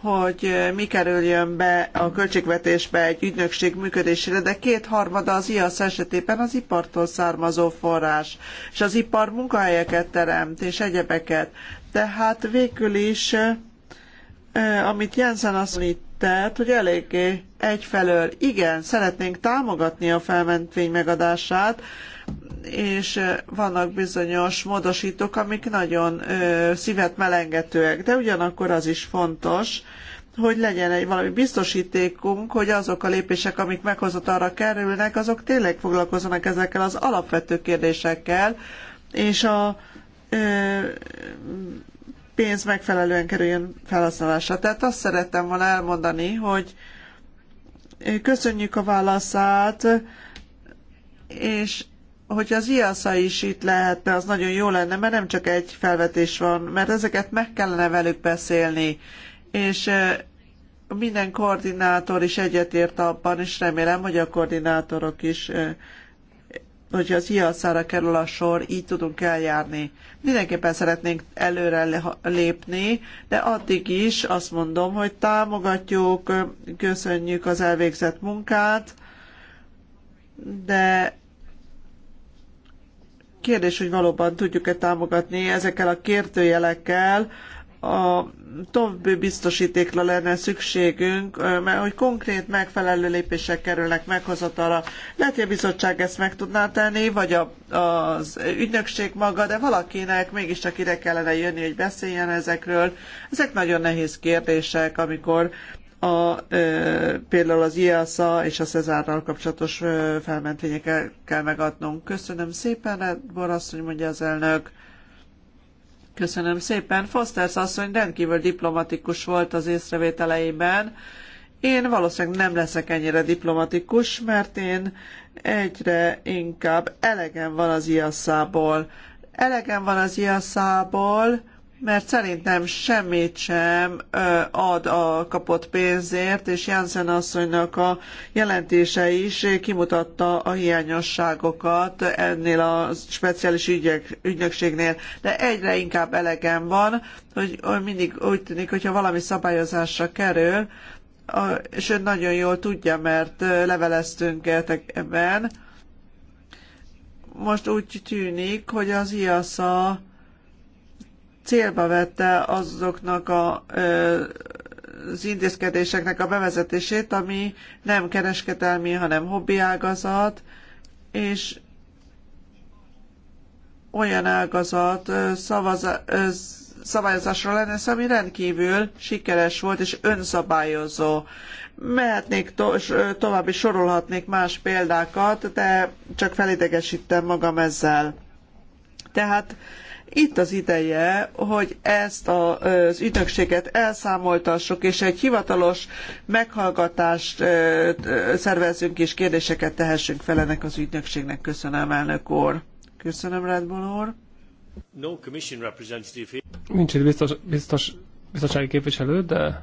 hogy mi kerüljön be a költségvetésbe egy ügynökség működésére, de kétharmada az IASZ esetében az ipartól származó forrás, és az ipar munkahelyeket teremt, és egyebeket. Tehát végül is amit Jensen azt említett, hogy eléggé egyfelől igen, szeretnénk támogatni a felmentvény megadását, és vannak bizonyos módosítók, amik nagyon ö, szívet melengetőek, de ugyanakkor az is fontos, hogy legyen egy valami biztosítékunk, hogy azok a lépések, amik meghozott arra kerülnek, azok tényleg foglalkozzanak ezekkel az alapvető kérdésekkel, és a ö, pénz megfelelően kerüljön felhasználásra. Tehát azt szerettem volna elmondani, hogy köszönjük a válaszát, és hogy az IASA is itt lehetne, az nagyon jó lenne, mert nem csak egy felvetés van, mert ezeket meg kellene velük beszélni, és minden koordinátor is egyetért abban, és remélem, hogy a koordinátorok is hogy az hiaszára kerül a sor, így tudunk eljárni. Mindenképpen szeretnénk előre lépni, de addig is azt mondom, hogy támogatjuk, köszönjük az elvégzett munkát, de kérdés, hogy valóban tudjuk-e támogatni ezekkel a kértőjelekkel, a további biztosítékra lenne szükségünk, mert hogy konkrét megfelelő lépések kerülnek meghozatalra. Lehet, hogy a bizottság ezt meg tudná tenni, vagy a, az ügynökség maga, de valakinek mégiscsak ide kellene jönni, hogy beszéljen ezekről. Ezek nagyon nehéz kérdések, amikor a, e, például az IASA és a Cezárral kapcsolatos e, kell megadnunk. Köszönöm szépen, Borasszony mondja az elnök. Köszönöm szépen. Fosters asszony rendkívül diplomatikus volt az észrevételeiben. Én valószínűleg nem leszek ennyire diplomatikus, mert én egyre inkább elegem van az IASZ-ból. Elegem van az iasz mert szerintem semmit sem ad a kapott pénzért, és Jensen asszonynak a jelentése is kimutatta a hiányosságokat ennél a speciális ügyek, ügynökségnél. De egyre inkább elegem van, hogy, hogy mindig úgy tűnik, hogyha valami szabályozásra kerül, és ön nagyon jól tudja, mert leveleztünk ebben, most úgy tűnik, hogy az IASA célba vette azoknak a, az intézkedéseknek a bevezetését, ami nem kereskedelmi, hanem hobbi ágazat, és olyan ágazat szavaz, szabályozásra lenne, ami rendkívül sikeres volt és önszabályozó. Mehetnék to- tovább sorolhatnék más példákat, de csak felidegesítem magam ezzel. Tehát itt az ideje, hogy ezt az ügynökséget elszámoltassuk, és egy hivatalos meghallgatást szervezzünk, és kérdéseket tehessünk fel ennek az ügynökségnek. Köszönöm, elnök úr. Köszönöm, Rádból úr. No Nincs itt biztos, biztos, biztonsági képviselő, de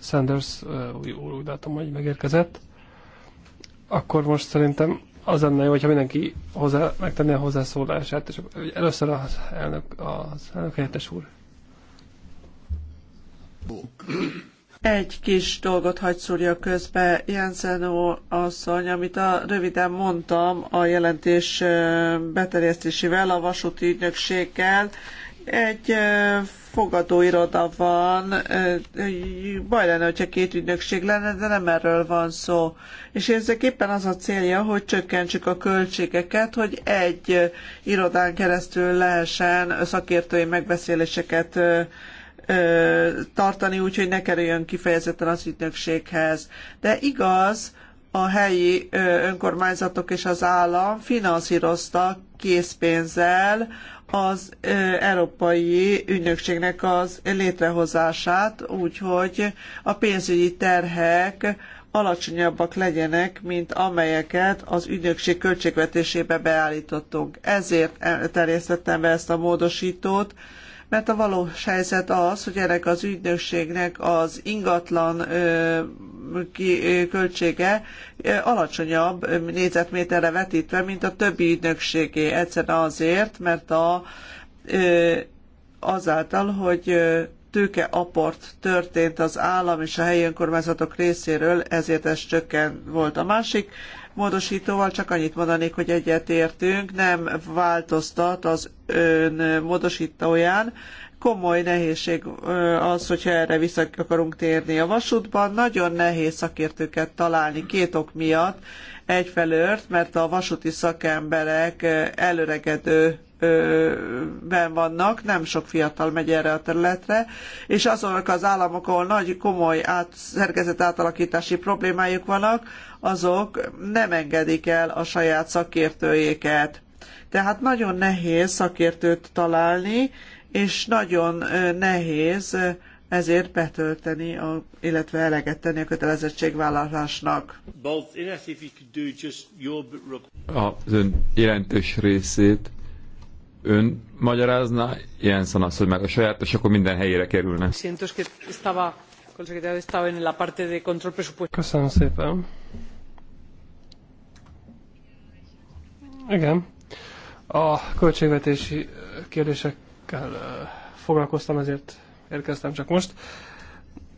Sanders úgy, úgy látom, hogy megérkezett. Akkor most szerintem az lenne jó, hogyha mindenki hozzá, megtenné a hozzászólását, és először az elnök, az elnök helyettes úr. Egy kis dolgot hagy szúrja közbe Jensen asszony, amit a, röviden mondtam a jelentés beterjesztésével, a vasúti ügynökséggel egy fogadóiroda van, baj lenne, hogyha két ügynökség lenne, de nem erről van szó. És éppen az a célja, hogy csökkentsük a költségeket, hogy egy irodán keresztül lehessen szakértői megbeszéléseket tartani, úgyhogy ne kerüljön kifejezetten az ügynökséghez. De igaz, a helyi önkormányzatok és az állam finanszírozta készpénzzel az Európai Ügynökségnek az létrehozását, úgyhogy a pénzügyi terhek alacsonyabbak legyenek, mint amelyeket az ügynökség költségvetésébe beállítottunk. Ezért terjesztettem be ezt a módosítót, mert a valós helyzet az, hogy ennek az ügynökségnek az ingatlan költsége alacsonyabb négyzetméterre vetítve, mint a többi ügynökségé. Egyszerűen azért, mert a, azáltal, hogy tőkeaport történt az állam és a helyi önkormányzatok részéről, ezért ez csökken volt. A másik módosítóval csak annyit mondanék, hogy egyetértünk, nem változtat az ön módosítóján, komoly nehézség az, hogyha erre vissza akarunk térni. A vasútban nagyon nehéz szakértőket találni két ok miatt. Egyfelőrt, mert a vasúti szakemberek előregedő ben vannak, nem sok fiatal megy erre a területre, és azok az államok, ahol nagy komoly át, szerkezet átalakítási problémájuk vannak, azok nem engedik el a saját szakértőjéket. Tehát nagyon nehéz szakértőt találni, és nagyon nehéz ezért betölteni, a, illetve eleget tenni a kötelezettségvállalásnak. Az ön jelentős részét ön magyarázná, ilyen az, hogy meg a saját, és akkor minden helyére kerülne. Köszönöm szépen. Igen. A költségvetési kérdések ezekkel foglalkoztam, ezért érkeztem csak most.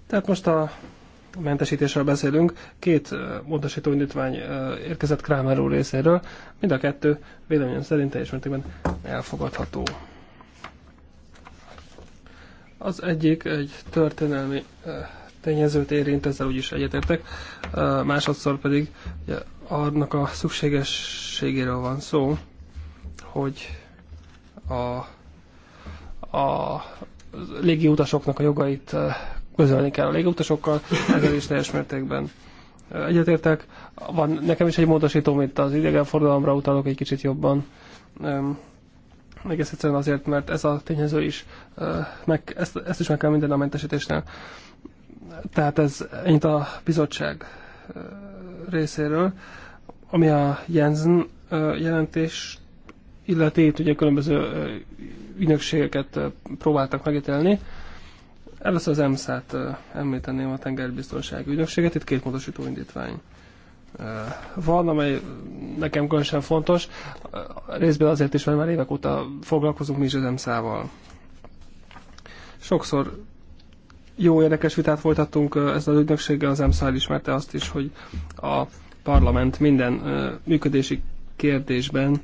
Tehát most a mentesítésről beszélünk. Két módosító indítvány érkezett Kramer úr részéről. Mind a kettő véleményem szerint teljes mértékben elfogadható. Az egyik egy történelmi tényezőt érint, ezzel úgyis egyetértek, másodszor pedig ugye, annak a szükségességéről van szó, hogy a a légiutasoknak a jogait eh, közölni kell a légiutasokkal, ezzel is teljes mértékben eh, egyetértek. Van nekem is egy módosító, mint az idegenforgalomra utalok egy kicsit jobban. Egész egyszerűen azért, mert ez a tényező is, eh, meg, ezt, ezt is meg kell minden a mentesítésnél. Tehát ez ennyit a bizottság részéről, ami a Jensen jelentés illeti, itt ugye különböző ügynökségeket próbáltak megítélni. Először az EMSZ-t említeném a tengerbiztonsági ügynökséget, itt két módosító indítvány van, amely nekem különösen fontos, részben azért is, mert már évek óta foglalkozunk mi is az EMSZ-val. Sokszor jó érdekes vitát folytattunk ezzel az ügynökséggel, az EMSZ ismerte azt is, hogy a parlament minden működési kérdésben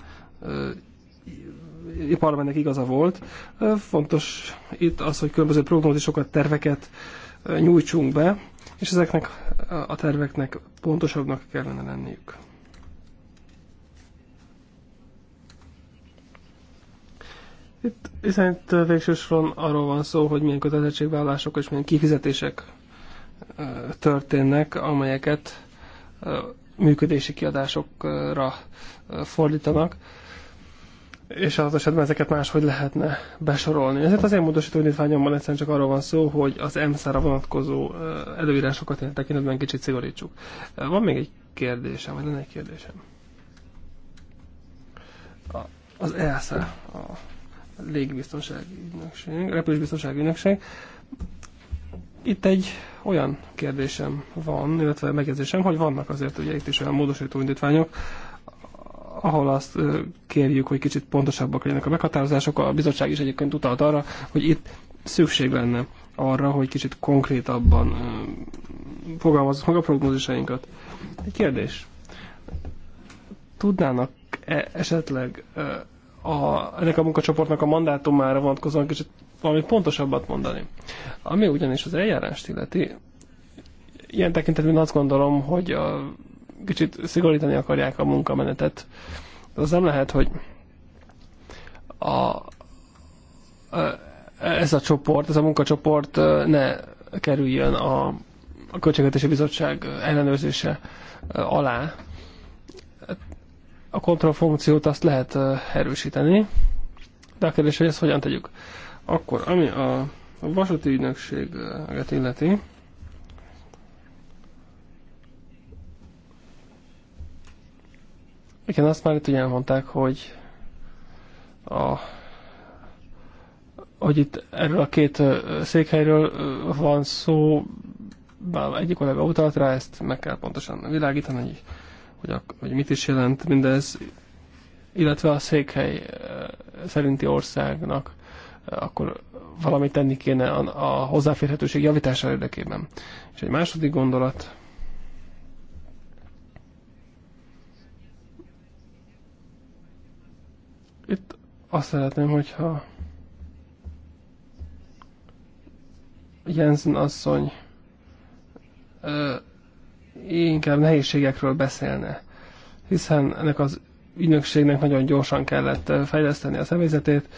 parlamentnek igaza volt. Fontos itt az, hogy különböző prognózisokat, terveket nyújtsunk be, és ezeknek a terveknek pontosabbnak kellene lenniük. Itt viszont végsősoron soron arról van szó, hogy milyen kötelezettségvállások és milyen kifizetések történnek, amelyeket működési kiadásokra fordítanak és az esetben ezeket máshogy lehetne besorolni. Ezért az én módosító indítványomban egyszerűen csak arról van szó, hogy az EMSZ-ra vonatkozó előírásokat én tekintetben kicsit szigorítsuk. Van még egy kérdésem, vagy lenne egy kérdésem? Az ELSZE, a légbiztonsági ügynökség, repülésbiztonsági ügynökség. Itt egy olyan kérdésem van, illetve megjegyzésem, hogy vannak azért ugye itt is olyan módosító indítványok, ahol azt kérjük, hogy kicsit pontosabbak legyenek a meghatározások. A bizottság is egyébként utalt arra, hogy itt szükség lenne arra, hogy kicsit konkrétabban fogalmazzuk meg a prognózisainkat. Egy kérdés. Tudnának -e esetleg a, ennek a munkacsoportnak a mandátumára vonatkozóan kicsit valami pontosabbat mondani? Ami ugyanis az eljárást illeti, ilyen tekintetben azt gondolom, hogy a kicsit szigorítani akarják a munkamenetet. Az nem lehet, hogy a, a, ez a csoport, ez a munkacsoport ne kerüljön a, a Költségvetési Bizottság ellenőrzése alá. A kontrollfunkciót azt lehet erősíteni, de a kérdés, hogy ezt hogyan tegyük. Akkor, ami a, a vasúti ügynökséget illeti, Igen, azt már itt ugye elmondták, hogy a hogy itt erről a két székhelyről van szó, bár egyik kollega utalt rá, ezt meg kell pontosan világítani, hogy, hogy, a, hogy mit is jelent mindez, illetve a székhely szerinti országnak akkor valamit tenni kéne a, a hozzáférhetőség javítása érdekében. És egy második gondolat, Itt azt szeretném, hogyha Jensen asszony ö, inkább nehézségekről beszélne, hiszen ennek az ügynökségnek nagyon gyorsan kellett fejleszteni a személyzetét,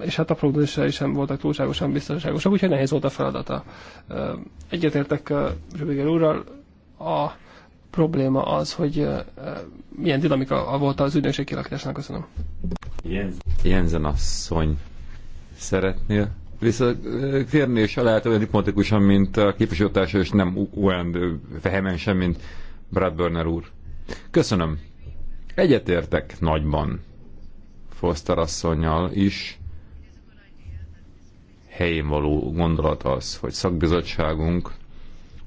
és hát a prognózisai sem voltak túlságosan biztonságosak, úgyhogy nehéz volt a feladata. Egyetértek Rübiger úrral, a probléma az, hogy milyen dinamika volt az ügynökség kialakításnak. Köszönöm. Jensen asszony, szeretnél Viszont kérni és lehet olyan diplomatikusan, mint a képviselőtársa, és nem olyan vehemensen, mint Brad Burner úr. Köszönöm. Egyetértek nagyban Foster asszonynal is. Helyén való gondolat az, hogy szakbizottságunk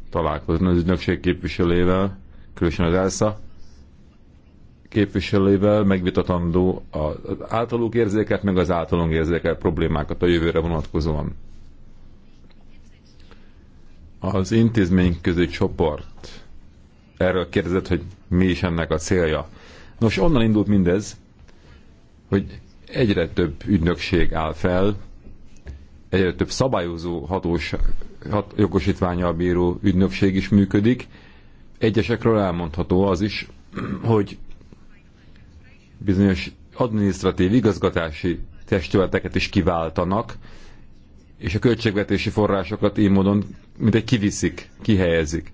találkozni az ügynökség képviselőjével, különösen az ELSA képviselőivel megvitatandó az általuk érzéket, meg az általunk érzéket, problémákat a jövőre vonatkozóan. Az közé csoport erről kérdezett, hogy mi is ennek a célja. Nos, onnan indult mindez, hogy egyre több ügynökség áll fel, egyre több szabályozó hatós, hat, jogosítványa bíró ügynökség is működik, Egyesekről elmondható az is, hogy bizonyos adminisztratív igazgatási testületeket is kiváltanak, és a költségvetési forrásokat így módon egy kiviszik, kihelyezik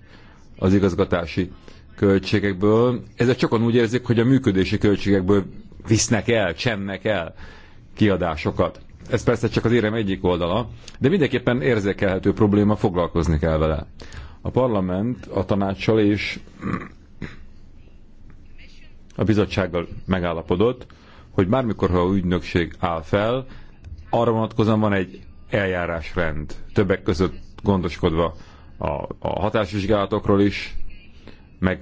az igazgatási költségekből. Ezek sokan úgy érzik, hogy a működési költségekből visznek el, csemnek el kiadásokat. Ez persze csak az érem egyik oldala, de mindenképpen érzékelhető probléma, foglalkozni kell vele. A parlament a tanácssal és a bizottsággal megállapodott, hogy bármikor, ha a ügynökség áll fel, arra vonatkozóan van egy eljárásrend. Többek között gondoskodva a, a hatásvizsgálatokról is, meg,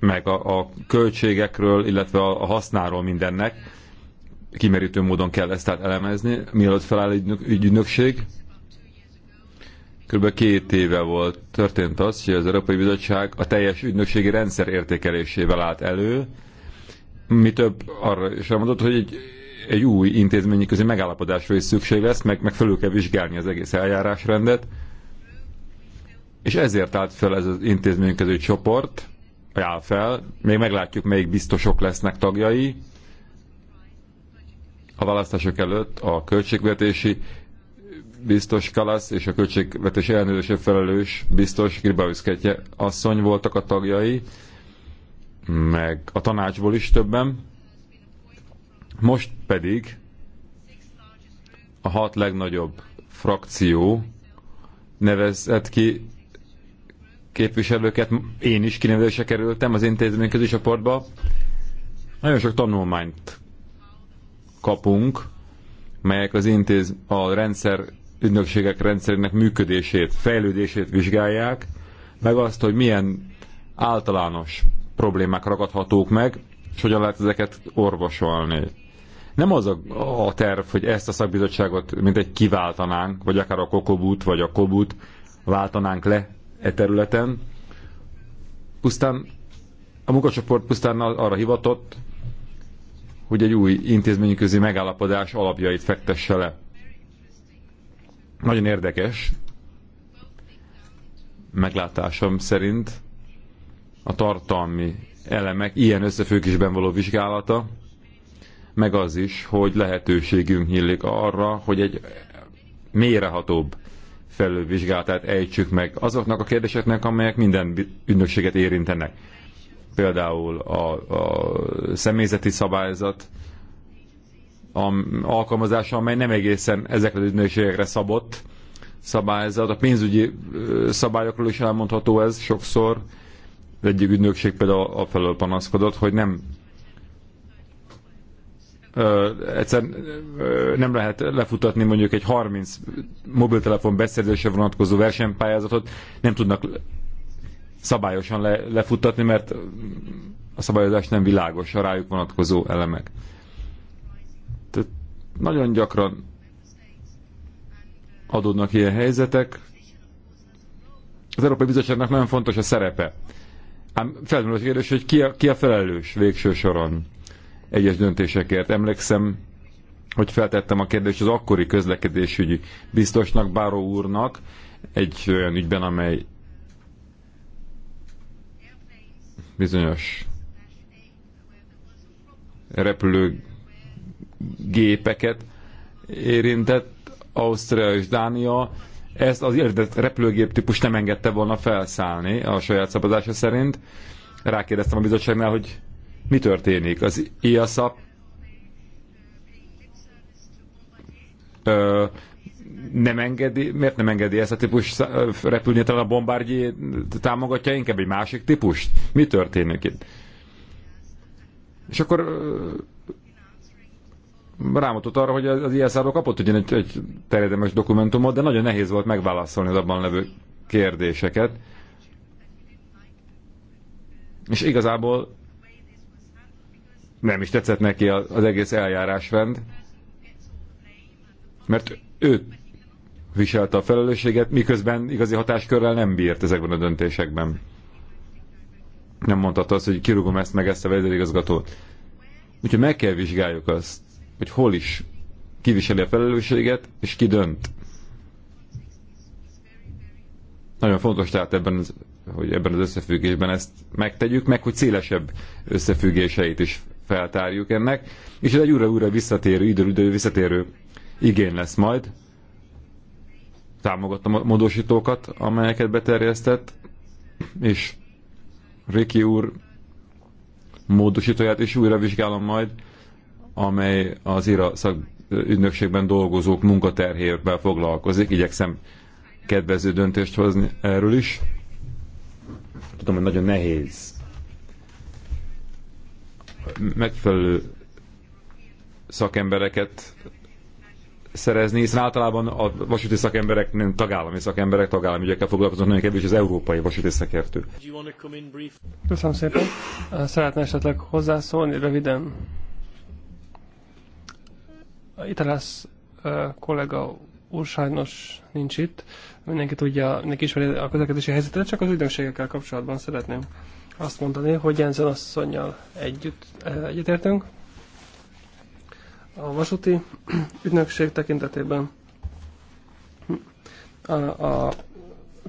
meg a, a költségekről, illetve a, a hasznáról mindennek. Kimerítő módon kell ezt tehát elemezni, mielőtt feláll egy ügynökség. Kb. két éve volt, történt az, hogy az Európai Bizottság a teljes ügynökségi rendszer értékelésével állt elő, mi több arra is elmondott, hogy egy, egy új intézményi közé megállapodásra is szükség lesz, meg, meg felül kell vizsgálni az egész eljárásrendet, és ezért állt fel ez az közé csoport, áll fel, még meglátjuk, melyik biztosok lesznek tagjai. A választások előtt a Költségvetési biztos Kalasz és a költségvetés ellenőrzése felelős biztos Gribauszketje asszony voltak a tagjai, meg a tanácsból is többen. Most pedig a hat legnagyobb frakció nevezett ki képviselőket, én is kinevezése kerültem az intézményközi csoportba. Nagyon sok tanulmányt kapunk, melyek az intéz, a rendszer ügynökségek rendszerének működését, fejlődését vizsgálják, meg azt, hogy milyen általános problémák ragadhatók meg, és hogyan lehet ezeket orvosolni. Nem az a, a terv, hogy ezt a szakbizottságot mint egy kiváltanánk, vagy akár a kokobút, vagy a kobút váltanánk le e területen. Pusztán a munkacsoport pusztán arra hivatott, hogy egy új intézményközi megállapodás alapjait fektesse le. Nagyon érdekes meglátásom szerint a tartalmi elemek ilyen összefüggésben való vizsgálata, meg az is, hogy lehetőségünk nyílik arra, hogy egy mérehatóbb felülvizsgálatát ejtsük meg azoknak a kérdéseknek, amelyek minden ügynökséget érintenek. Például a, a személyzeti szabályzat, a alkalmazása, amely nem egészen ezekre az ügynökségekre szabott szabályzat. A pénzügyi szabályokról is elmondható ez sokszor. Az egyik ügynökség például a felől panaszkodott, hogy nem ö, egyszerűen ö, nem lehet lefutatni mondjuk egy 30 mobiltelefon beszerzésre vonatkozó versenypályázatot, nem tudnak szabályosan le, lefutatni, mert a szabályozás nem világos a rájuk vonatkozó elemek. Nagyon gyakran adódnak ilyen helyzetek. Az Európai Bizottságnak nagyon fontos a szerepe. Ám felmerül a kérdés, hogy ki a, ki a felelős végső soron egyes döntésekért. Emlékszem, hogy feltettem a kérdést az akkori közlekedésügyi biztosnak, Báró úrnak, egy olyan ügyben, amely bizonyos repülő gépeket érintett, Ausztria és Dánia ezt az érdett repülőgép típus nem engedte volna felszállni a saját szabadása szerint. Rákérdeztem a bizottságnál, hogy mi történik. Az IASAP ö, nem engedi, miért nem engedi ezt a típus repülni, talán a bombárgyi támogatja inkább egy másik típust? Mi történik itt? És akkor rámutott arra, hogy az ISR-ról kapott ugyan egy, egy terjedelmes dokumentumot, de nagyon nehéz volt megválaszolni az abban levő kérdéseket. És igazából nem is tetszett neki az egész eljárásrend, mert ő viselte a felelősséget, miközben igazi hatáskörrel nem bírt ezekben a döntésekben. Nem mondhatta azt, hogy kirúgom ezt meg ezt a vezérigazgatót. Úgyhogy meg kell vizsgáljuk azt, hogy hol is kiviseli a felelősséget, és ki dönt. Nagyon fontos tehát ebben az, hogy ebben az összefüggésben ezt megtegyük, meg hogy szélesebb összefüggéseit is feltárjuk ennek, és ez egy újra-újra visszatérő, idő-idő visszatérő igény lesz majd. támogatta a módosítókat, amelyeket beterjesztett, és Riki úr módosítóját is újra vizsgálom majd, amely az IRA szakügynökségben dolgozók munkaterhével foglalkozik. Igyekszem kedvező döntést hozni erről is. Tudom, hogy nagyon nehéz megfelelő szakembereket szerezni, hiszen általában a vasúti szakemberek nem tagállami szakemberek, tagállami ügyekkel foglalkoznak, nagyon kevés az európai vasúti szakértő. Köszönöm szépen. Szeretne esetleg hozzászólni röviden? Itt uh, kollega úr sajnos nincs itt, mindenki tudja, neki ismeri a közlekedési helyzetet, csak az ügynökségekkel kapcsolatban szeretném azt mondani, hogy Jensen asszonynal együtt, egyetértünk. A vasúti ügynökség tekintetében a, a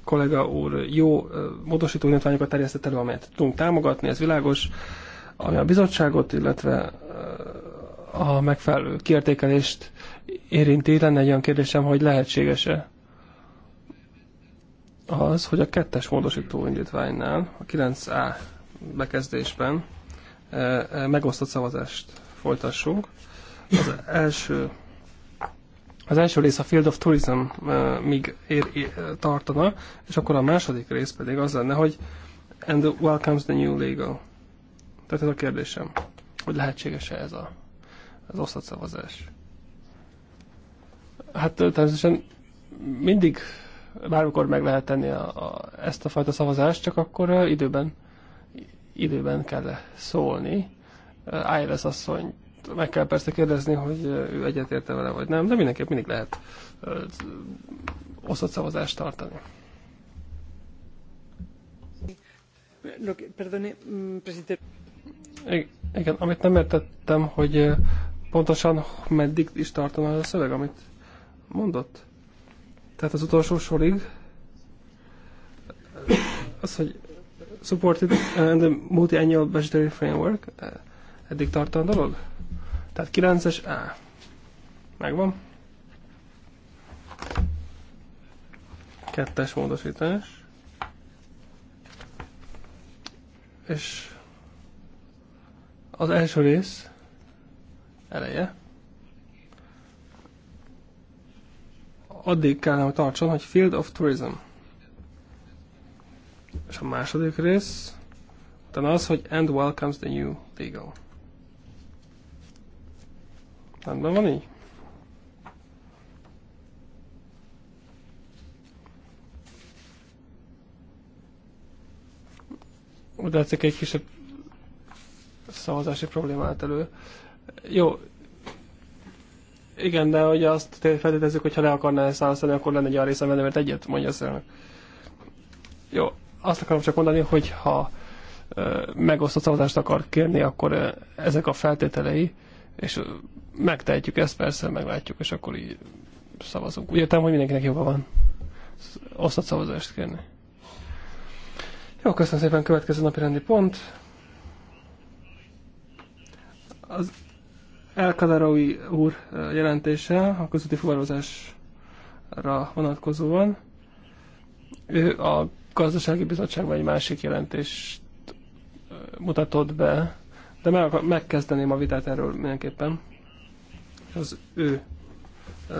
kollega úr jó módosító nyitványokat terjesztett elő, amelyet tudunk támogatni, ez világos. Ami a bizottságot, illetve a megfelelő kiértékelést érinti, lenne egy olyan kérdésem, hogy lehetséges-e az, hogy a kettes módosító indítványnál, a 9A bekezdésben e, e, megosztott szavazást folytassunk. Az első, az első rész a Field of Tourism e, míg ér, ér, tartana, és akkor a második rész pedig az lenne, hogy and welcomes the new legal. Tehát ez a kérdésem, hogy lehetséges-e ez a az osztott szavazás. Hát természetesen mindig bármikor meg lehet tenni a, a, ezt a fajta szavazást, csak akkor uh, időben, időben kell -e szólni. Uh, ILS asszony, meg kell persze kérdezni, hogy uh, ő egyetérte vele vagy nem, de mindenképp mindig lehet uh, osztott szavazást tartani. Mm, igen, amit nem értettem, hogy pontosan meddig is tartana a szöveg, amit mondott? Tehát az utolsó sorig az, hogy supported and the multi-annual budgetary framework eh, eddig tartan dolog? Tehát 9-es A. Megvan. Kettes módosítás. És az első rész eleje. Addig kellene, hogy tartson, hogy Field of Tourism. És a második rész, utána az, hogy And welcomes the new legal. Rendben van így? Úgy látszik egy kisebb szavazási problémát elő. Jó. Igen, de hogy azt feltételezzük, hogy ha le akarná ezt választani, akkor lenne egy olyan részem mert egyet mondja az Jó, azt akarom csak mondani, hogy ha megosztott szavazást akar kérni, akkor ezek a feltételei, és megtehetjük ezt, persze, meglátjuk, és akkor így szavazunk. Úgy értem, hogy mindenkinek joga van osztott szavazást kérni. Jó, köszönöm szépen, következő napi rendi pont. Az el Kadaraui úr jelentése a közúti fuvarozásra vonatkozóan. Ő a gazdasági bizottságban egy másik jelentést mutatott be, de meg, megkezdeném a vitát erről mindenképpen. Az ő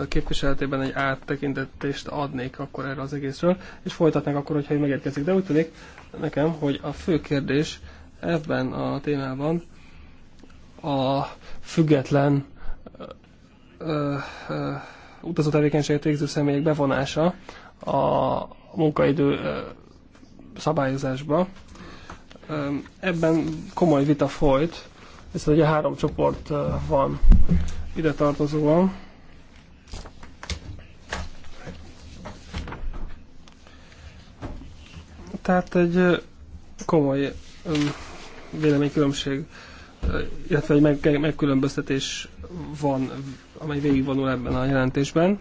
képviseletében egy áttekintetést adnék akkor erre az egészről, és folytatnánk akkor, hogyha megérkezik. De úgy tűnik nekem, hogy a fő kérdés ebben a témában a független utazó tevékenységet végző személyek bevonása a munkaidő szabályozásba. Ebben komoly vita folyt, hiszen ugye három csoport van ide tartozóan. Tehát egy komoly véleménykülönbség illetve egy meg, megkülönböztetés van, amely végigvonul ebben a jelentésben.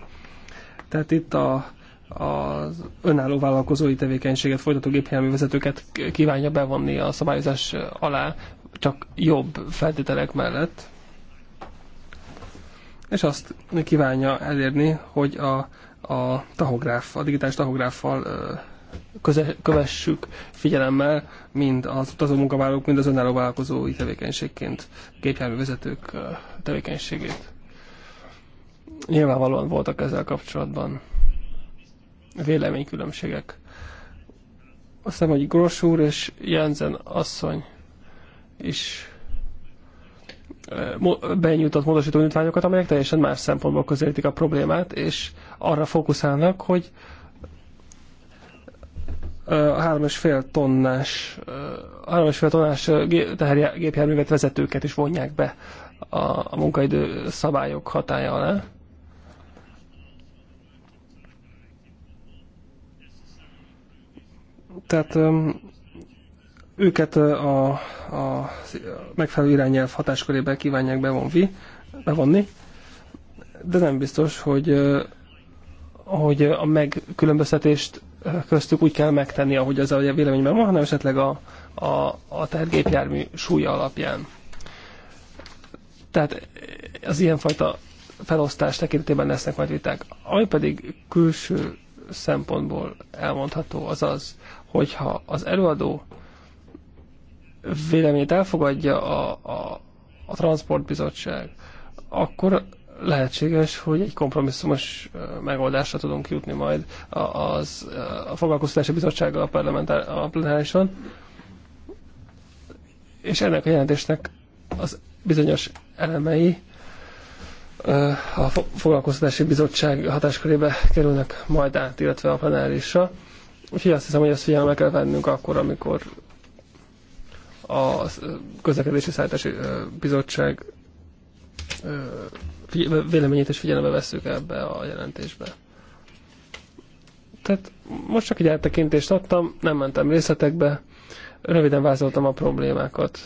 Tehát itt a, az önálló vállalkozói tevékenységet folytató gépjármű vezetőket kívánja bevonni a szabályozás alá, csak jobb feltételek mellett. És azt kívánja elérni, hogy a, a tahográf, a digitális tahográffal kövessük figyelemmel mind az utazó munkavállalók, mind az önálló vállalkozói tevékenységként, gépjárművezetők tevékenységét. Nyilvánvalóan voltak ezzel kapcsolatban véleménykülönbségek. Azt hiszem, hogy Gross úr és Jensen asszony is benyújtott módosító nyitványokat, amelyek teljesen más szempontból közelítik a problémát, és arra fókuszálnak, hogy három és fél tonnás, három és fél tonnás gépjárművet vezetőket is vonják be a, a munkaidő szabályok hatája alá. Tehát őket a, a megfelelő irányelv hatáskörébe kívánják bevonvi, bevonni, de nem biztos, hogy hogy a megkülönböztetést köztük úgy kell megtenni, ahogy az a véleményben van, hanem esetleg a, a, a tergépjármű súlya alapján. Tehát az ilyenfajta felosztás tekintetében lesznek majd viták. Ami pedig külső szempontból elmondható az az, hogyha az előadó véleményét elfogadja a, a, a transportbizottság, akkor lehetséges, hogy egy kompromisszumos megoldásra tudunk jutni majd az, a foglalkoztatási bizottsággal a, parlamentár, És ennek a jelentésnek az bizonyos elemei a foglalkoztatási bizottság hatáskörébe kerülnek majd át, illetve a plenárisra. Úgyhogy azt hiszem, hogy ezt figyelembe kell vennünk akkor, amikor a közlekedési szállítási bizottság véleményét is figyelembe vesszük ebbe a jelentésbe. Tehát most csak egy eltekintést adtam, nem mentem részletekbe, röviden vázoltam a problémákat,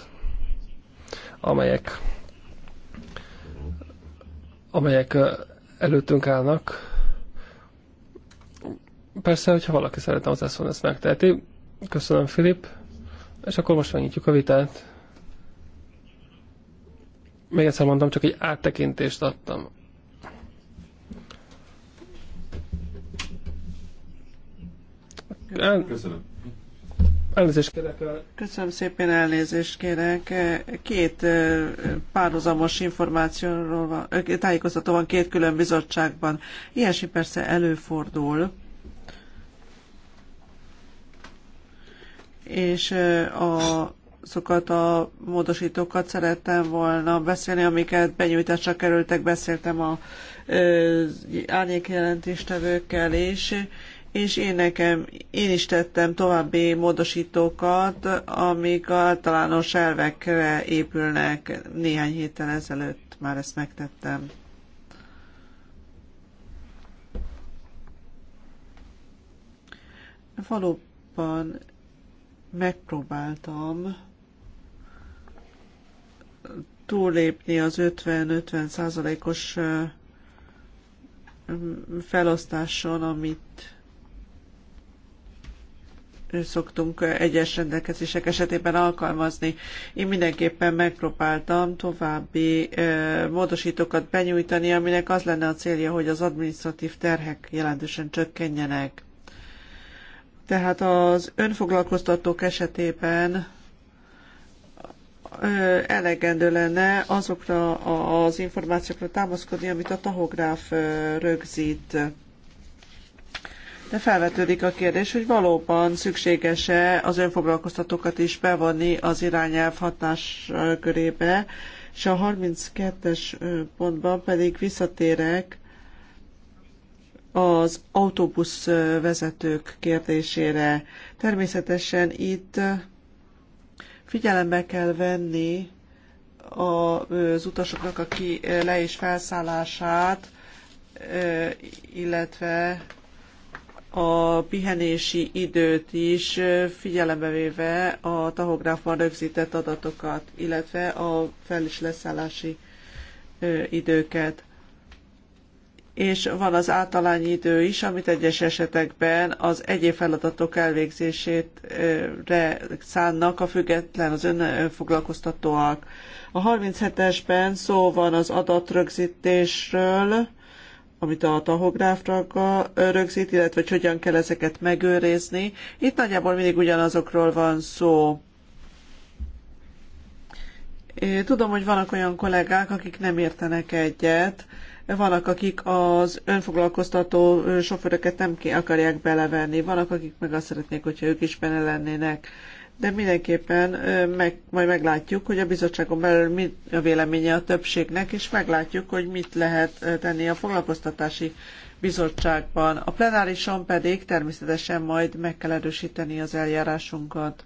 amelyek, amelyek előttünk állnak. Persze, hogyha valaki szeretne hozzászólni, ezt megteheti. Köszönöm, Filip. És akkor most megnyitjuk a vitát még egyszer mondtam, csak egy áttekintést adtam. Köszönöm. Elnézést kérek. Köszönöm szépen, elnézést kérek. Két párhuzamos információról van, tájékoztató van két külön bizottságban. Ilyesmi persze előfordul. És a azokat a módosítókat szerettem volna beszélni, amiket benyújtásra kerültek, beszéltem a árnyékjelentéstevőkkel is, és én nekem, én is tettem további módosítókat, amik általános elvekre épülnek. Néhány héttel ezelőtt már ezt megtettem. Valóban megpróbáltam túllépni az 50-50 százalékos -50 felosztáson, amit szoktunk egyes rendelkezések esetében alkalmazni. Én mindenképpen megpróbáltam további módosítókat benyújtani, aminek az lenne a célja, hogy az administratív terhek jelentősen csökkenjenek. Tehát az önfoglalkoztatók esetében elegendő lenne azokra az információkra támaszkodni, amit a tahográf rögzít. De felvetődik a kérdés, hogy valóban szükséges-e az önfoglalkoztatókat is bevonni az irányelv hatás körébe, és a 32-es pontban pedig visszatérek az autóbusz vezetők kérdésére. Természetesen itt Figyelembe kell venni az utasoknak a ki, eh, le- és felszállását, eh, illetve a pihenési időt is eh, figyelembe véve a tahográfban rögzített adatokat, illetve a fel- és leszállási időket és van az általányi idő is, amit egyes esetekben az egyéb feladatok elvégzésére szánnak a független, az önfoglalkoztatóak. A 37-esben szó van az adatrögzítésről, amit a tahográfra rögzít, illetve hogy hogyan kell ezeket megőrizni. Itt nagyjából mindig ugyanazokról van szó. tudom, hogy vannak olyan kollégák, akik nem értenek egyet, vannak, akik az önfoglalkoztató sofőröket nem akarják belevenni, vannak, akik meg azt szeretnék, hogyha ők is benne lennének. De mindenképpen meg, majd meglátjuk, hogy a bizottságon belül mi a véleménye a többségnek, és meglátjuk, hogy mit lehet tenni a foglalkoztatási bizottságban. A plenárison pedig természetesen majd meg kell erősíteni az eljárásunkat.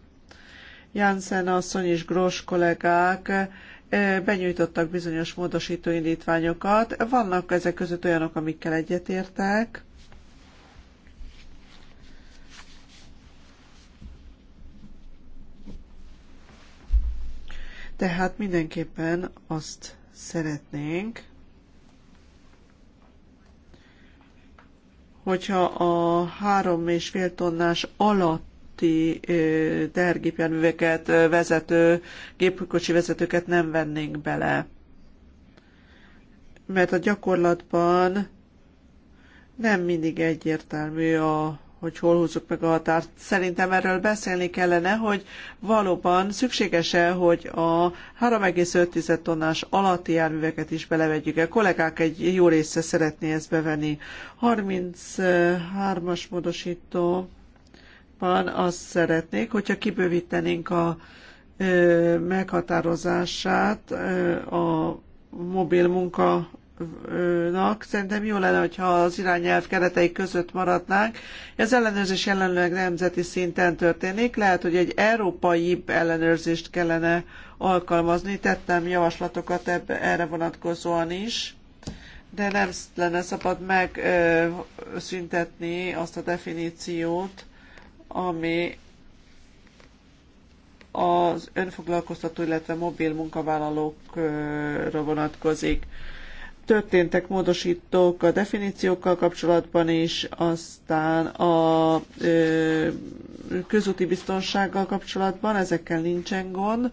Jansen asszony és Gross kollégák benyújtottak bizonyos módosító indítványokat. Vannak ezek között olyanok, amikkel egyetértek. Tehát mindenképpen azt szeretnénk, hogyha a három és fél tonnás alatt vasúti tehergépjárműveket, vezető, gépkocsi vezetőket nem vennénk bele. Mert a gyakorlatban nem mindig egyértelmű a hogy hol húzzuk meg a határt. Szerintem erről beszélni kellene, hogy valóban szükséges-e, hogy a 3,5 tonnás alatti járműveket is belevegyük. A kollégák egy jó része szeretné ezt bevenni. 33-as módosító pontban azt szeretnék, hogyha kibővítenénk a ö, meghatározását ö, a mobil munka nak. Szerintem jó lenne, hogyha az irányelv keretei között maradnánk. Ez ellenőrzés jelenleg nemzeti szinten történik. Lehet, hogy egy európai ellenőrzést kellene alkalmazni. Tettem javaslatokat ebbe, erre vonatkozóan is, de nem lenne szabad megszüntetni azt a definíciót, ami az önfoglalkoztató, illetve mobil munkavállalókra vonatkozik. Történtek módosítók a definíciókkal kapcsolatban is, aztán a ö, közúti biztonsággal kapcsolatban, ezekkel nincsen gond,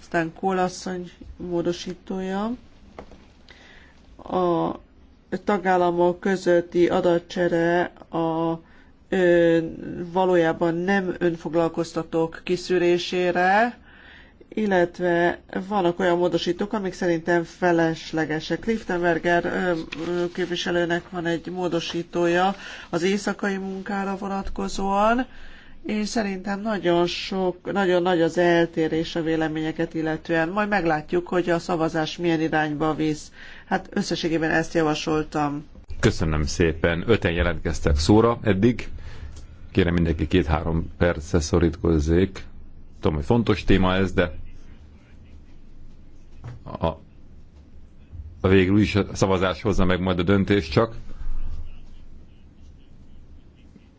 aztán kólasszony módosítója. A tagállamok közötti adatcsere a valójában nem önfoglalkoztatók kiszűrésére, illetve vannak olyan módosítók, amik szerintem feleslegesek. Liftenberger képviselőnek van egy módosítója az éjszakai munkára vonatkozóan, és szerintem nagyon sok, nagyon nagy az eltérés a véleményeket illetően. Majd meglátjuk, hogy a szavazás milyen irányba visz. Hát összességében ezt javasoltam. Köszönöm szépen. Öten jelentkeztek szóra eddig. Kérem mindenki két-három percre szorítkozzék. Tudom, hogy fontos téma ez, de a, a végül is a szavazás hozza meg majd a döntést csak.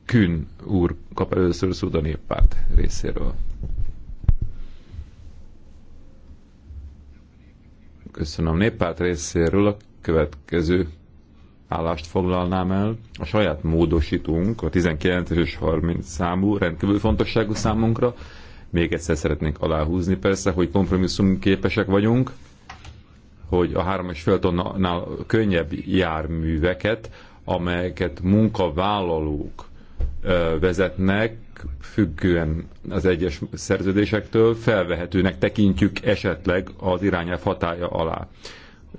Kün úr kap először szót a néppárt részéről. Köszönöm néppárt részéről a következő állást foglalnám el. A saját módosítunk, a 19 és 30 számú rendkívül fontosságú számunkra. Még egyszer szeretnénk aláhúzni persze, hogy kompromisszum képesek vagyunk, hogy a 3,5 tonnál könnyebb járműveket, amelyeket munkavállalók vezetnek, függően az egyes szerződésektől felvehetőnek tekintjük esetleg az irányelv hatája alá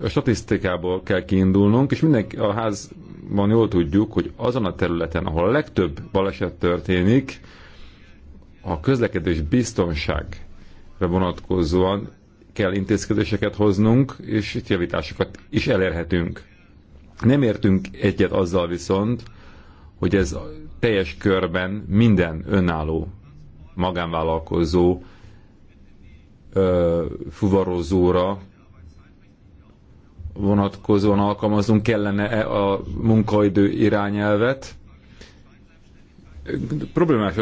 a statisztikából kell kiindulnunk, és mindenki a házban jól tudjuk, hogy azon a területen, ahol a legtöbb baleset történik, a közlekedés biztonságra vonatkozóan kell intézkedéseket hoznunk, és itt javításokat is elérhetünk. Nem értünk egyet azzal viszont, hogy ez teljes körben minden önálló magánvállalkozó ö, fuvarozóra vonatkozóan alkalmaznunk kellene -e a munkaidő irányelvet. Problémás,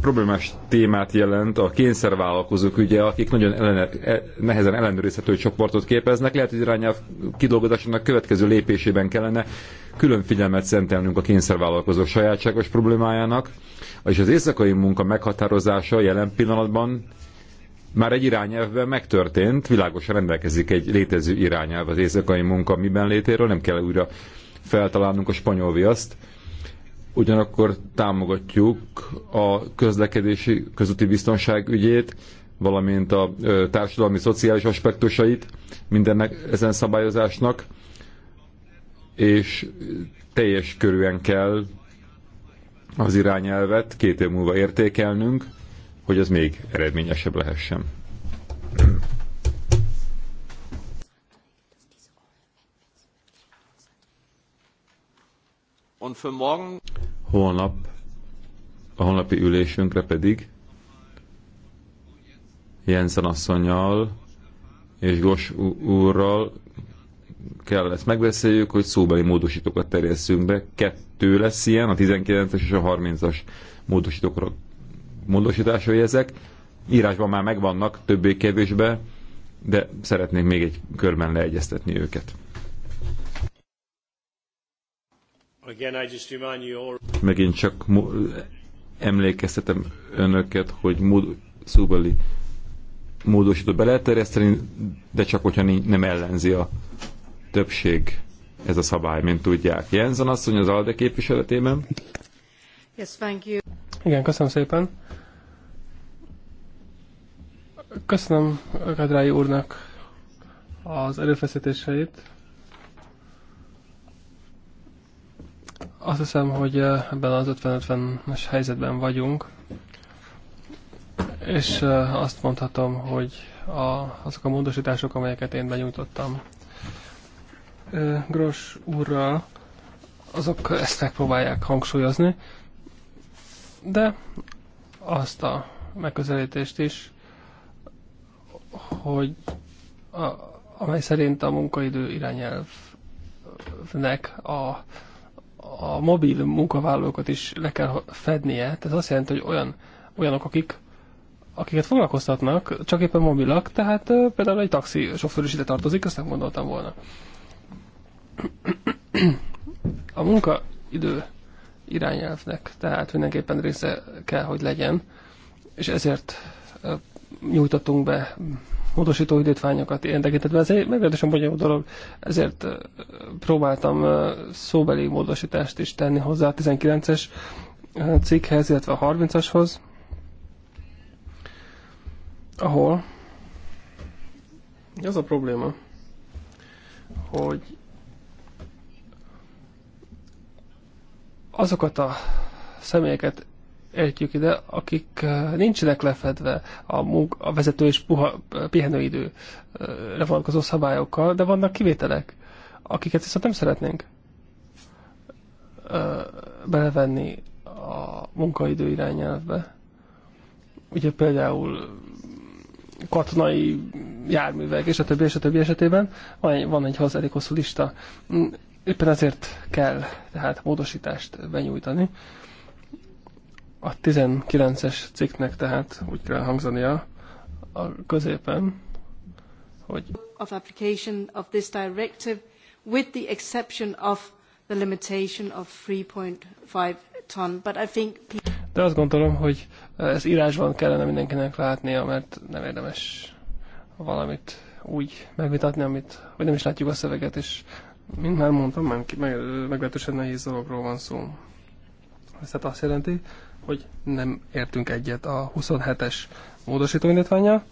problémás témát jelent a kényszervállalkozók ügye, akik nagyon ellene, e, nehezen ellenőrizhető csoportot képeznek. Lehet, hogy irányelv kidolgozásának következő lépésében kellene külön figyelmet szentelnünk a kényszervállalkozók sajátságos problémájának, és az éjszakai munka meghatározása jelen pillanatban már egy irányelvben megtörtént, világosan rendelkezik egy létező irányelv az éjszakai munka miben létéről, nem kell újra feltalálnunk a spanyol viaszt. Ugyanakkor támogatjuk a közlekedési közúti biztonság ügyét, valamint a társadalmi, szociális aspektusait mindennek ezen szabályozásnak, és teljes körűen kell az irányelvet két év múlva értékelnünk, hogy ez még eredményesebb lehessen. Holnap a holnapi ülésünkre pedig Jensen asszonyjal és Gos úrral kell lesz megbeszéljük, hogy szóbeli módosítókat terjesszünk be. Kettő lesz ilyen, a 19-es és a 30-as módosítókra módosításai ezek. Írásban már megvannak, többé-kevésbé, de szeretnék még egy körben leegyeztetni őket. Megint csak emlékeztetem önöket, hogy mód, szóbeli módosító be lehet terjeszteni, de csak hogyha nem ellenzi a többség ez a szabály, mint tudják. Jensen asszony az ALDE képviseletében. Yes, thank you. Igen, köszönöm szépen. Köszönöm Kadrái úrnak az előfeszítéseit. Azt hiszem, hogy eh, ebben az 50-50-es helyzetben vagyunk, és eh, azt mondhatom, hogy a, azok a módosítások, amelyeket én benyújtottam eh, Gros úrral, azok ezt megpróbálják hangsúlyozni, de azt a megközelítést is, hogy a, amely szerint a munkaidő irányelvnek a, a mobil munkavállalókat is le kell fednie. Tehát azt jelenti, hogy olyan, olyanok, akik akiket foglalkoztatnak, csak éppen mobilak, tehát például egy taxi sofőr is ide tartozik, azt nem gondoltam volna. A munkaidő irányelvnek, tehát mindenképpen része kell, hogy legyen, és ezért nyújtottunk be módosító időtványokat ilyen tekintetben. Ez egy meglehetősen bonyolult dolog, ezért próbáltam szóbeli módosítást is tenni hozzá a 19-es cikkhez, illetve a 30-ashoz, ahol az a probléma, hogy azokat a személyeket értjük ide, akik eh, nincsenek lefedve a, munk, a vezető és puha eh, pihenőidőre eh, vonatkozó szabályokkal, de vannak kivételek, akiket viszont nem szeretnénk belevenni a munkaidő irányelvbe. Ugye például katonai járművek, és a többi, és a többi esetében van egy, van egy hozzá hosszú lista. Hm, éppen ezért kell tehát módosítást benyújtani. A 19-es cikknek tehát úgy kell hangzania a középen, hogy of application of this directive with the exception of the limitation of 3.5 ton. But I think de azt gondolom, hogy ez írásban kellene mindenkinek látnia, mert nem érdemes valamit úgy megvitatni, amit, hogy nem is látjuk a szöveget, és mint már mondtam, meg, meg, meglehetősen nehéz dologról van szó. Ez tehát azt jelenti, hogy nem értünk egyet a 27-es módosító indítványa.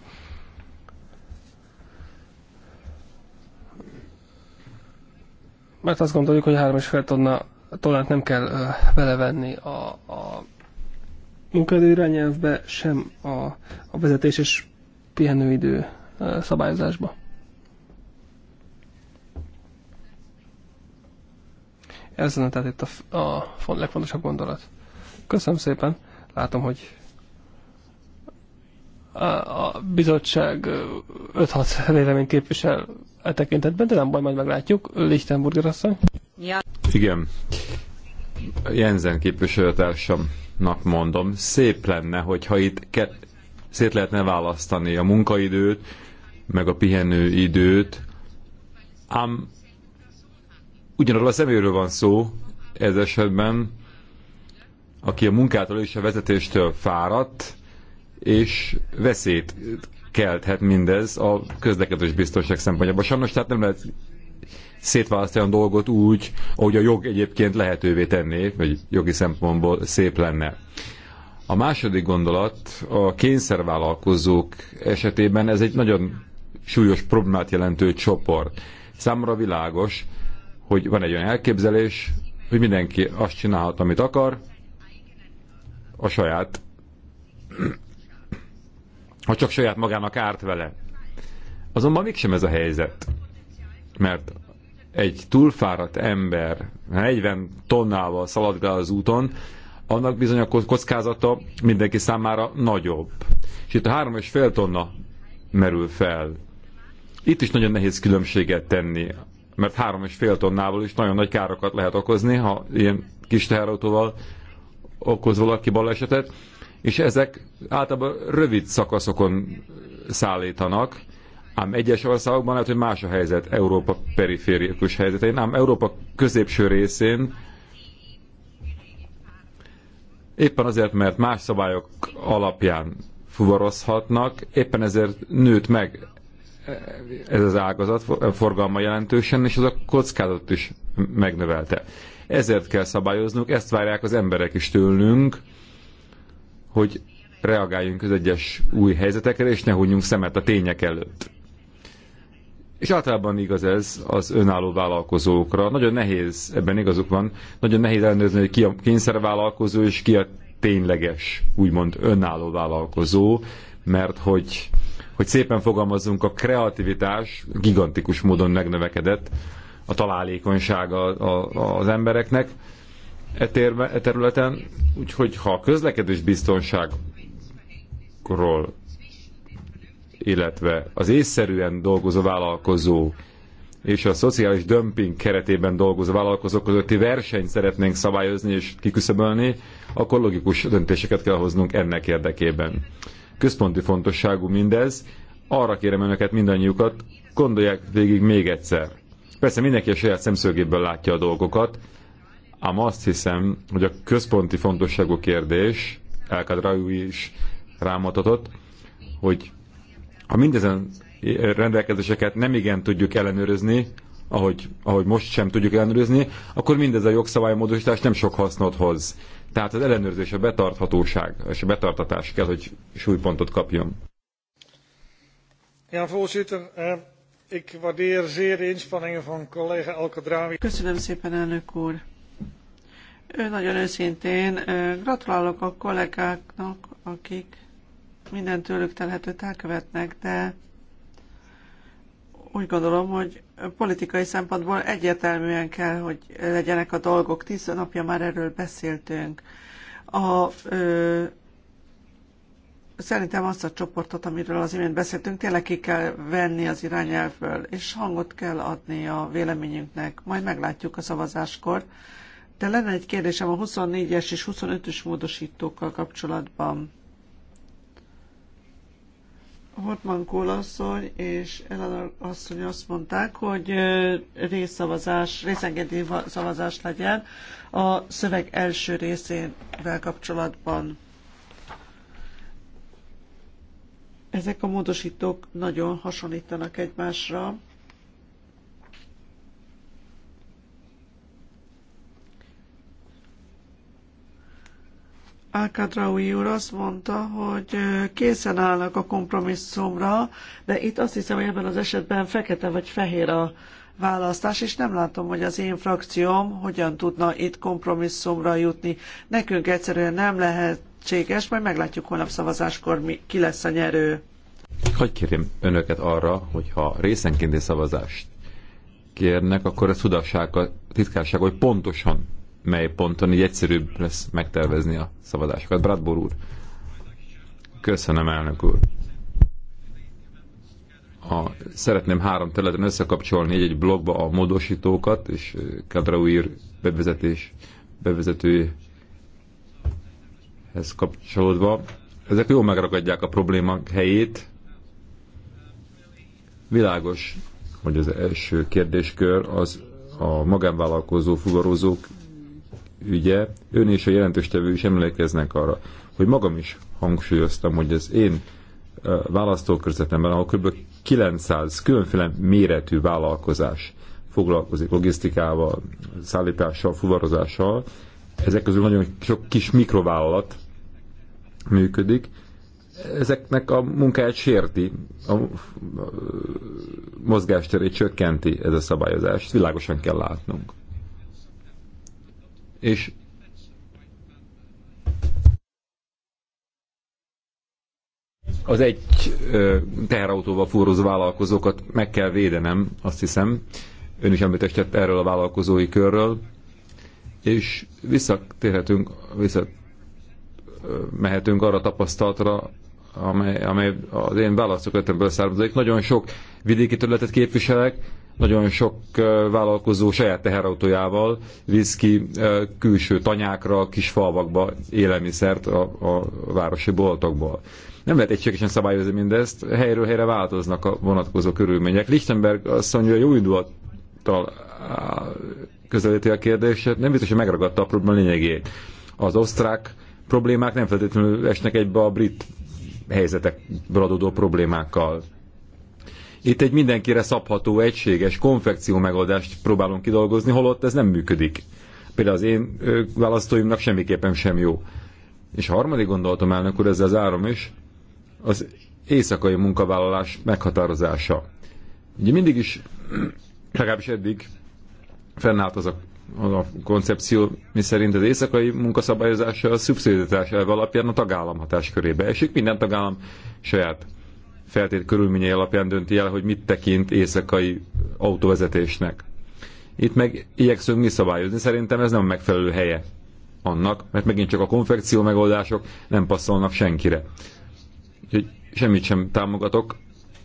Mert azt gondoljuk, hogy 3,5 tonna tonnát nem kell belevenni a, a munkaidő irányelvbe, sem a, a vezetés és pihenőidő szabályozásba. Ez lenne tehát itt a, a legfontosabb gondolat. Köszönöm szépen. Látom, hogy a bizottság 5-6 vélemény képvisel e tekintetben, de nem baj, majd meglátjuk. Lichtenburger asszony. Ja. Igen. Jensen képviselőtársamnak mondom, szép lenne, hogyha itt ke- szét lehetne választani a munkaidőt, meg a pihenőidőt, ám ugyanarról a szeméről van szó ez esetben, aki a munkától és a vezetéstől fáradt, és veszélyt kelthet mindez a közlekedés biztonság szempontjából. Sajnos tehát nem lehet szétválasztani a dolgot úgy, ahogy a jog egyébként lehetővé tenné, vagy jogi szempontból szép lenne. A második gondolat a kényszervállalkozók esetében ez egy nagyon súlyos problémát jelentő csoport. Számomra világos, hogy van egy olyan elképzelés, hogy mindenki azt csinálhat, amit akar, a saját, ha csak saját magának árt vele. Azonban mégsem ez a helyzet, mert egy túlfáradt ember 40 tonnával szaladgál az úton, annak bizony a kockázata mindenki számára nagyobb. És itt a három és fél tonna merül fel. Itt is nagyon nehéz különbséget tenni, mert három és fél tonnával is nagyon nagy károkat lehet okozni, ha ilyen kis teherautóval okoz valaki balesetet, és ezek általában rövid szakaszokon szállítanak, ám egyes országokban lehet, hogy más a helyzet Európa periférikus helyzetén, ám Európa középső részén éppen azért, mert más szabályok alapján fuvarozhatnak, éppen ezért nőtt meg ez az ágazat forgalma jelentősen, és az a kockázat is megnövelte ezért kell szabályoznunk, ezt várják az emberek is tőlünk, hogy reagáljunk az egyes új helyzetekre, és ne hunyjunk szemet a tények előtt. És általában igaz ez az önálló vállalkozókra. Nagyon nehéz, ebben igazuk van, nagyon nehéz ellenőrizni, hogy ki a kényszervállalkozó és ki a tényleges, úgymond önálló vállalkozó, mert hogy, hogy szépen fogalmazunk, a kreativitás gigantikus módon megnövekedett a találékonysága az embereknek e, térbe, e területen. Úgyhogy ha a közlekedés biztonságról, illetve az észszerűen dolgozó vállalkozó és a szociális dömping keretében dolgozó vállalkozók közötti versenyt szeretnénk szabályozni és kiküszöbölni, akkor logikus döntéseket kell hoznunk ennek érdekében. Központi fontosságú mindez. Arra kérem önöket mindannyiukat, gondolják végig még egyszer Persze mindenki a saját szemszögéből látja a dolgokat, ám azt hiszem, hogy a központi fontosságú kérdés, Elkadraui is rámutatott, hogy ha mindezen rendelkezéseket nem igen tudjuk ellenőrizni, ahogy, ahogy most sem tudjuk ellenőrizni, akkor mindez a jogszabálymódosítás nem sok hasznot hoz. Tehát az ellenőrzés, a betarthatóság és a betartatás kell, hogy súlypontot kapjon. Ja, voorzitter, eh, Ik waardeer zeer de inspanningen van collega Köszönöm szépen, elnök úr. Ő nagyon őszintén gratulálok a kollégáknak, akik minden tőlük telhetőt elkövetnek, de úgy gondolom, hogy politikai szempontból egyértelműen kell, hogy legyenek a dolgok. Tíz napja már erről beszéltünk. A ö, szerintem azt a csoportot, amiről az imént beszéltünk, tényleg ki kell venni az irányelvből, és hangot kell adni a véleményünknek. Majd meglátjuk a szavazáskor. De lenne egy kérdésem a 24-es és 25-ös módosítókkal kapcsolatban. Hortman Kóla asszony és Eleanor asszony azt mondták, hogy részszavazás, részengedély szavazás legyen a szöveg első részével kapcsolatban. Ezek a módosítók nagyon hasonlítanak egymásra. Alkadraui úr azt mondta, hogy készen állnak a kompromisszumra, de itt azt hiszem, hogy ebben az esetben fekete vagy fehér a választás, és nem látom, hogy az én frakcióm hogyan tudna itt kompromisszumra jutni. Nekünk egyszerűen nem lehet lehetséges, majd meglátjuk holnap szavazáskor mi, ki lesz a nyerő. Hogy kérjem önöket arra, hogy ha részenkénti szavazást kérnek, akkor ez tudassák a titkárság, hogy pontosan mely ponton így egyszerűbb lesz megtervezni a szavazásokat. Bradbor úr, köszönöm elnök úr. A, szeretném három területen összekapcsolni egy-egy blogba a módosítókat, és Kadraúr bevezetés, bevezető ez kapcsolódva. Ezek jól megragadják a probléma helyét. Világos, hogy az első kérdéskör az a magánvállalkozó fuvarozók ügye. Ön és a jelentős tevő is emlékeznek arra, hogy magam is hangsúlyoztam, hogy az én választókörzetemben, ahol kb. 900 különféle méretű vállalkozás foglalkozik logisztikával, szállítással, fuvarozással. Ezek közül nagyon sok kis mikrovállalat működik, ezeknek a munkáját sérti, a mozgásterét csökkenti ez a szabályozás, Ezt világosan kell látnunk. És az egy teherautóval fúroz vállalkozókat meg kell védenem, azt hiszem. Ön is említett erről a vállalkozói körről, és visszatérhetünk, visszatérhetünk mehetünk arra tapasztalatra, amely, amely az én választókötőmből származik. Nagyon sok vidéki területet képviselek, nagyon sok vállalkozó saját teherautójával visz ki külső tanyákra, kis falvakba élelmiszert a, a városi boltokból. Nem lehet egységesen szabályozni mindezt, helyről helyre változnak a vonatkozó körülmények. Lichtenberg azt mondja, hogy jó indulattal közelíti a kérdést, nem biztos, hogy megragadta a probléma lényegét. Az osztrák problémák nem feltétlenül esnek egybe a brit helyzetekből adódó problémákkal. Itt egy mindenkire szabható, egységes konfekció megoldást próbálunk kidolgozni, holott ez nem működik. Például az én választóimnak semmiképpen sem jó. És a harmadik gondolatom elnök úr, ezzel zárom is, az éjszakai munkavállalás meghatározása. Ugye mindig is, legalábbis eddig fennállt az a koncepció, mi szerint az éjszakai munkaszabályozása a szubszidizatás elve alapján a tagállam hatáskörébe esik. Minden tagállam saját feltét körülményei alapján dönti el, hogy mit tekint éjszakai autóvezetésnek. Itt meg igyekszünk mi szabályozni. Szerintem ez nem a megfelelő helye annak, mert megint csak a konfekció megoldások nem passzolnak senkire. Úgyhogy semmit sem támogatok,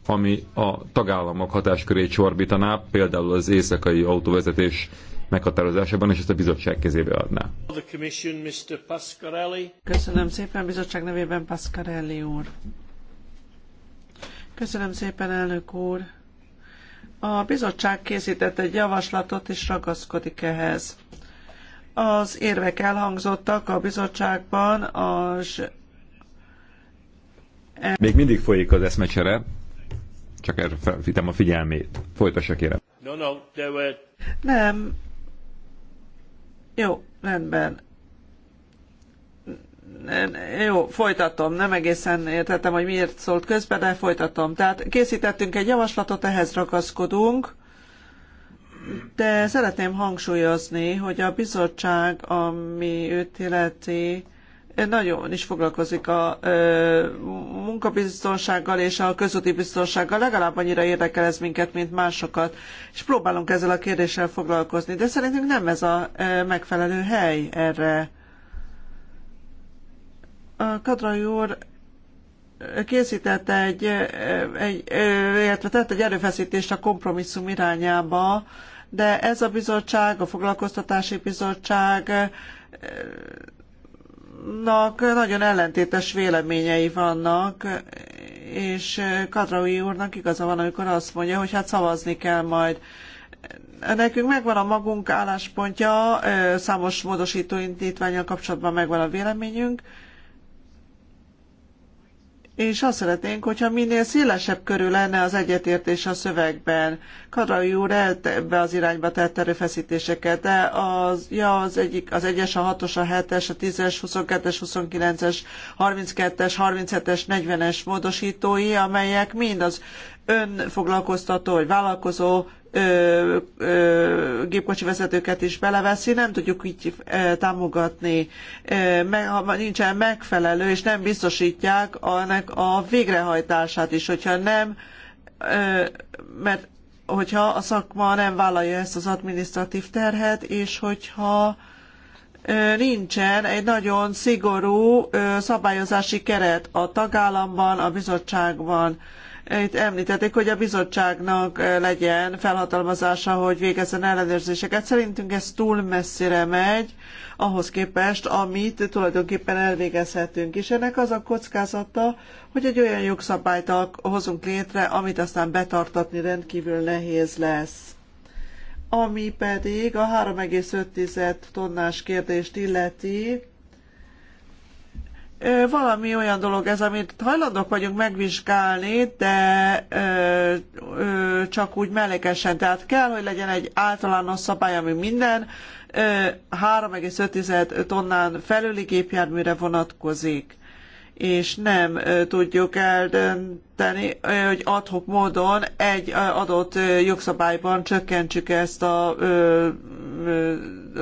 ami a tagállamok hatáskörét csorbítaná, például az éjszakai autóvezetés meghatározásában, és ezt a bizottság kezébe adná. Köszönöm szépen, bizottság nevében Pascarelli úr. Köszönöm szépen, elnök úr. A bizottság készített egy javaslatot, és ragaszkodik ehhez. Az érvek elhangzottak a bizottságban, az... Még mindig folyik az eszmecsere, csak erre felvitem a figyelmét. Folytassa kérem. No, no, were... Nem, jó, rendben. Jó, folytatom. Nem egészen értettem, hogy miért szólt közben, de folytatom. Tehát készítettünk egy javaslatot, ehhez ragaszkodunk, de szeretném hangsúlyozni, hogy a bizottság, ami őt illeti, nagyon is foglalkozik a ö, munkabiztonsággal és a közúti biztonsággal, legalább annyira érdekel ez minket, mint másokat, és próbálunk ezzel a kérdéssel foglalkozni, de szerintünk nem ez a ö, megfelelő hely erre. A úr készített egy, egy, illetve tett egy erőfeszítést a kompromisszum irányába, de ez a bizottság, a foglalkoztatási bizottság nagyon ellentétes véleményei vannak, és Kadraui úrnak igaza van, amikor azt mondja, hogy hát szavazni kell majd. Nekünk megvan a magunk álláspontja, számos módosító indítványal kapcsolatban megvan a véleményünk, és azt szeretnénk, hogyha minél szélesebb körű lenne az egyetértés a szövegben. Karai úr ebbe az irányba tett erőfeszítéseket, de az, ja, az, egyik, az egyes a hatos, a hetes, a tízes, es 22-es, 29-es, 32-es, 37-es, 40-es módosítói, amelyek mind az önfoglalkoztató vagy vállalkozó ö, ö, gépkocsi vezetőket is beleveszi, nem tudjuk így ö, támogatni, ö, meg, ha nincsen megfelelő, és nem biztosítják annak a végrehajtását is, hogyha nem, ö, mert hogyha a szakma nem vállalja ezt az administratív terhet, és hogyha nincsen egy nagyon szigorú szabályozási keret a tagállamban, a bizottságban itt említették, hogy a bizottságnak legyen felhatalmazása, hogy végezzen ellenőrzéseket. Szerintünk ez túl messzire megy ahhoz képest, amit tulajdonképpen elvégezhetünk. És ennek az a kockázata, hogy egy olyan jogszabályt hozunk létre, amit aztán betartatni rendkívül nehéz lesz. Ami pedig a 3,5 tonnás kérdést illeti, valami olyan dolog ez, amit hajlandók vagyunk megvizsgálni, de ö, ö, csak úgy mellékesen. Tehát kell, hogy legyen egy általános szabály, ami minden 3,5 tonnán felüli gépjárműre vonatkozik és nem tudjuk eldönteni, hogy adhok módon egy adott jogszabályban csökkentsük ezt a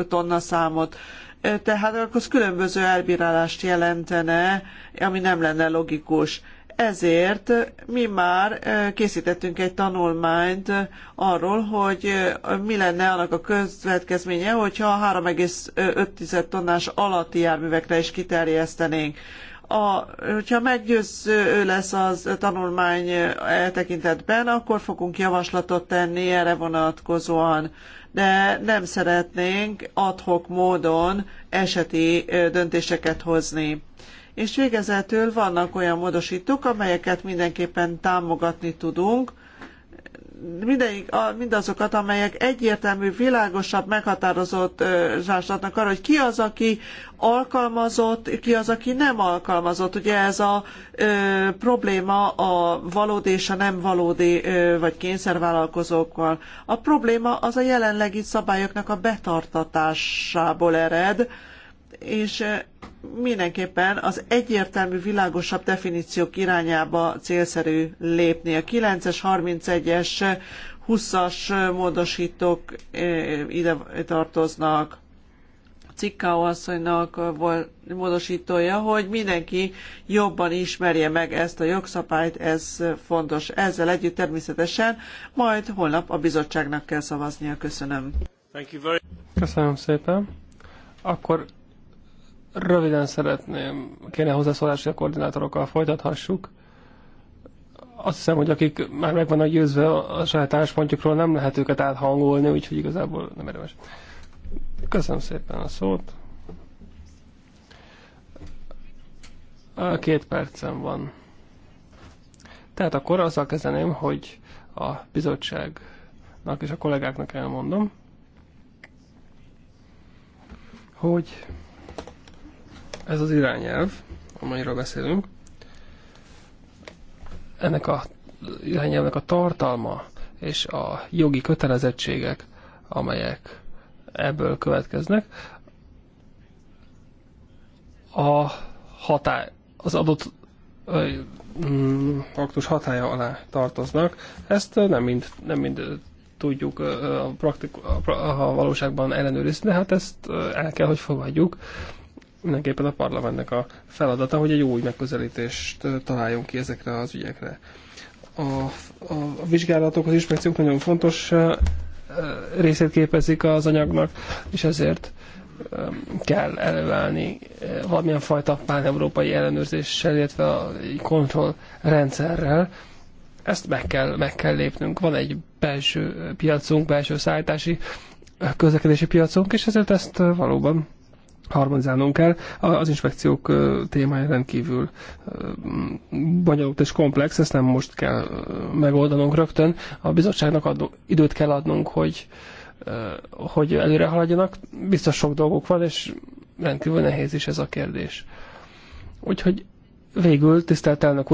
tonna számot tehát akkor különböző elbírálást jelentene, ami nem lenne logikus. Ezért mi már készítettünk egy tanulmányt arról, hogy mi lenne annak a következménye, hogyha 3,5 tonnás alatti járművekre is kiterjesztenénk a, hogyha meggyőző lesz az tanulmány e tekintetben, akkor fogunk javaslatot tenni erre vonatkozóan de nem szeretnénk adhok módon eseti döntéseket hozni. És végezetül vannak olyan módosítók, amelyeket mindenképpen támogatni tudunk, mindeik, mindazokat, amelyek egyértelmű, világosabb, meghatározott adnak arra, hogy ki az, aki alkalmazott, ki az, aki nem alkalmazott. Ugye ez a ö, probléma a valódi és a nem valódi ö, vagy kényszervállalkozókkal. A probléma az a jelenlegi szabályoknak a betartatásából ered, és mindenképpen az egyértelmű, világosabb definíciók irányába célszerű lépni. A 9-es, 31-es, 20-as módosítók ide tartoznak. Cikkao asszonynak módosítója, hogy mindenki jobban ismerje meg ezt a jogszabályt, ez fontos. Ezzel együtt természetesen majd holnap a bizottságnak kell szavaznia. Köszönöm. Köszönöm szépen. Akkor Röviden szeretném, kéne hozzászólási a koordinátorokkal folytathassuk. Azt hiszem, hogy akik már meg vannak győzve a saját álláspontjukról, nem lehet őket áthangolni, úgyhogy igazából nem érdemes. Köszönöm szépen a szót. Két percem van. Tehát akkor azzal kezdeném, hogy a bizottságnak és a kollégáknak elmondom, hogy ez az irányelv, amelyről beszélünk, ennek a irányelvnek a tartalma és a jogi kötelezettségek, amelyek ebből következnek, a hatály, az adott mm, aktus hatája alá tartoznak. Ezt nem mind, nem mind tudjuk a, praktik, a, a valóságban ellenőrizni, de hát ezt el kell, hogy fogadjuk mindenképpen a parlamentnek a feladata, hogy egy új megközelítést találjon ki ezekre az ügyekre. A, a, a vizsgálatok, az inspekciók nagyon fontos részét képezik az anyagnak, és ezért kell előállni valamilyen fajta pán-európai ellenőrzéssel, illetve a rendszerrel. Ezt meg kell, meg kell lépnünk. Van egy belső piacunk, belső szállítási közlekedési piacunk, és ezért ezt valóban harmonizálnunk kell. Az inspekciók témája rendkívül bonyolult és komplex, ezt nem most kell megoldanunk rögtön. A bizottságnak adó, időt kell adnunk, hogy, hogy előre haladjanak. Biztos sok dolgok van, és rendkívül nehéz is ez a kérdés. Úgyhogy végül, tisztelt elnök